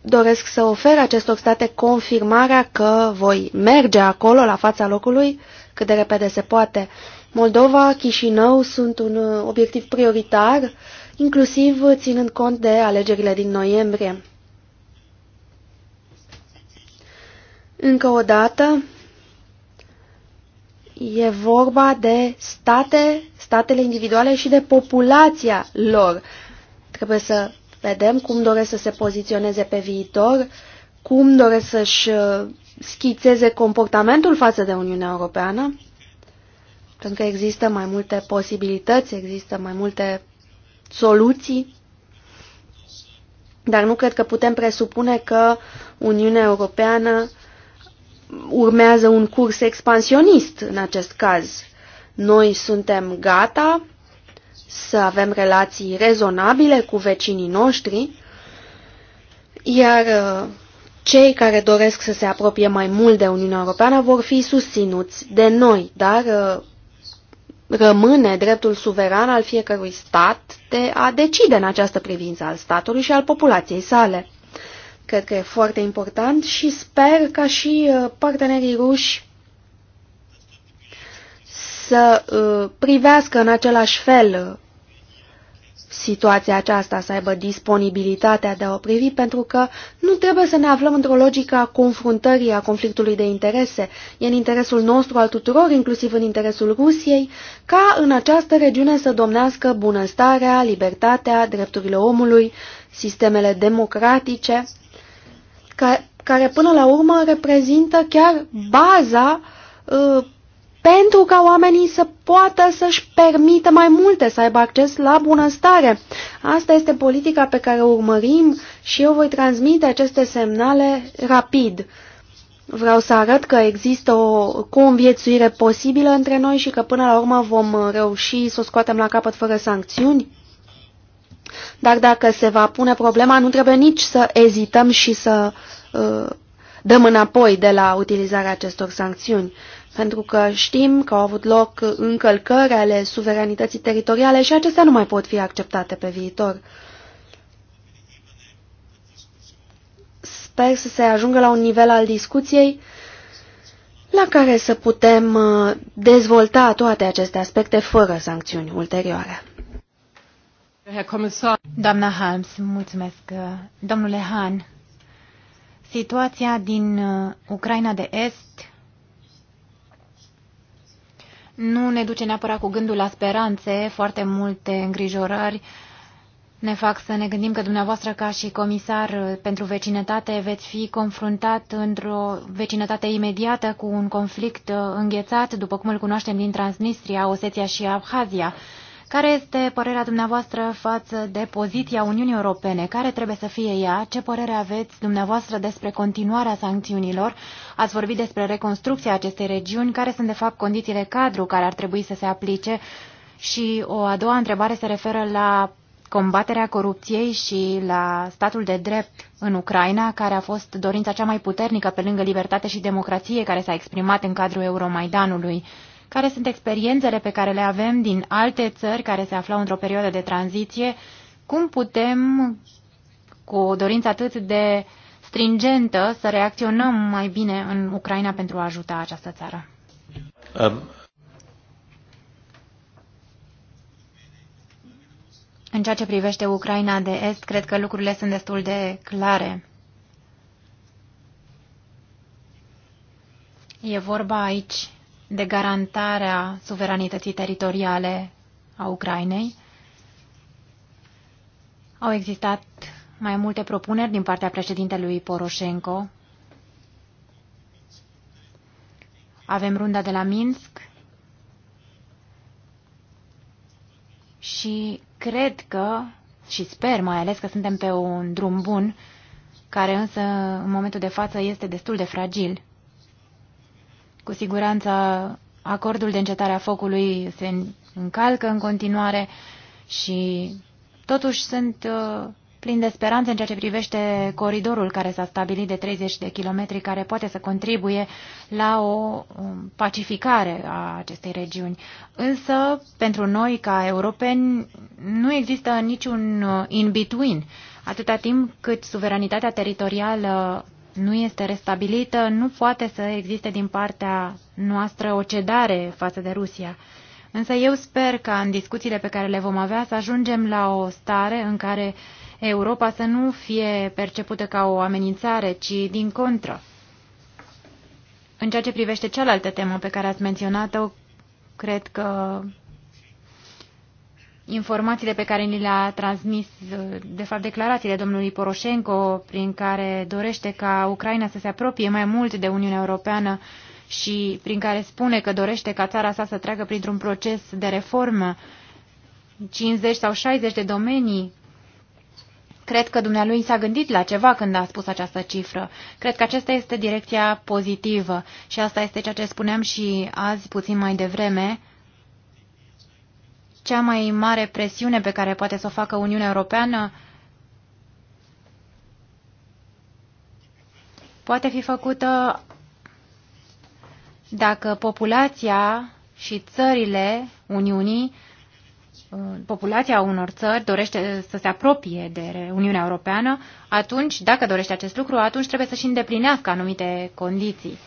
doresc să ofer acestor state confirmarea că voi merge acolo, la fața locului, cât de repede se poate. Moldova, Chișinău sunt un obiectiv prioritar, inclusiv ținând cont de alegerile din noiembrie. Încă o dată, e vorba de state, statele individuale și de populația lor. Trebuie să vedem cum doresc să se poziționeze pe viitor, cum doresc să-și uh, schițeze comportamentul față de Uniunea Europeană, pentru că există mai multe posibilități, există mai multe soluții, dar nu cred că putem presupune că Uniunea Europeană urmează un curs expansionist în acest caz. Noi suntem gata să avem relații rezonabile cu vecinii noștri, iar uh, cei care doresc să se apropie mai mult de Uniunea Europeană vor fi susținuți de noi, dar uh, rămâne dreptul suveran al fiecărui stat de a decide în această privință al statului și al populației sale. Cred că e foarte important și sper ca și uh, partenerii ruși să uh, privească în același fel uh, situația aceasta, să aibă disponibilitatea de a o privi, pentru că nu trebuie să ne aflăm într-o logică a confruntării, a conflictului de interese. E în interesul nostru al tuturor, inclusiv în interesul Rusiei, ca în această regiune să domnească bunăstarea, libertatea, drepturile omului, sistemele democratice care, care până la urmă reprezintă chiar baza uh, pentru ca oamenii să poată să-și permită mai multe, să aibă acces la bunăstare. Asta este politica pe care o urmărim și eu voi transmite aceste semnale rapid. Vreau să arăt că există o conviețuire posibilă între noi și că până la urmă vom reuși să o scoatem la capăt fără sancțiuni. Dar dacă se va pune problema, nu trebuie nici să ezităm și să uh, dăm înapoi de la utilizarea acestor sancțiuni, pentru că știm că au avut loc încălcări ale suveranității teritoriale și acestea nu mai pot fi acceptate pe viitor. Sper să se ajungă la un nivel al discuției la care să putem uh, dezvolta toate aceste aspecte fără sancțiuni ulterioare. Doamna Harms, mulțumesc. Domnule Han, situația din uh, Ucraina de Est nu ne duce neapărat cu gândul la speranțe, foarte multe îngrijorări ne fac să ne gândim că dumneavoastră ca și comisar uh, pentru vecinătate veți fi confruntat într-o vecinătate imediată cu un conflict uh, înghețat, după cum îl cunoaștem din Transnistria, Osetia și Abhazia. Care este părerea dumneavoastră față de poziția Uniunii Europene? Care trebuie să fie ea? Ce părere aveți dumneavoastră despre continuarea sancțiunilor? Ați vorbit despre reconstrucția acestei regiuni. Care sunt, de fapt, condițiile cadru care ar trebui să se aplice? Și o a doua întrebare se referă la combaterea corupției și la statul de drept în Ucraina, care a fost dorința cea mai puternică pe lângă libertate și democrație care s-a exprimat în cadrul Euromaidanului care sunt experiențele pe care le avem din alte țări care se aflau într-o perioadă de tranziție, cum putem, cu o dorință atât de stringentă, să reacționăm mai bine în Ucraina pentru a ajuta această țară? Um. În ceea ce privește Ucraina de Est, cred că lucrurile sunt destul de clare. E vorba aici de garantarea suveranității teritoriale a Ucrainei. Au existat mai multe propuneri din partea președintelui Poroșenko. Avem runda de la Minsk și cred că, și sper mai ales că suntem pe un drum bun, care însă în momentul de față este destul de fragil. Cu siguranță acordul de încetare a focului se încalcă în continuare și totuși sunt uh, plin de speranță în ceea ce privește coridorul care s-a stabilit de 30 de kilometri, care poate să contribuie la o um, pacificare a acestei regiuni. Însă, pentru noi, ca europeni, nu există niciun uh, in-between. Atâta timp cât suveranitatea teritorială nu este restabilită, nu poate să existe din partea noastră o cedare față de Rusia. Însă eu sper ca în discuțiile pe care le vom avea să ajungem la o stare în care Europa să nu fie percepută ca o amenințare, ci din contră. În ceea ce privește cealaltă temă pe care ați menționat-o, cred că informațiile pe care ni le-a transmis, de fapt, declarațiile domnului Poroșenko, prin care dorește ca Ucraina să se apropie mai mult de Uniunea Europeană și prin care spune că dorește ca țara sa să treacă printr-un proces de reformă 50 sau 60 de domenii Cred că dumnealui s-a gândit la ceva când a spus această cifră. Cred că aceasta este direcția pozitivă și asta este ceea ce spuneam și azi puțin mai devreme, cea mai mare presiune pe care poate să o facă Uniunea Europeană poate fi făcută dacă populația și țările Uniunii, uh, populația unor țări dorește să se apropie de Uniunea Europeană, atunci, dacă dorește acest lucru, atunci trebuie să-și îndeplinească anumite condiții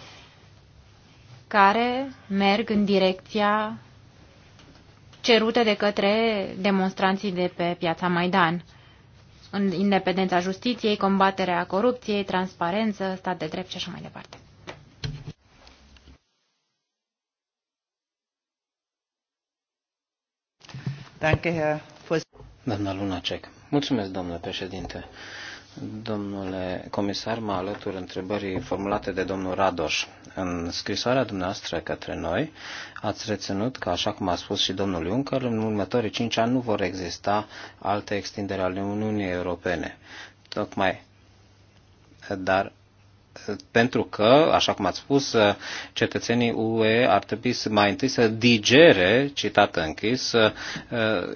care merg în direcția cerute de către demonstranții de pe piața Maidan. În independența justiției, combaterea corupției, transparență, stat de drept și așa mai departe. Danke, Herr Doamna Lunacek. Mulțumesc, domnule președinte. Domnule comisar, mă alătur întrebării formulate de domnul Radoș. În scrisoarea dumneavoastră către noi ați reținut că, așa cum a spus și domnul Juncker, în următorii cinci ani nu vor exista alte extinderi ale Uniunii Europene. Tocmai. Dar pentru că, așa cum ați spus, cetățenii UE ar trebui să mai întâi să digere, citat închis,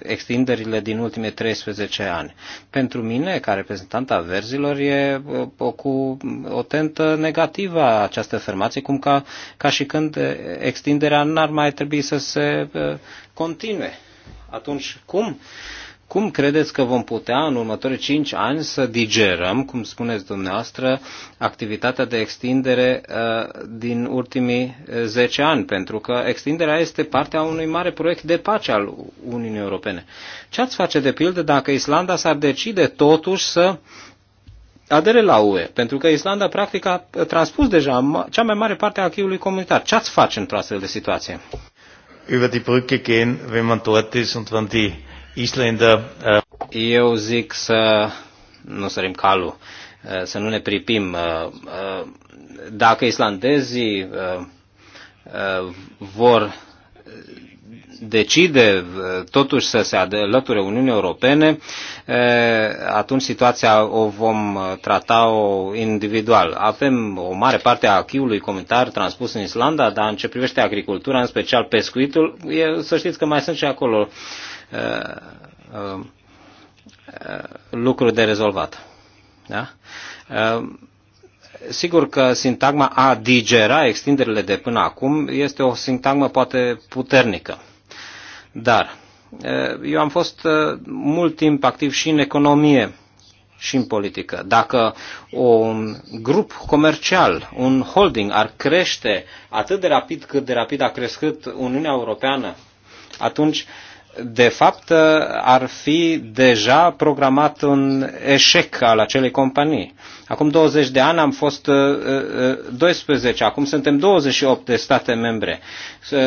extinderile din ultime 13 ani. Pentru mine, ca reprezentant a verzilor, e o, cu o tentă negativă această afirmație, cum ca, ca și când extinderea n-ar mai trebui să se continue. Atunci, cum? Uh, cum credeți că vom putea în următorii 5 ani să digerăm, cum spuneți dumneavoastră, activitatea de extindere uh, din ultimii 10 uh, ani? Pentru că extinderea este partea unui mare proiect de pace al Uniunii Europene. Ce ați face de pildă dacă Islanda s-ar decide totuși să adere la UE, pentru că Islanda practic a transpus deja cea mai mare parte a acquis comunitar. Ce ați face într-o astfel de situație? Über die Brücke gehen, wenn man dort ist und wenn die Islandă. Uh, Eu zic să nu sărim calul, uh, să nu ne pripim. Uh, dacă islandezii vor decide totuși să se alăture Uniunii Europene, atunci situația o vom trata -o individual. Avem o mare parte a achiului comunitar transpus în Islanda, dar în ce privește agricultura, în special pescuitul, e, să știți că mai sunt și acolo Uh, um, uh, lucru de rezolvat. Da? Uh, sigur că sintagma a digera extinderile de până acum este o sintagmă poate puternică. Dar eu am fost mult timp activ și în economie și în politică. Dacă un grup comercial, un holding ar crește atât de rapid cât de rapid a crescut Uniunea Europeană, atunci uh, de fapt ar fi deja programat un eșec al acelei companii. Acum 20 de ani am fost 12, uh, uh, acum suntem 28 de state membre. Uh,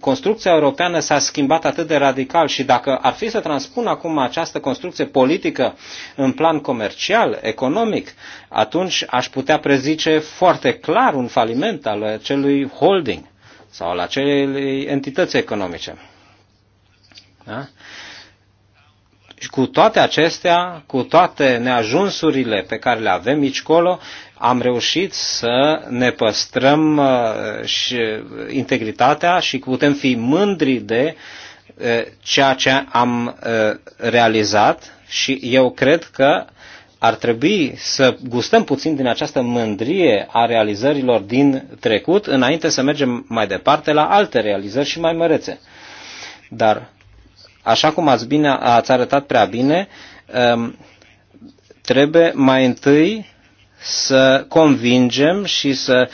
construcția europeană s-a schimbat atât de radical și dacă ar fi să transpun acum această construcție politică în plan comercial, economic, atunci aș putea prezice foarte clar un faliment al acelui holding sau al acelei entități economice. Da? Și cu toate acestea, cu toate neajunsurile pe care le avem aici colo, am reușit să ne păstrăm uh, și uh, integritatea și putem fi mândri de uh, ceea ce am realizat și eu cred că ar trebui să gustăm puțin din această mândrie a realizărilor din trecut înainte să mergem mai departe la alte realizări și mai mărețe. Dar Așa cum ați, bine, ați arătat prea bine, um, trebuie mai întâi să convingem și să,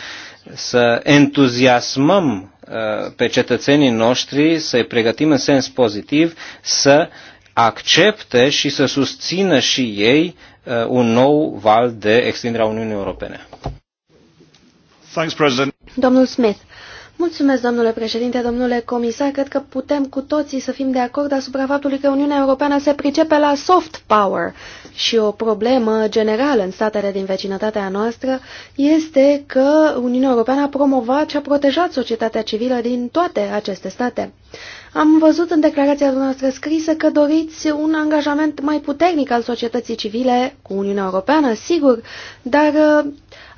să entuziasmăm uh, pe cetățenii noștri, să-i pregătim în sens pozitiv, să accepte și să susțină și ei uh, un nou val de extindere a Uniunii Europene. Thanks, President. Domnul Smith, Mulțumesc, domnule președinte, domnule comisar. Cred că putem cu toții să fim de acord asupra faptului că Uniunea Europeană se pricepe la soft power și o problemă generală în statele din vecinătatea noastră este că Uniunea Europeană a promovat și a protejat societatea civilă din toate aceste state. Am văzut în declarația dumneavoastră scrisă că doriți un angajament mai puternic al societății civile cu Uniunea Europeană, sigur, dar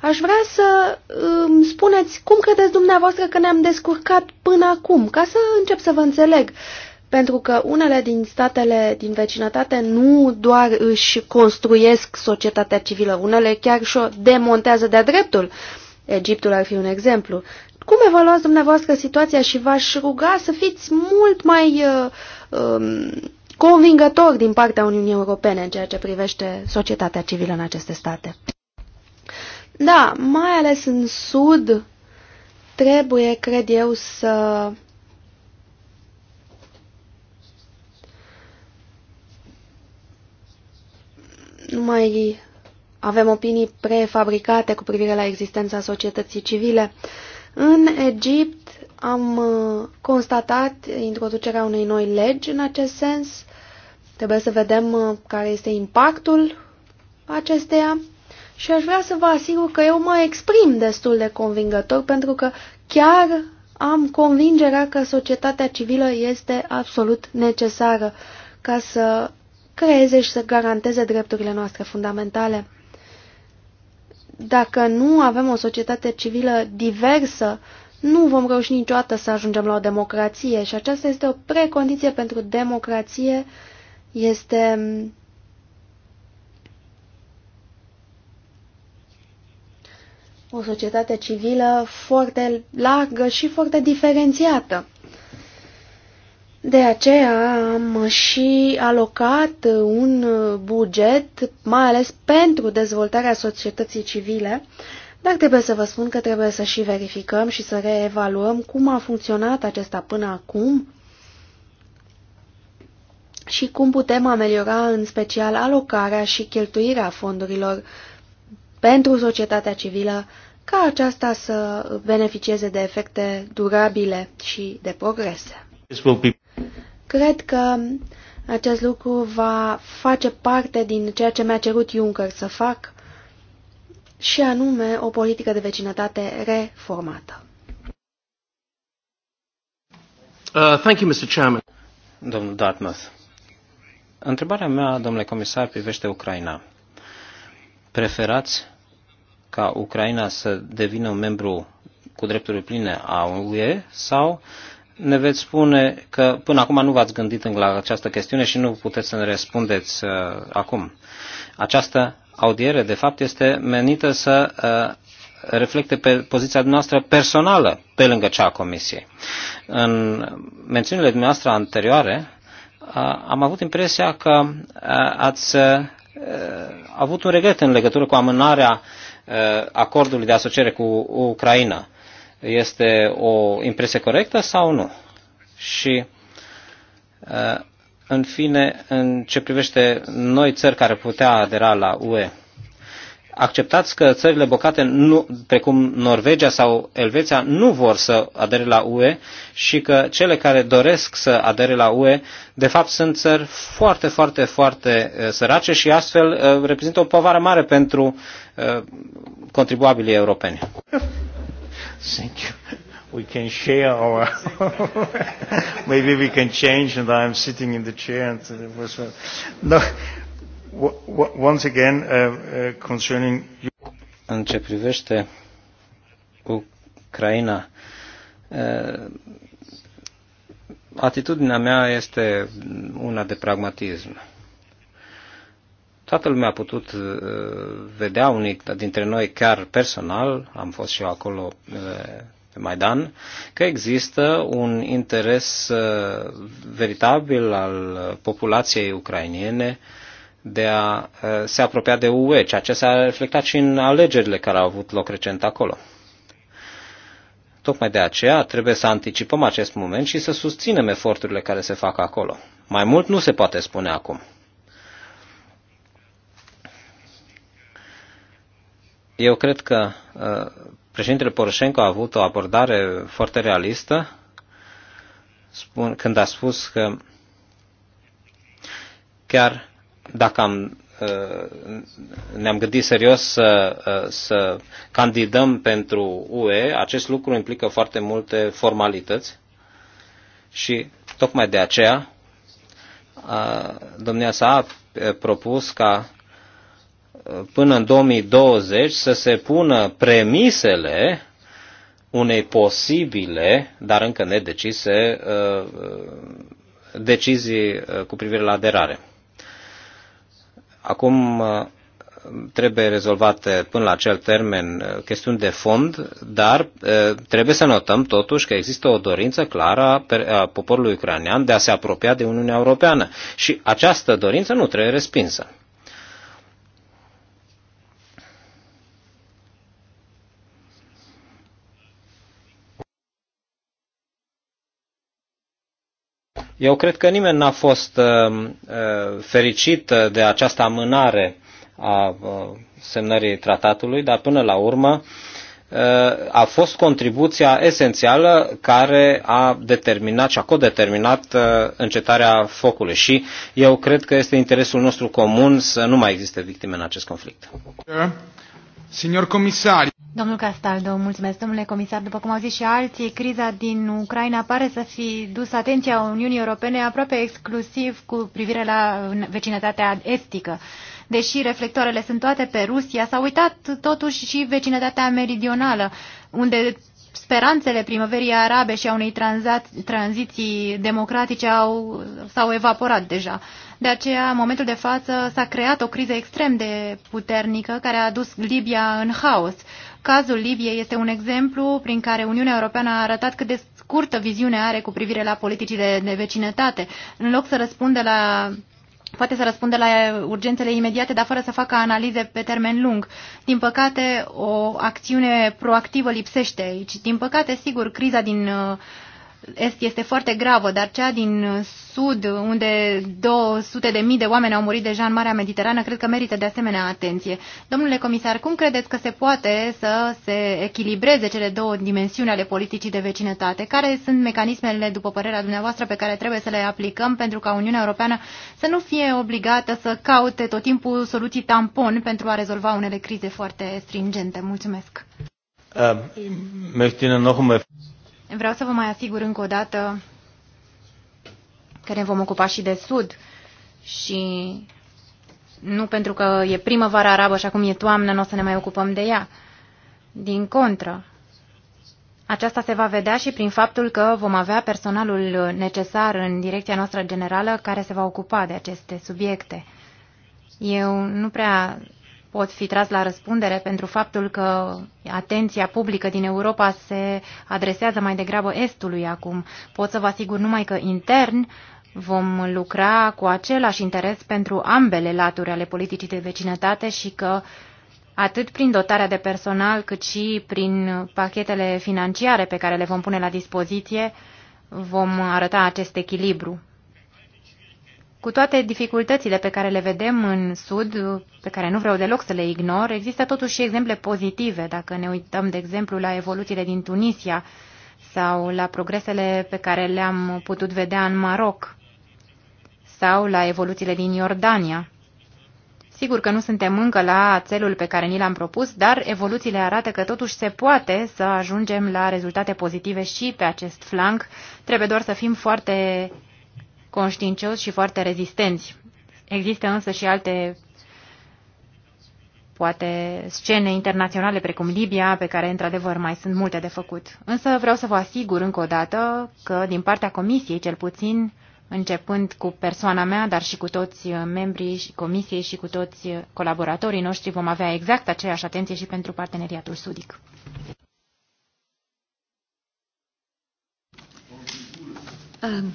Aș vrea să îmi um, spuneți cum credeți dumneavoastră că ne-am descurcat până acum, ca să încep să vă înțeleg. Pentru că unele din statele din vecinătate nu doar își construiesc societatea civilă, unele chiar și-o demontează de-a dreptul. Egiptul ar fi un exemplu. Cum evaluați dumneavoastră situația și v-aș ruga să fiți mult mai uh, uh, um, convingători din partea Uniunii Europene în ceea ce privește societatea civilă în aceste state? Da, mai ales în sud trebuie, cred eu, să nu mai avem opinii prefabricate cu privire la existența societății civile. În Egipt am uh, constatat introducerea unei noi legi în acest sens. Trebuie să vedem uh, care este impactul acesteia și aș vrea să vă asigur că eu mă exprim destul de convingător pentru că chiar am convingerea că societatea civilă este absolut necesară ca să creeze și să garanteze drepturile noastre fundamentale. Dacă nu avem o societate civilă diversă, nu vom reuși niciodată să ajungem la o democrație și aceasta este o precondiție pentru democrație, este o societate civilă foarte largă și foarte diferențiată. De aceea am și alocat un buget, mai ales pentru dezvoltarea societății civile, dar trebuie să vă spun că trebuie să și verificăm și să reevaluăm cum a funcționat acesta până acum și cum putem ameliora în special alocarea și cheltuirea fondurilor pentru societatea civilă ca aceasta să beneficieze de efecte durabile și de progrese. Cred că acest lucru va face parte din ceea ce mi-a cerut Juncker să fac, și anume o politică de vecinătate reformată. Uh, thank you, Mr. Chairman. Domnul Dartmouth. Întrebarea mea, domnule comisar, privește Ucraina preferați ca Ucraina să devină un membru cu drepturi pline a UE sau ne veți spune că până acum nu v-ați gândit la această chestiune și nu puteți să ne răspundeți uh, acum. Această audiere, de fapt, este menită să uh, reflecte pe poziția noastră personală, pe lângă cea a Comisiei. În mențiunile dumneavoastră anterioare, uh, am avut impresia că uh, ați uh, a avut un regret în legătură cu amânarea uh, acordului de asociere cu Ucraina. Este o impresie corectă sau nu? Și uh, în fine, în ce privește noi țări care putea adera la UE, acceptați că țările bocate, nu, precum Norvegia sau Elveția, nu vor să adere la UE și că cele care doresc să adere la UE, de fapt, sunt țări foarte, foarte, foarte sărace și astfel reprezintă o povară mare pentru contribuabilii europeni. Thank you. We can share our. Maybe we can change, and I'm sitting in the chair. And it was, uh, no, Uh, uh, În ce privește Ucraina, uh, atitudinea mea este una de pragmatism. Toată lumea a putut vedea, unic dintre noi chiar personal, am fost și eu acolo pe Maidan, că există un interes veritabil al populației ucrainiene de a se apropia de UE, ceea ce s-a reflectat și în alegerile care au avut loc recent acolo. Tocmai de aceea trebuie să anticipăm acest moment și să susținem eforturile care se fac acolo. Mai mult nu se poate spune acum. Eu cred că președintele Poroșenko a avut o abordare foarte realistă când a spus că chiar dacă am, uh, ne-am gândit serios să, uh, să candidăm pentru UE, acest lucru implică foarte multe formalități și tocmai de aceea uh, domnia sa a propus ca până în 2020 să se pună premisele unei posibile, dar încă nedecise, decizii cu privire la aderare. Acum uh, trebuie rezolvate până la acel termen uh, chestiuni de fond, dar uh, trebuie să notăm totuși că există o dorință clară a poporului ucrainean de a se apropia de Uniunea Europeană și această dorință nu trebuie respinsă. Eu cred că nimeni n-a fost uh, uh, fericit uh, de această amânare a semnării tratatului, dar până la urmă a fost contribuția esențială care a determinat și a codeterminat încetarea focului. Și eu cred că este interesul nostru comun să nu mai existe victime în acest conflict. Signor comisar. Domnul Castaldo, mulțumesc. Domnule comisar, după cum au zis și alții, criza din Ucraina pare să fi dus atenția Uniunii Europene aproape exclusiv cu privire la vecinătatea estică. Deși reflectoarele sunt toate pe Rusia, s-a uitat totuși și vecinătatea meridională, unde speranțele primăverii arabe și a unei tranziții democratice au, s-au evaporat deja. De aceea, în momentul de față, s-a creat o criză extrem de puternică care a dus Libia în haos. Cazul Libiei este un exemplu prin care Uniunea Europeană a arătat cât de scurtă viziune are cu privire la politicile de vecinătate. În loc să răspundă la poate să răspundă la urgențele imediate, dar fără să facă analize pe termen lung. Din păcate, o acțiune proactivă lipsește aici. Din păcate, sigur, criza din uh, est este foarte gravă, dar cea din sud, unde 200 de mii de oameni au murit deja în Marea Mediterană, cred că merită de asemenea atenție. Domnule comisar, cum credeți că se poate să se echilibreze cele două dimensiuni ale politicii de vecinătate? Care sunt mecanismele, după părerea dumneavoastră, pe care trebuie să le aplicăm pentru ca Uniunea Europeană să nu fie obligată să caute tot timpul soluții tampon pentru a rezolva unele crize foarte stringente? Mulțumesc! Uh, Vreau să vă mai asigur încă o dată că ne vom ocupa și de Sud și nu pentru că e primăvara arabă și acum e toamnă, nu o să ne mai ocupăm de ea. Din contră, aceasta se va vedea și prin faptul că vom avea personalul necesar în direcția noastră generală care se va ocupa de aceste subiecte. Eu nu prea pot fi tras la răspundere pentru faptul că atenția publică din Europa se adresează mai degrabă Estului acum. Pot să vă asigur numai că intern vom lucra cu același interes pentru ambele laturi ale politicii de vecinătate și că atât prin dotarea de personal cât și prin pachetele financiare pe care le vom pune la dispoziție, vom arăta acest echilibru. Cu toate dificultățile pe care le vedem în Sud, pe care nu vreau deloc să le ignor, există totuși exemple pozitive. Dacă ne uităm, de exemplu, la evoluțiile din Tunisia sau la progresele pe care le-am putut vedea în Maroc sau la evoluțiile din Iordania. Sigur că nu suntem încă la țelul pe care ni l-am propus, dar evoluțiile arată că totuși se poate să ajungem la rezultate pozitive și pe acest flanc. Trebuie doar să fim foarte conștiincioși și foarte rezistenți. Există însă și alte poate scene internaționale precum Libia, pe care într-adevăr mai sunt multe de făcut. Însă vreau să vă asigur încă o dată că din partea comisiei cel puțin, începând cu persoana mea, dar și cu toți membrii și comisiei și cu toți colaboratorii noștri, vom avea exact aceeași atenție și pentru parteneriatul sudic. Um.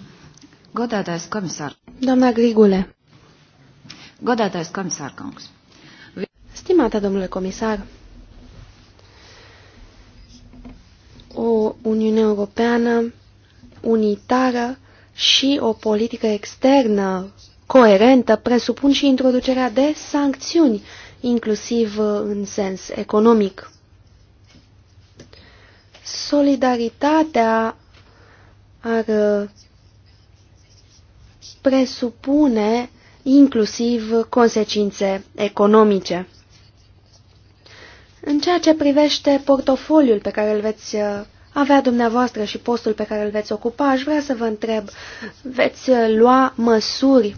Godātais komisār. Doamna Grigule. Godātais komisār, kungs. Stimată domnule comisar, o Uniune Europeană unitară și o politică externă coerentă presupun și introducerea de sancțiuni, inclusiv în sens economic. Solidaritatea ar presupune inclusiv consecințe economice. În ceea ce privește portofoliul pe care îl veți uh, avea dumneavoastră și postul pe care îl veți ocupa, aș vrea să vă întreb, veți uh, lua măsuri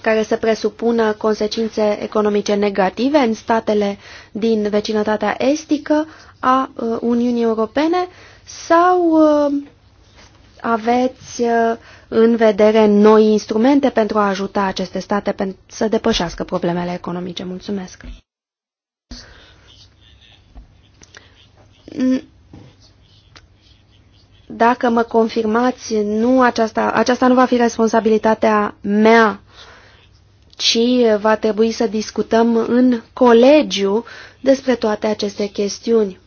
care să presupună consecințe economice negative în statele din vecinătatea estică a uh, Uniunii Europene sau aveți în vedere noi instrumente pentru a ajuta aceste state să depășească problemele economice. Mulțumesc! Dacă mă confirmați, nu aceasta, aceasta nu va fi responsabilitatea mea, ci va trebui să discutăm în colegiu despre toate aceste chestiuni.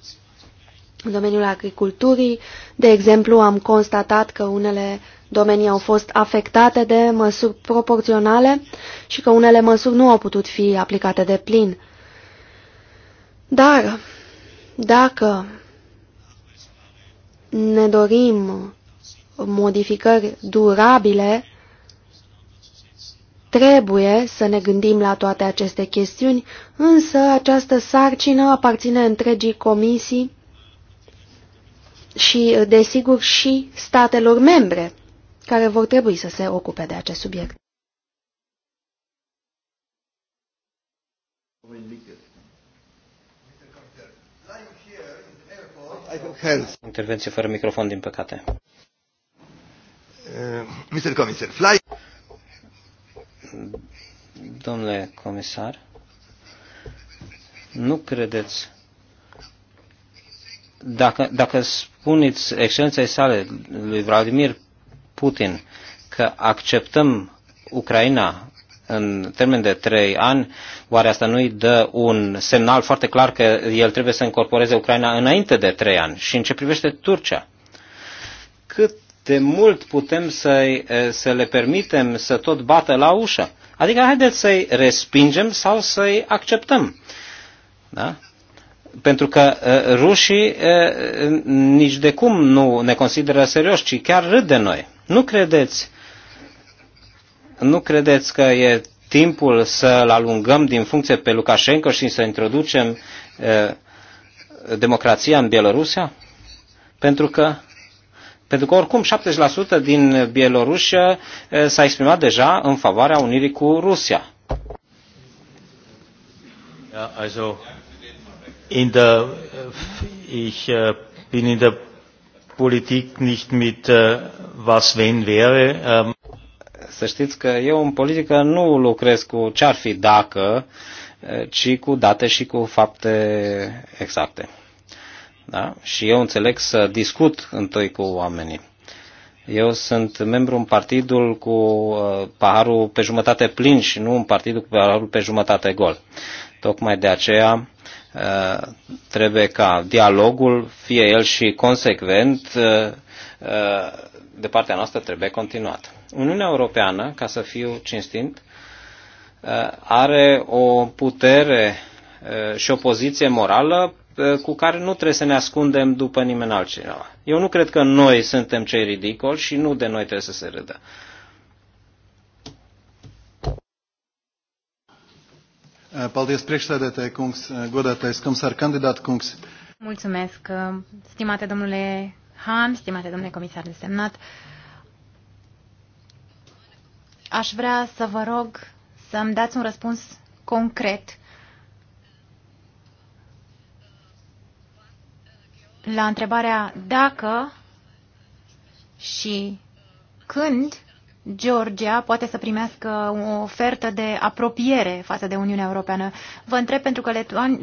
În domeniul agriculturii, de exemplu, am constatat că unele uh, domenii au fost afectate de măsuri proporționale și că unele măsuri nu au putut fi aplicate de plin. Dar dacă ne dorim modificări durabile, trebuie să ne gândim la toate aceste chestiuni, însă această sarcină aparține întregii comisii și, desigur, și statelor membre care vor trebui să se ocupe de acest subiect. Intervenție fără microfon, din păcate. Eh, Mr. Comisar, fly! Domnule comisar, nu credeți dacă, dacă spuneți excelenței sale lui Vladimir Putin că acceptăm Ucraina în termen de trei ani, oare asta nu-i dă un semnal foarte clar că el trebuie să incorporeze Ucraina înainte de trei ani? Și în ce privește Turcia? Cât de mult putem să, să le permitem să tot bată la ușă? Adică haideți să-i respingem sau să-i acceptăm. Da? Pentru că uh, rușii uh, nici de cum nu ne consideră serioși, ci chiar râd de noi. Nu credeți, nu credeți că e timpul să-l alungăm din funcție pe Lukashenko și să introducem e, democrația în Bielorusia? Pentru că, pentru că oricum 70% din Bielorusia s-a exprimat deja în favoarea unirii cu Rusia. Yeah, also in uh, ich äh, bin in der politic, nicht mit äh, was wenn wäre. Ähm. Să știți că eu în politică nu lucrez cu ce-ar fi dacă, ci cu date și cu fapte exacte. Da? Și eu înțeleg să discut întâi cu oamenii. Eu sunt membru în partidul cu paharul pe jumătate plin și nu în partidul cu paharul pe jumătate gol. Tocmai de aceea trebuie ca dialogul, fie el și consecvent, uh, uh, de partea noastră trebuie continuat. Uniunea Europeană, ca să fiu cinstit, uh, are o putere și o poziție morală cu care nu trebuie să ne ascundem după nimeni altcineva. Eu nu cred că noi suntem cei ridicoli și nu de noi trebuie să se râdă. Eh, paldies, priekšsēdētāji kungs, eh, godātais komisār kandidāta kungs. Mulțumesc, eh, stimate domnule Han, stimate domnule comisar desemnat. Aș vrea să vă rog să-mi dați un răspuns concret la întrebarea dacă și când Georgia poate să primească o ofertă de apropiere față de Uniunea Europeană. Vă întreb pentru că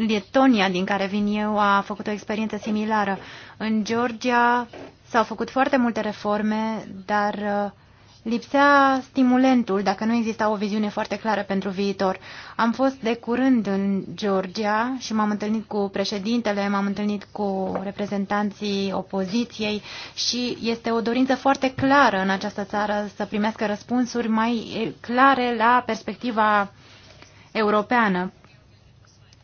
Letonia, din care vin eu, a făcut o experiență similară. În Georgia s-au făcut foarte multe reforme, dar uh, lipsea stimulentul dacă nu exista o viziune foarte clară pentru viitor. Am fost de curând în Georgia și m-am întâlnit cu președintele, m-am întâlnit cu reprezentanții opoziției și este o dorință foarte clară în această țară să primească răspunsuri mai clare la perspectiva europeană.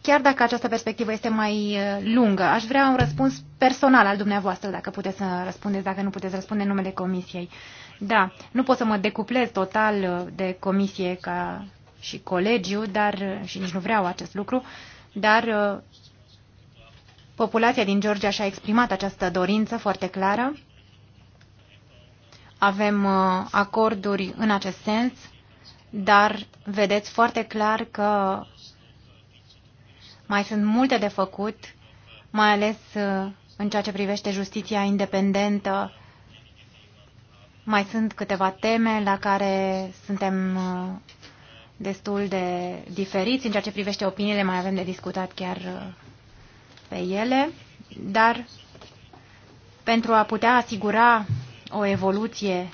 Chiar dacă această perspectivă este mai uh, lungă, aș vrea un răspuns personal al dumneavoastră, dacă puteți să răspundeți, dacă nu puteți răspunde în numele Comisiei. Uh, da, nu pot să mă decuplez total uh, de comisie ca și colegiu, dar uh, și nici nu vreau acest lucru, dar uh, populația din Georgia și-a exprimat această dorință foarte clară. Avem acorduri în acest sens, dar vedeți foarte clar că mai sunt multe de făcut, mai ales în ceea ce privește justiția independentă mai sunt câteva teme la care suntem uh, destul de diferiți în ceea ce privește opiniile, mai avem de discutat chiar uh, pe ele, dar pentru a putea asigura o evoluție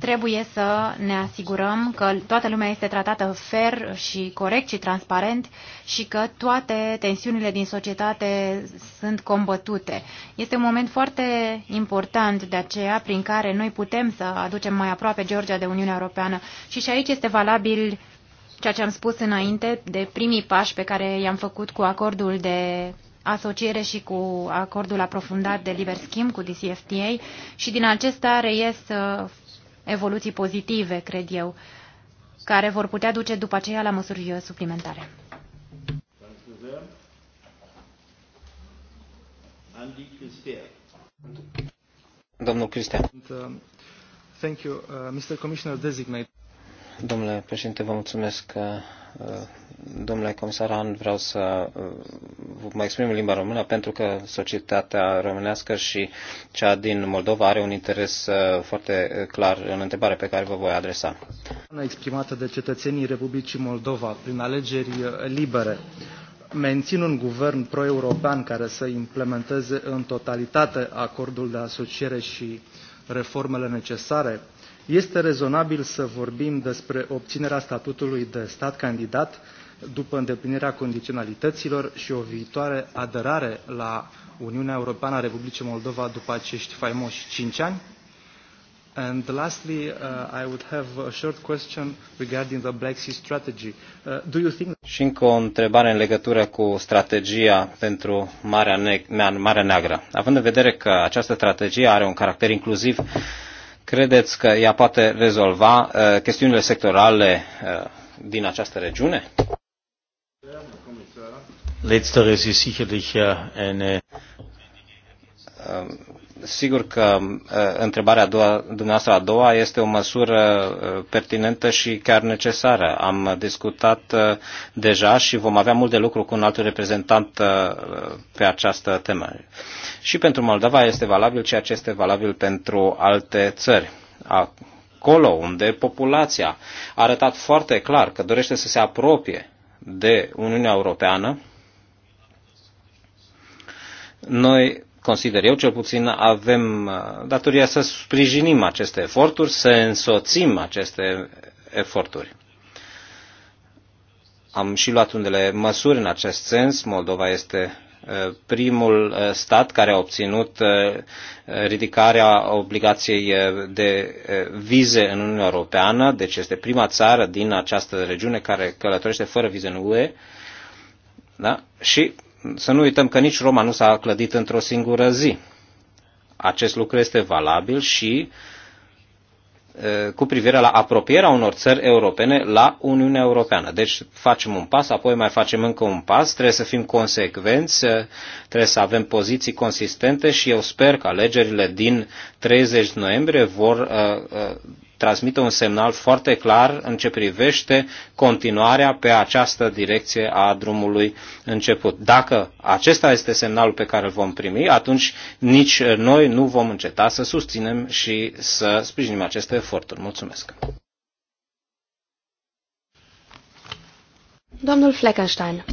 Trebuie să ne asigurăm că toată lumea este tratată fer și corect și transparent și că toate tensiunile din societate sunt combătute. Este un moment foarte important de aceea prin care noi putem să aducem mai aproape Georgia de Uniunea Europeană și și aici este valabil ceea ce am spus înainte de primii pași pe care i-am făcut cu acordul de asociere și cu acordul aprofundat de liber schimb cu DCFTA și din acesta reies uh, evoluții pozitive, cred eu, care vor putea duce după aceea la măsuri suplimentare. Domnul Cristian. Um, thank you, uh, Mr. Commissioner Designate. Domnule președinte, vă mulțumesc uh, Uh, domnule comisar Han, vreau să uh, mă exprim în limba română pentru că societatea românească și cea din Moldova are un interes uh, foarte clar în întrebarea pe care vă voi adresa. ...exprimată de cetățenii Republicii Moldova prin alegeri libere mențin un guvern pro-european care să implementeze în totalitate acordul de asociere și reformele necesare este rezonabil să vorbim despre obținerea statutului de stat candidat după îndeplinirea condiționalităților și o viitoare aderare la Uniunea Europeană a Republicii Moldova după acești faimoși cinci ani? And lastly, uh, I would have a short question regarding the Black Sea strategy. Uh, do you think Și încă o întrebare în legătură cu strategia pentru Marea, ne- Marea Neagră. Având în vedere că această strategie are un caracter inclusiv, Credeți că ea poate rezolva uh, chestiunile sectorale uh, din această regiune? Letzteres ist sicherlich eine um, Sigur că uh, întrebarea a doua, dumneavoastră a doua este o măsură uh, pertinentă și chiar necesară. Am discutat uh, deja și vom avea mult de lucru cu un alt reprezentant pe această temă. Și pentru Moldova este valabil ceea ce este valabil pentru alte țări. Acolo unde populația a arătat foarte clar că dorește să se apropie de Uniunea Europeană, noi consider eu cel puțin, avem uh, datoria să sprijinim aceste eforturi, să însoțim aceste eforturi. Am și luat unele măsuri în acest sens. Moldova este uh, primul uh, stat care a obținut ridicarea obligației de vize în Uniunea Europeană, deci este prima țară din această regiune care călătorește fără vize în UE. Da? Și să nu uităm că nici Roma nu s-a clădit într-o singură zi. Acest lucru este valabil și cu privire la apropierea unor țări europene la Uniunea Europeană. Deci facem un pas, apoi mai facem încă un pas, trebuie să fim consecvenți, trebuie să avem poziții consistente și eu sper că alegerile din 30 noiembrie vor transmită un semnal foarte clar în ce privește continuarea pe această direcție a drumului început. Dacă acesta este semnalul pe care îl vom primi, atunci nici noi nu vom înceta să susținem și să sprijinim aceste eforturi. Mulțumesc! Domnul Fleckenstein.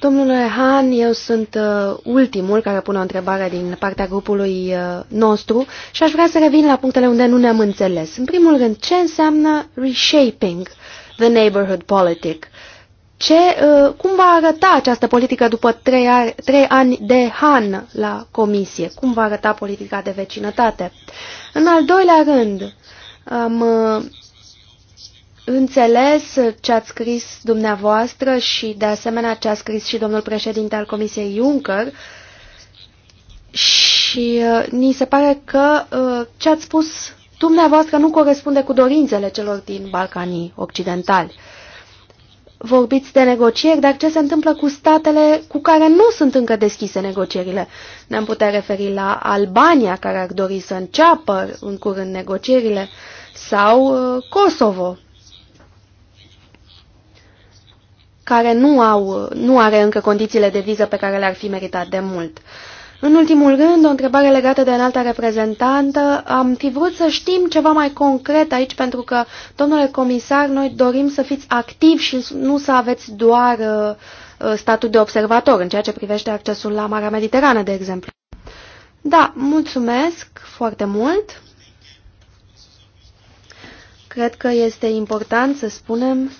Domnule Han, eu sunt uh, ultimul care pune o întrebare din partea grupului uh, nostru și aș vrea să revin la punctele unde nu ne-am înțeles. În primul rând, ce înseamnă reshaping the neighborhood politic? Ce, uh, cum va arăta această politică după trei, trei ani de Han la comisie? Cum va arăta politica de vecinătate? În al doilea rând, am... Uh, înțeles ce ați scris dumneavoastră și de asemenea ce a scris și domnul președinte al Comisiei Juncker și uh, ni se pare că uh, ce ați spus dumneavoastră nu corespunde cu dorințele celor din Balcanii Occidentali. Vorbiți de negocieri, dar ce se întâmplă cu statele cu care nu sunt încă deschise negocierile? Ne-am putea referi la Albania, care ar dori să înceapă în curând negocierile, sau uh, Kosovo, care nu, au, nu are încă condițiile de viză pe care le-ar fi meritat de mult. În ultimul rând, o întrebare legată de înalta reprezentantă. Am fi vrut să știm ceva mai concret aici, pentru că, domnule comisar, noi dorim să fiți activi și nu să aveți doar uh, uh statut de observator în ceea ce privește accesul la Marea Mediterană, de exemplu. Da, mulțumesc foarte mult. Cred că este important să spunem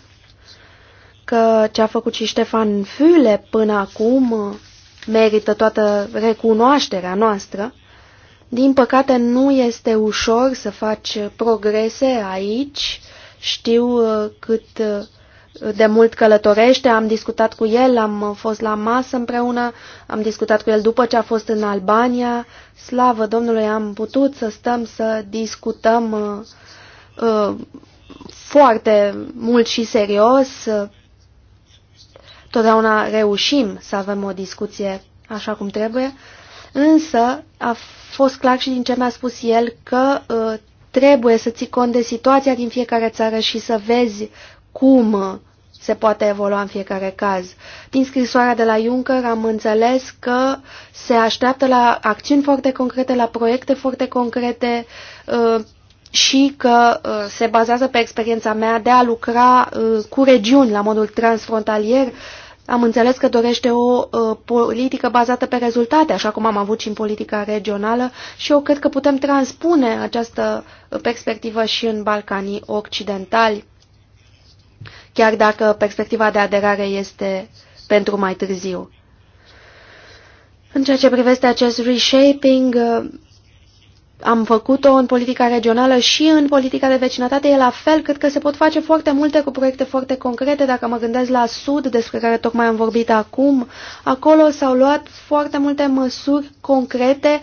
că ce a făcut și Ștefan Fule până acum merită toată recunoașterea noastră. Din păcate nu este ușor să faci progrese aici. Știu uh, cât uh, de mult călătorește, am discutat cu el, am fost la masă împreună, am discutat cu el după ce a fost în Albania. Slavă Domnului, am putut să stăm să discutăm uh, uh, foarte mult și serios. Uh, totdeauna reușim să avem o discuție așa cum trebuie, însă a fost clar și din ce mi-a spus el că uh, trebuie să ții cont de situația din fiecare țară și să vezi cum se poate evolua în fiecare caz. Din scrisoarea de la Juncker am înțeles că se așteaptă la acțiuni foarte concrete, la proiecte foarte concrete, uh, și că uh, se bazează pe experiența mea de a lucra uh, cu regiuni la modul transfrontalier. Am înțeles că dorește o uh, politică bazată pe rezultate, așa cum am avut și în politica regională și eu cred că putem transpune această perspectivă și în Balcanii Occidentali, chiar dacă perspectiva de aderare este pentru mai târziu. În ceea ce privește acest reshaping, am făcut-o în politica regională și în politica de vecinătate, e la fel, cred că se pot face foarte multe cu proiecte foarte concrete. Dacă mă gândesc la Sud, despre care tocmai am vorbit acum, acolo s-au luat foarte multe măsuri concrete,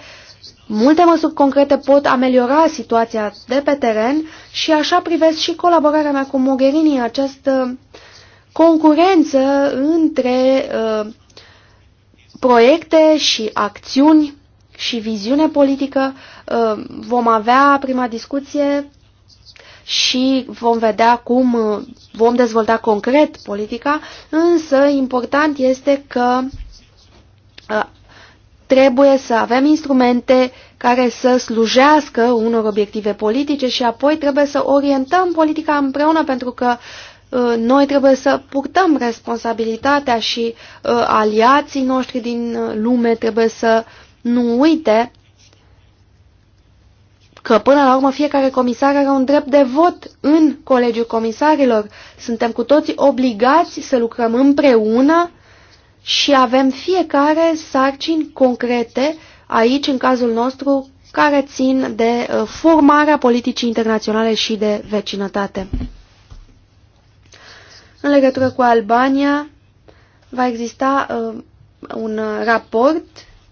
multe măsuri concrete pot ameliora situația de pe teren și așa privesc și colaborarea mea cu Mogherini, această concurență între uh, proiecte și acțiuni și viziune politică. Uh, vom avea prima discuție și vom vedea cum uh, vom dezvolta concret politica, însă important este că uh, trebuie să avem instrumente care să slujească unor obiective politice și apoi trebuie să orientăm politica împreună pentru că noi trebuie să purtăm responsabilitatea și aliații noștri din lume trebuie să uh, nu uite că până la urmă fiecare comisar are un drept de vot în Colegiul Comisarilor. Suntem cu toții obligați să lucrăm împreună și avem fiecare sarcini concrete aici, în cazul nostru, care țin de uh, formarea politicii internaționale și de vecinătate. În legătură cu Albania, va exista uh, un uh, raport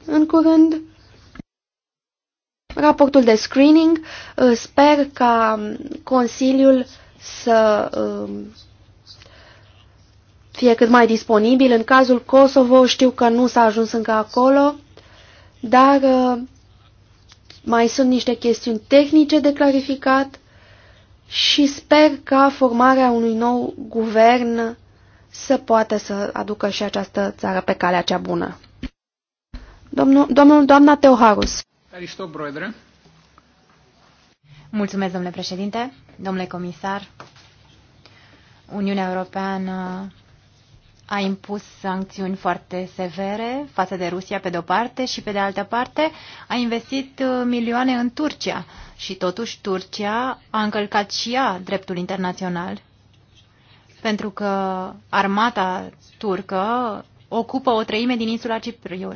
în curând raportul de screening. Uh, sper ca Consiliul să um, fie cât mai disponibil. În cazul Kosovo știu că nu s-a ajuns încă acolo, dar uh, mai sunt niște chestiuni tehnice de clarificat și sper ca formarea unui nou guvern să poată să aducă și această țară pe calea cea bună. Domnul, domnul doamna Teoharus. Mulțumesc, domnule președinte, domnule comisar. Uniunea Europeană a impus sancțiuni foarte severe față de Rusia pe de-o parte și pe de altă parte a investit uh, milioane în Turcia și totuși Turcia a încălcat și ea dreptul internațional pentru că armata turcă ocupă o treime din insula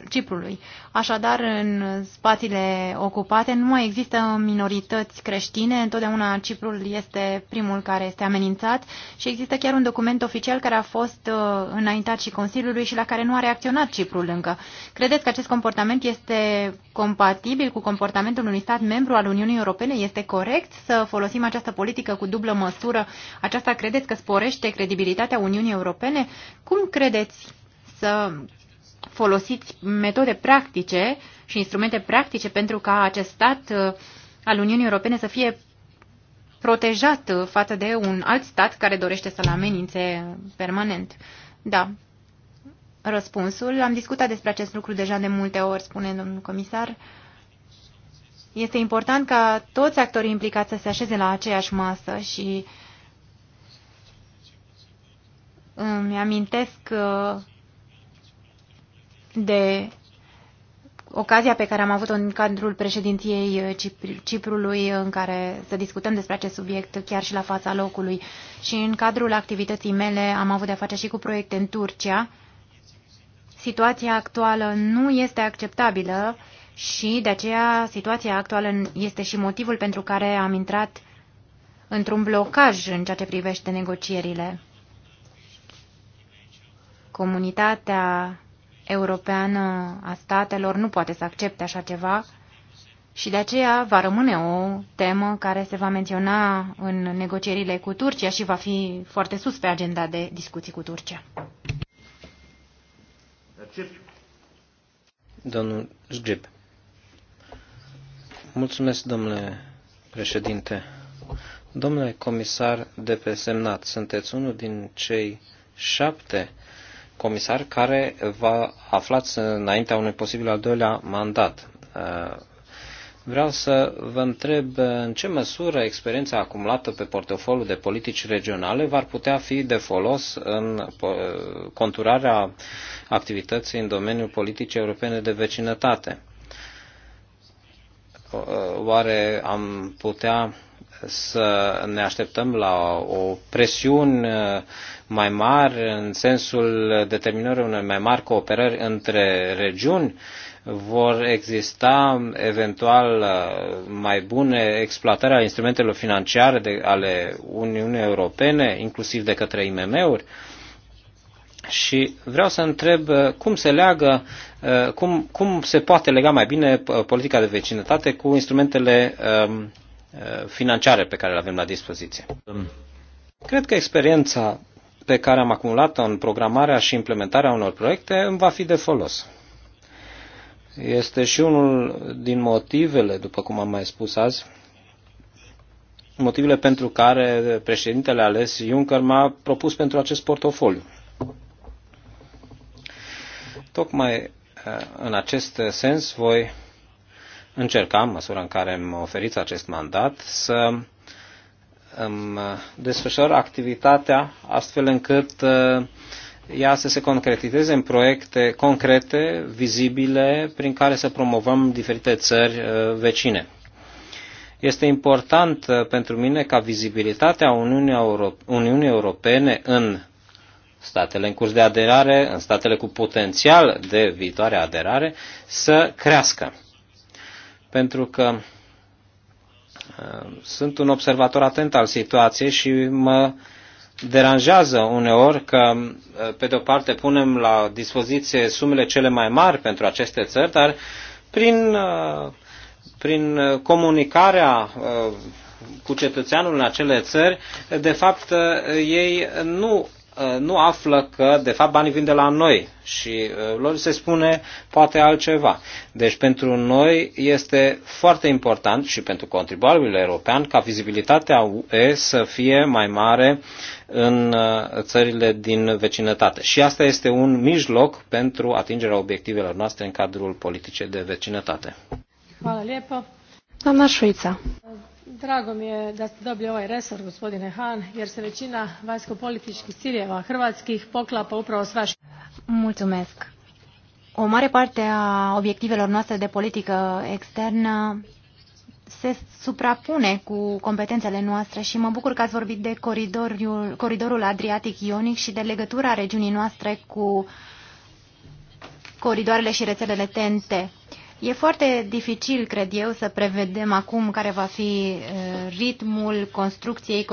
Ciprului. Așadar, în spațiile ocupate nu mai există minorități creștine, întotdeauna Ciprul este primul care este amenințat și există chiar un document oficial care a fost uh, înaintat și Consiliului și la care nu a reacționat Ciprul încă. Credeți că acest comportament este compatibil cu comportamentul unui stat membru al Uniunii Europene? Este corect să folosim această politică cu dublă măsură? Aceasta credeți că sporește credibilitatea Uniunii Europene? Cum credeți să folosiți metode practice și instrumente practice pentru ca acest stat uh, al Uniunii Europene să fie protejat uh, față de un alt stat care dorește să-l amenințe permanent. Da. Răspunsul. Am discutat despre acest lucru deja de multe ori, spune domnul comisar. Este important ca toți actorii implicați să se așeze la aceeași masă și îmi amintesc uh, de ocazia pe care am avut-o în cadrul președinției Ciprului, în care să discutăm despre acest subiect chiar și la fața locului. Și în cadrul activității mele am avut de-a face și cu proiecte în Turcia. Situația actuală nu este acceptabilă și de aceea situația actuală este și motivul pentru care am intrat într-un blocaj în ceea ce privește negocierile. Comunitatea europeană a statelor nu poate să accepte așa ceva și de aceea va rămâne o temă care se va menționa în negocierile cu Turcia și va fi foarte sus pe agenda de discuții cu Turcia. Domnul Zgrib. Mulțumesc, domnule președinte. Domnule comisar de pe semnat, sunteți unul din cei șapte comisar care vă aflați înaintea unui posibil al doilea mandat. Uh, vreau să vă întreb uh, în ce măsură experiența acumulată pe portofoliul de politici regionale va putea fi de folos în uh, conturarea activității în domeniul politicii europene de vecinătate. Oare am putea să ne așteptăm la o presiune mai mare în sensul determinării unei mai mari cooperări între regiuni, vor exista eventual mai bune exploatări a instrumentelor financiare de, ale Uniunii Europene, inclusiv de către IMM-uri. Și vreau să întreb cum se leagă, cum, cum se poate lega mai bine politica de vecinătate cu instrumentele um, Uh, financiare pe care le avem la dispoziție. Cred că experiența pe care am acumulat-o în programarea și implementarea unor proiecte îmi va fi de folos. Este și unul din motivele, după cum am mai spus azi, motivele pentru care președintele ales Juncker m-a propus pentru acest portofoliu. Tocmai uh, în acest sens voi încerca, în măsura în care îmi oferiți acest mandat, să îmi desfășor activitatea astfel încât uh, ea să se concretizeze în proiecte concrete, vizibile, prin care să promovăm diferite țări uh, vecine. Este important uh, pentru mine ca vizibilitatea Uniunii, Euro- Uniunii Europene în statele în curs de aderare, în statele cu potențial de viitoare aderare, să crească pentru că uh, sunt un observator atent al situației și mă deranjează uneori că, uh, pe de-o parte, punem la dispoziție sumele cele mai mari pentru aceste țări, dar prin, uh, prin comunicarea cu cetățeanul în acele țări, de fapt ei nu Uh, nu află că, de fapt, banii vin de la noi și uh, lor se spune poate altceva. Deci, pentru noi este foarte important și pentru contribuabilul european ca vizibilitatea UE să fie mai mare în uh, țările din vecinătate. Și asta este un mijloc pentru atingerea obiectivelor noastre în cadrul politicii de vecinătate. Doamna Șuița drago mi je da ste dobili ovaj resor gospodine hahn jer se većina vanjskopolitičkih ciljeva hrvatskih poklapa upravo s vašim. Mulțumesc. O mare parte a obiectivelor noastre de politică externă se suprapune cu competențele noastre și mă bucur că ați vorbit de coridorul, coridorul Adriatic-Ionic și de legătura regiunii noastre cu coridoarele și rețelele TNT. E foarte dificil, cred eu, să prevedem acum care va fi uh, ritmul construcției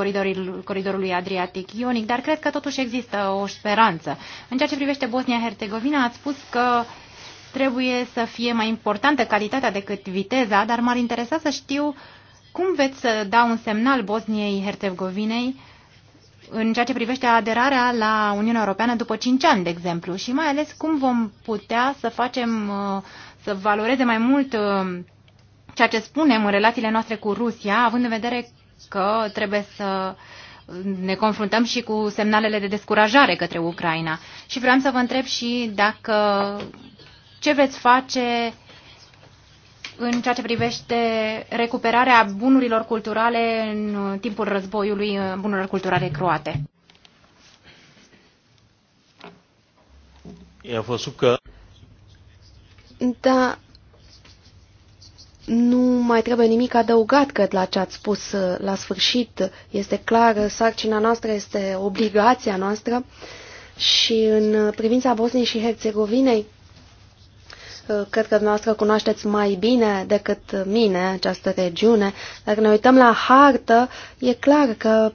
coridorului Adriatic-Ionic, dar cred că totuși există o speranță. În ceea ce privește Bosnia-Herzegovina, ați spus că trebuie să fie mai importantă calitatea decât viteza, dar m-ar interesa să știu cum veți să da un semnal Bosniei-Herzegovinei în ceea ce privește aderarea la Uniunea Europeană după 5 ani, de exemplu, și mai ales cum vom putea să facem uh, să valoreze mai mult uh, ceea ce spunem în relațiile noastre cu Rusia, având în vedere că trebuie să ne confruntăm și cu semnalele de descurajare către Ucraina. Și vreau să vă întreb și dacă ce veți face în ceea ce privește recuperarea bunurilor culturale în timpul războiului, uh, bunurilor culturale croate. Eu vă că da, nu mai trebuie nimic adăugat, cred, la ce ați spus uh, la sfârșit. Este clar, uh, sarcina noastră este obligația noastră și în uh, privința Bosniei și Herțegovinei, cred că dumneavoastră cunoașteți mai bine decât mine această regiune. Dacă ne uităm la hartă, e clar că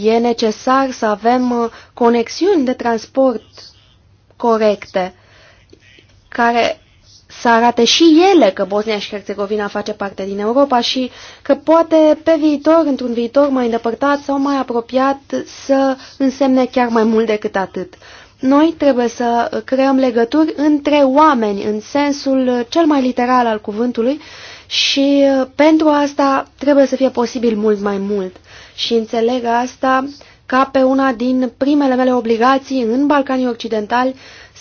e necesar să avem conexiuni de transport corecte care să arate și ele că Bosnia și Herțegovina face parte din Europa și că poate pe viitor, într-un viitor mai îndepărtat sau mai apropiat, să însemne chiar mai mult decât atât. Noi trebuie să creăm legături între oameni, în sensul cel mai literal al cuvântului, și pentru asta trebuie să fie posibil mult mai mult. Și înțeleg asta ca pe una din primele mele obligații în Balcanii Occidentali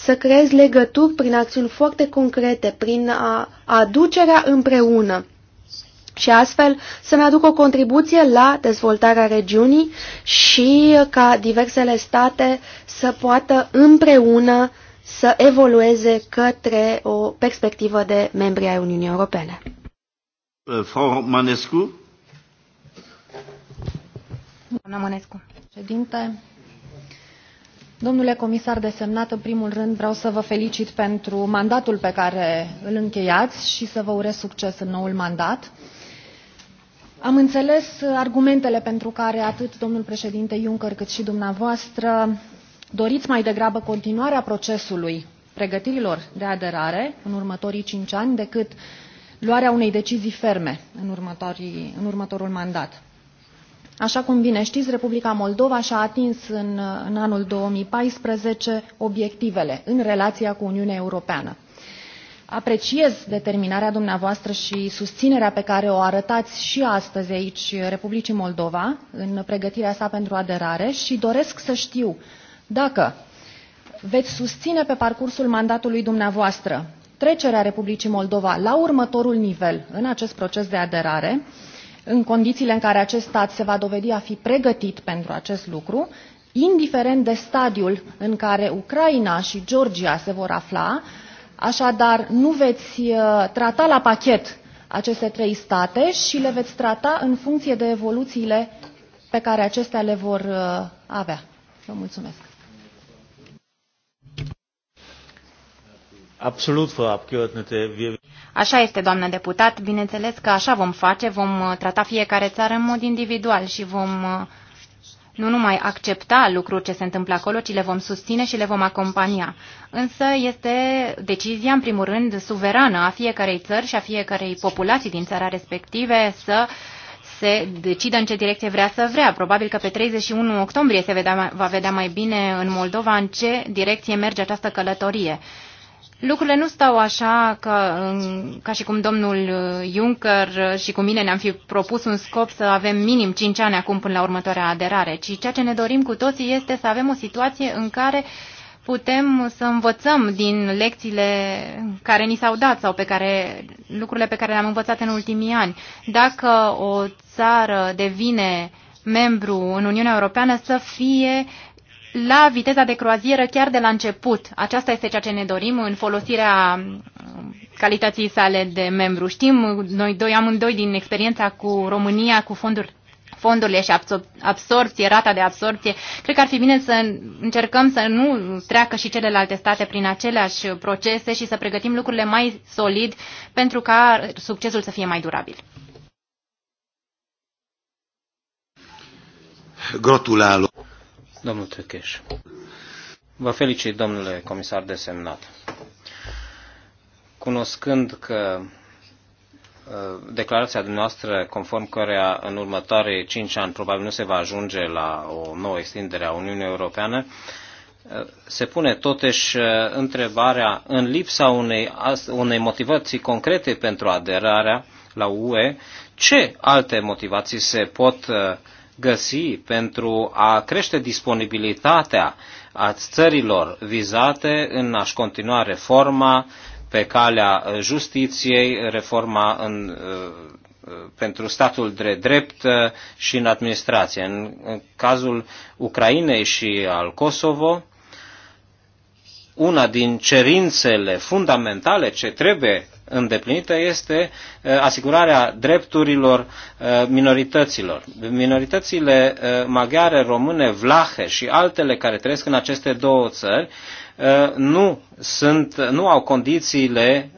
să creezi legături prin acțiuni foarte concrete, prin a, aducerea împreună și astfel să-mi aduc o contribuție la dezvoltarea regiunii și ca diversele state să poată împreună să evolueze către o perspectivă de membri ai Uniunii Europene. Uh, Frau Manescu. Doamna Manescu. ședinte, Domnule comisar desemnat, în primul rând vreau să vă felicit pentru mandatul pe care îl încheiați și să vă urez succes în noul mandat. Am înțeles argumentele pentru care atât domnul președinte Juncker cât și dumneavoastră doriți mai degrabă continuarea procesului pregătirilor de aderare în următorii cinci ani decât luarea unei decizii ferme în, în următorul mandat. Așa cum bine știți, Republica Moldova și-a atins în, în anul 2014 obiectivele în relația cu Uniunea Europeană. Apreciez determinarea dumneavoastră și susținerea pe care o arătați și astăzi aici Republicii Moldova în pregătirea sa pentru aderare și doresc să știu dacă veți susține pe parcursul mandatului dumneavoastră trecerea Republicii Moldova la următorul nivel în acest proces de aderare, în condițiile în care acest stat se va dovedi a fi pregătit pentru acest lucru, indiferent de stadiul în care Ucraina și Georgia se vor afla, așadar nu veți uh, trata la pachet aceste trei state și le veți trata în funcție de evoluțiile pe care acestea le vor uh, avea. Vă mulțumesc. Absolut, Frau Abgeordnete. Așa este, doamnă deputat, bineînțeles că așa vom face, vom uh, trata fiecare țară în mod individual și vom uh, nu numai accepta lucruri ce se întâmplă acolo, ci le vom susține și le vom acompania. Însă este decizia, în primul rând, suverană a fiecarei țări și a fiecarei populații din țara respective să se decidă în ce direcție vrea să vrea. Probabil că pe 31 octombrie se vedea, va vedea mai bine în Moldova în ce direcție merge această călătorie. Lucrurile nu stau așa ca, ca și cum domnul uh, Juncker și cu mine ne-am fi propus un scop să avem minim 5 ani acum până la următoarea aderare, ci ceea ce ne dorim cu toții este să avem o situație în care putem să învățăm din lecțiile care ni s-au dat sau pe care, lucrurile pe care le-am învățat în ultimii ani. Dacă o țară devine membru în Uniunea Europeană, să fie la viteza de croazieră chiar de la început. Aceasta este ceea ce ne dorim în folosirea mm, calității sale de membru. Știm, noi doi amândoi din experiența cu România, cu fonduri fondurile și absorpție, rata de absorpție, cred că ar fi bine să încercăm să nu treacă și celelalte state prin aceleași procese și să pregătim lucrurile mai solid pentru ca succesul să fie mai durabil. Gratulálok! Domnul Tăcheș. Vă felicit, domnule comisar desemnat. Cunoscând că uh, declarația dumneavoastră conform cărea în următoarei cinci ani probabil nu se va ajunge la o nouă extindere a Uniunii Europeană, uh, se pune totuși uh, întrebarea în lipsa unei, unei motivații concrete pentru aderarea la UE, ce alte motivații se pot găsi pentru a crește disponibilitatea a țărilor vizate în a-și continua reforma pe calea uh, justiției, reforma în, uh, uh, pentru statul de drept și în administrație. În, în cazul Ucrainei și al Kosovo, una din cerințele fundamentale ce trebuie îndeplinită este uh, asigurarea drepturilor uh, minorităților. Minoritățile uh, maghiare, române, vlahe și altele care trăiesc în aceste două țări nu, sunt, nu au condițiile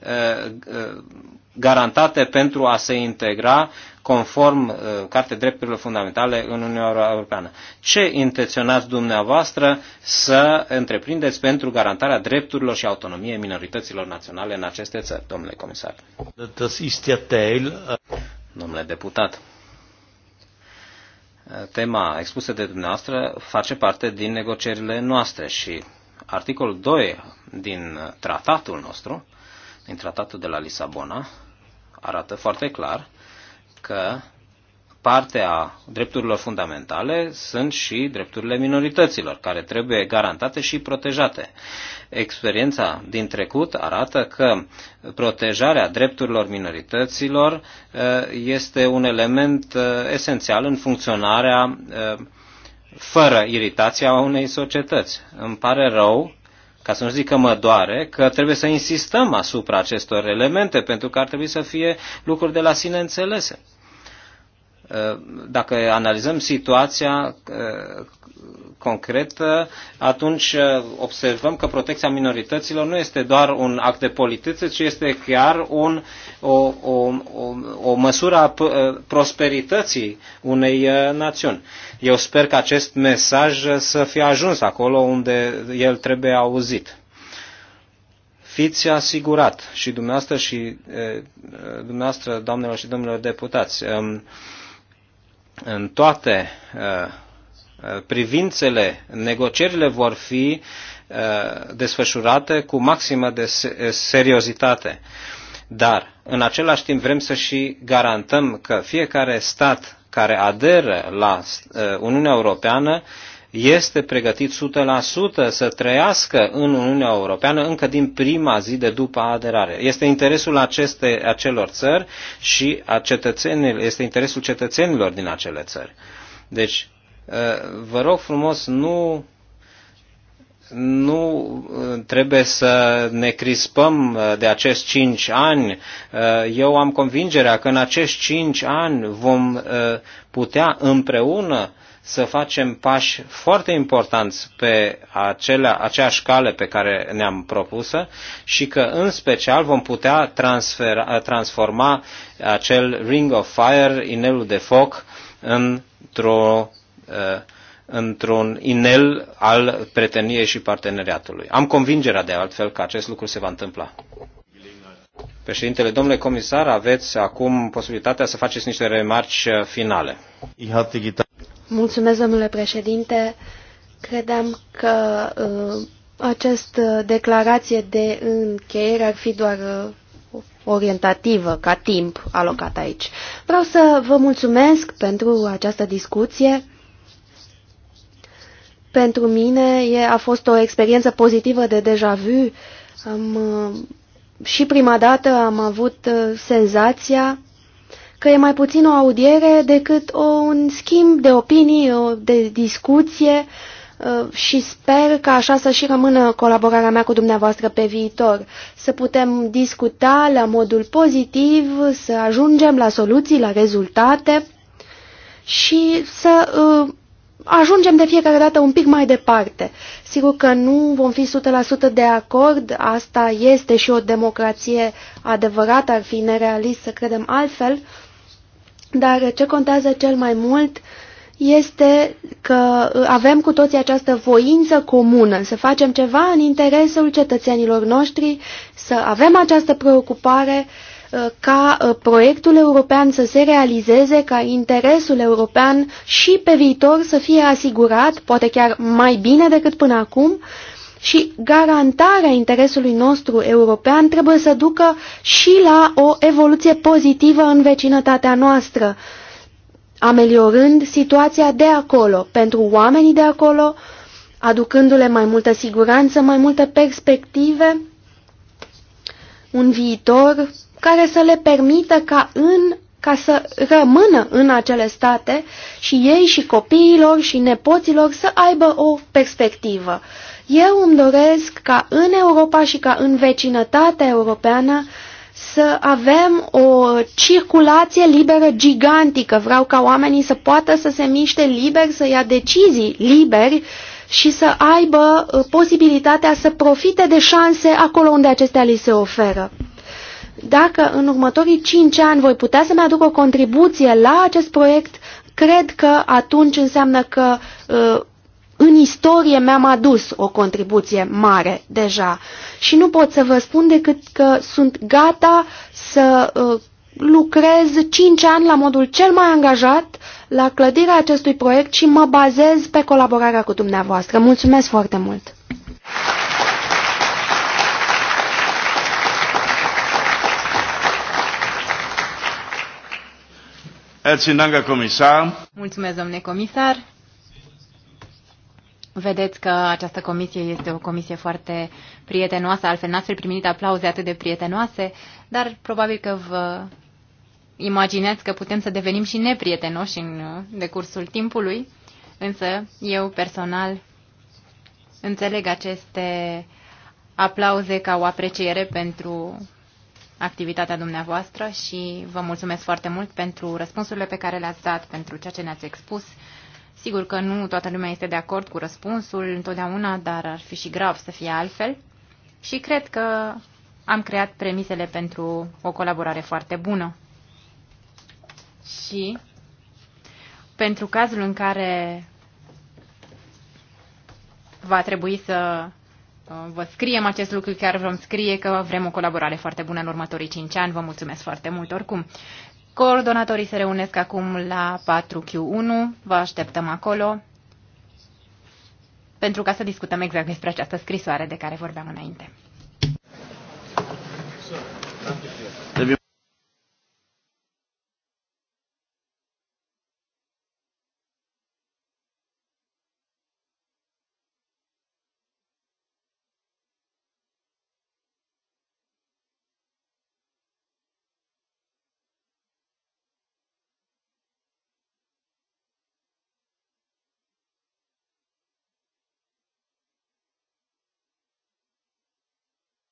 garantate pentru a se integra conform uh, Cartei Drepturilor Fundamentale în Uniunea Europeană. Ce intenționați dumneavoastră să întreprindeți pentru garantarea drepturilor și autonomiei minorităților naționale în aceste țări, domnule comisar? Das ist Teil. Domnule deputat, tema expusă de dumneavoastră face parte din negocierile noastre și articolul 2 din tratatul nostru, din tratatul de la Lisabona, arată foarte clar că parte a drepturilor fundamentale sunt și drepturile minorităților, care trebuie garantate și protejate. Experiența din trecut arată că protejarea drepturilor minorităților eh, este un element eh, esențial în funcționarea eh, fără iritația unei societăți. Îmi pare rău ca să nu zic că mă doare, că trebuie să insistăm asupra acestor elemente, pentru că ar trebui să fie lucruri de la sine înțelese. Ă, dacă analizăm situația ă, concret, atunci uh, observăm că protecția minorităților nu este doar un act de politică, ci este chiar un, o, o, o, o măsură a uh, prosperității unei uh, națiuni. Eu sper că acest mesaj să fie ajuns acolo unde el trebuie auzit fiți asigurat și dumneavoastră și e, dumneavoastră, doamnelor și domnilor deputați, um, în toate Uh, privințele, negocierile vor fi uh, desfășurate cu maximă de uh, seriozitate. Dar, în același timp, vrem să și garantăm că fiecare stat care aderă la Uniunea Europeană este pregătit 100% să trăiască în Uniunea Europeană încă din prima zi de după aderare. Este interesul aceste, acelor țări și a cetățenilor, este interesul cetățenilor din acele țări. Deci, Uh, vă rog frumos, nu, nu uh, trebuie să ne crispăm uh, de acești cinci ani. Eu am convingerea că în acești cinci ani vom putea împreună să facem pași foarte importanți pe acelea, aceeași cale pe care ne-am propusă și că în special vom putea transfera, transforma acel Ring of Fire, inelul de foc, într-o Uh, într-un inel al preteniei și parteneriatului. Am convingerea de altfel că acest lucru se va întâmpla. Președintele, domnule comisar, aveți acum posibilitatea să faceți niște remarci finale. Mulțumesc, domnule președinte. Credeam că uh, această declarație de încheiere ar fi doar uh, orientativă ca timp alocat aici. Vreau să vă mulțumesc pentru această discuție. Pentru mine e, a fost o experiență pozitivă de deja vu. Am, uh, și prima dată am avut uh, senzația că e mai puțin o audiere decât o, un schimb de opinii, o, de discuție uh, și sper că așa să și rămână colaborarea mea cu dumneavoastră pe viitor. Să putem discuta la modul pozitiv, să ajungem la soluții, la rezultate și să uh, ajungem de fiecare dată un pic mai departe. Sigur că nu vom fi 100% de acord, asta este și o democrație adevărată, ar fi nerealist să credem altfel, dar ce contează cel mai mult este că avem cu toții această voință comună, să facem ceva în interesul cetățenilor noștri, să avem această preocupare Uh, ca uh, proiectul european să se realizeze, ca interesul european și pe viitor să fie asigurat, poate chiar mai bine decât până acum, și garantarea interesului nostru european trebuie să ducă și la o evoluție pozitivă în vecinătatea noastră, ameliorând situația de acolo, pentru oamenii de acolo, aducându-le mai multă siguranță, mai multe perspective, un viitor care să le permită ca, în, ca să rămână în acele state și ei și copiilor și nepoților să aibă o perspectivă. Eu îmi doresc ca în Europa și ca în vecinătatea europeană să avem o circulație liberă gigantică. Vreau ca oamenii să poată să se miște liber, să ia decizii liberi și să aibă uh, posibilitatea să profite de șanse acolo unde acestea li se oferă. Dacă în următorii cinci ani voi putea să-mi aduc o contribuție la acest proiect, cred că atunci înseamnă că uh, în istorie mi-am adus o contribuție mare deja și nu pot să vă spun decât că sunt gata să uh, lucrez cinci ani la modul cel mai angajat la clădirea acestui proiect și mă bazez pe colaborarea cu dumneavoastră. Mulțumesc foarte mult! Herzlichen Dank, comisar. Mulțumesc, domnule comisar. Vedeți că această comisie este o comisie foarte prietenoasă, altfel n-ați fi primit aplauze atât de prietenoase, dar probabil că vă imaginați că putem să devenim și neprietenoși în uh, decursul timpului, însă eu personal înțeleg aceste aplauze ca o apreciere pentru activitatea dumneavoastră și vă mulțumesc foarte mult pentru răspunsurile pe care le-ați dat, pentru ceea ce ne-ați expus. Sigur că nu toată lumea este de acord cu răspunsul întotdeauna, dar ar fi și grav să fie altfel. Și cred că am creat premisele pentru o colaborare foarte bună. Și pentru cazul în care va trebui să Uh, vă scriem acest lucru, chiar vom scrie că vrem o colaborare foarte bună în următorii 5 ani. Vă mulțumesc foarte mult oricum. Coordonatorii se reunesc acum la 4Q1. Vă așteptăm acolo pentru ca să discutăm exact despre această scrisoare de care vorbeam înainte.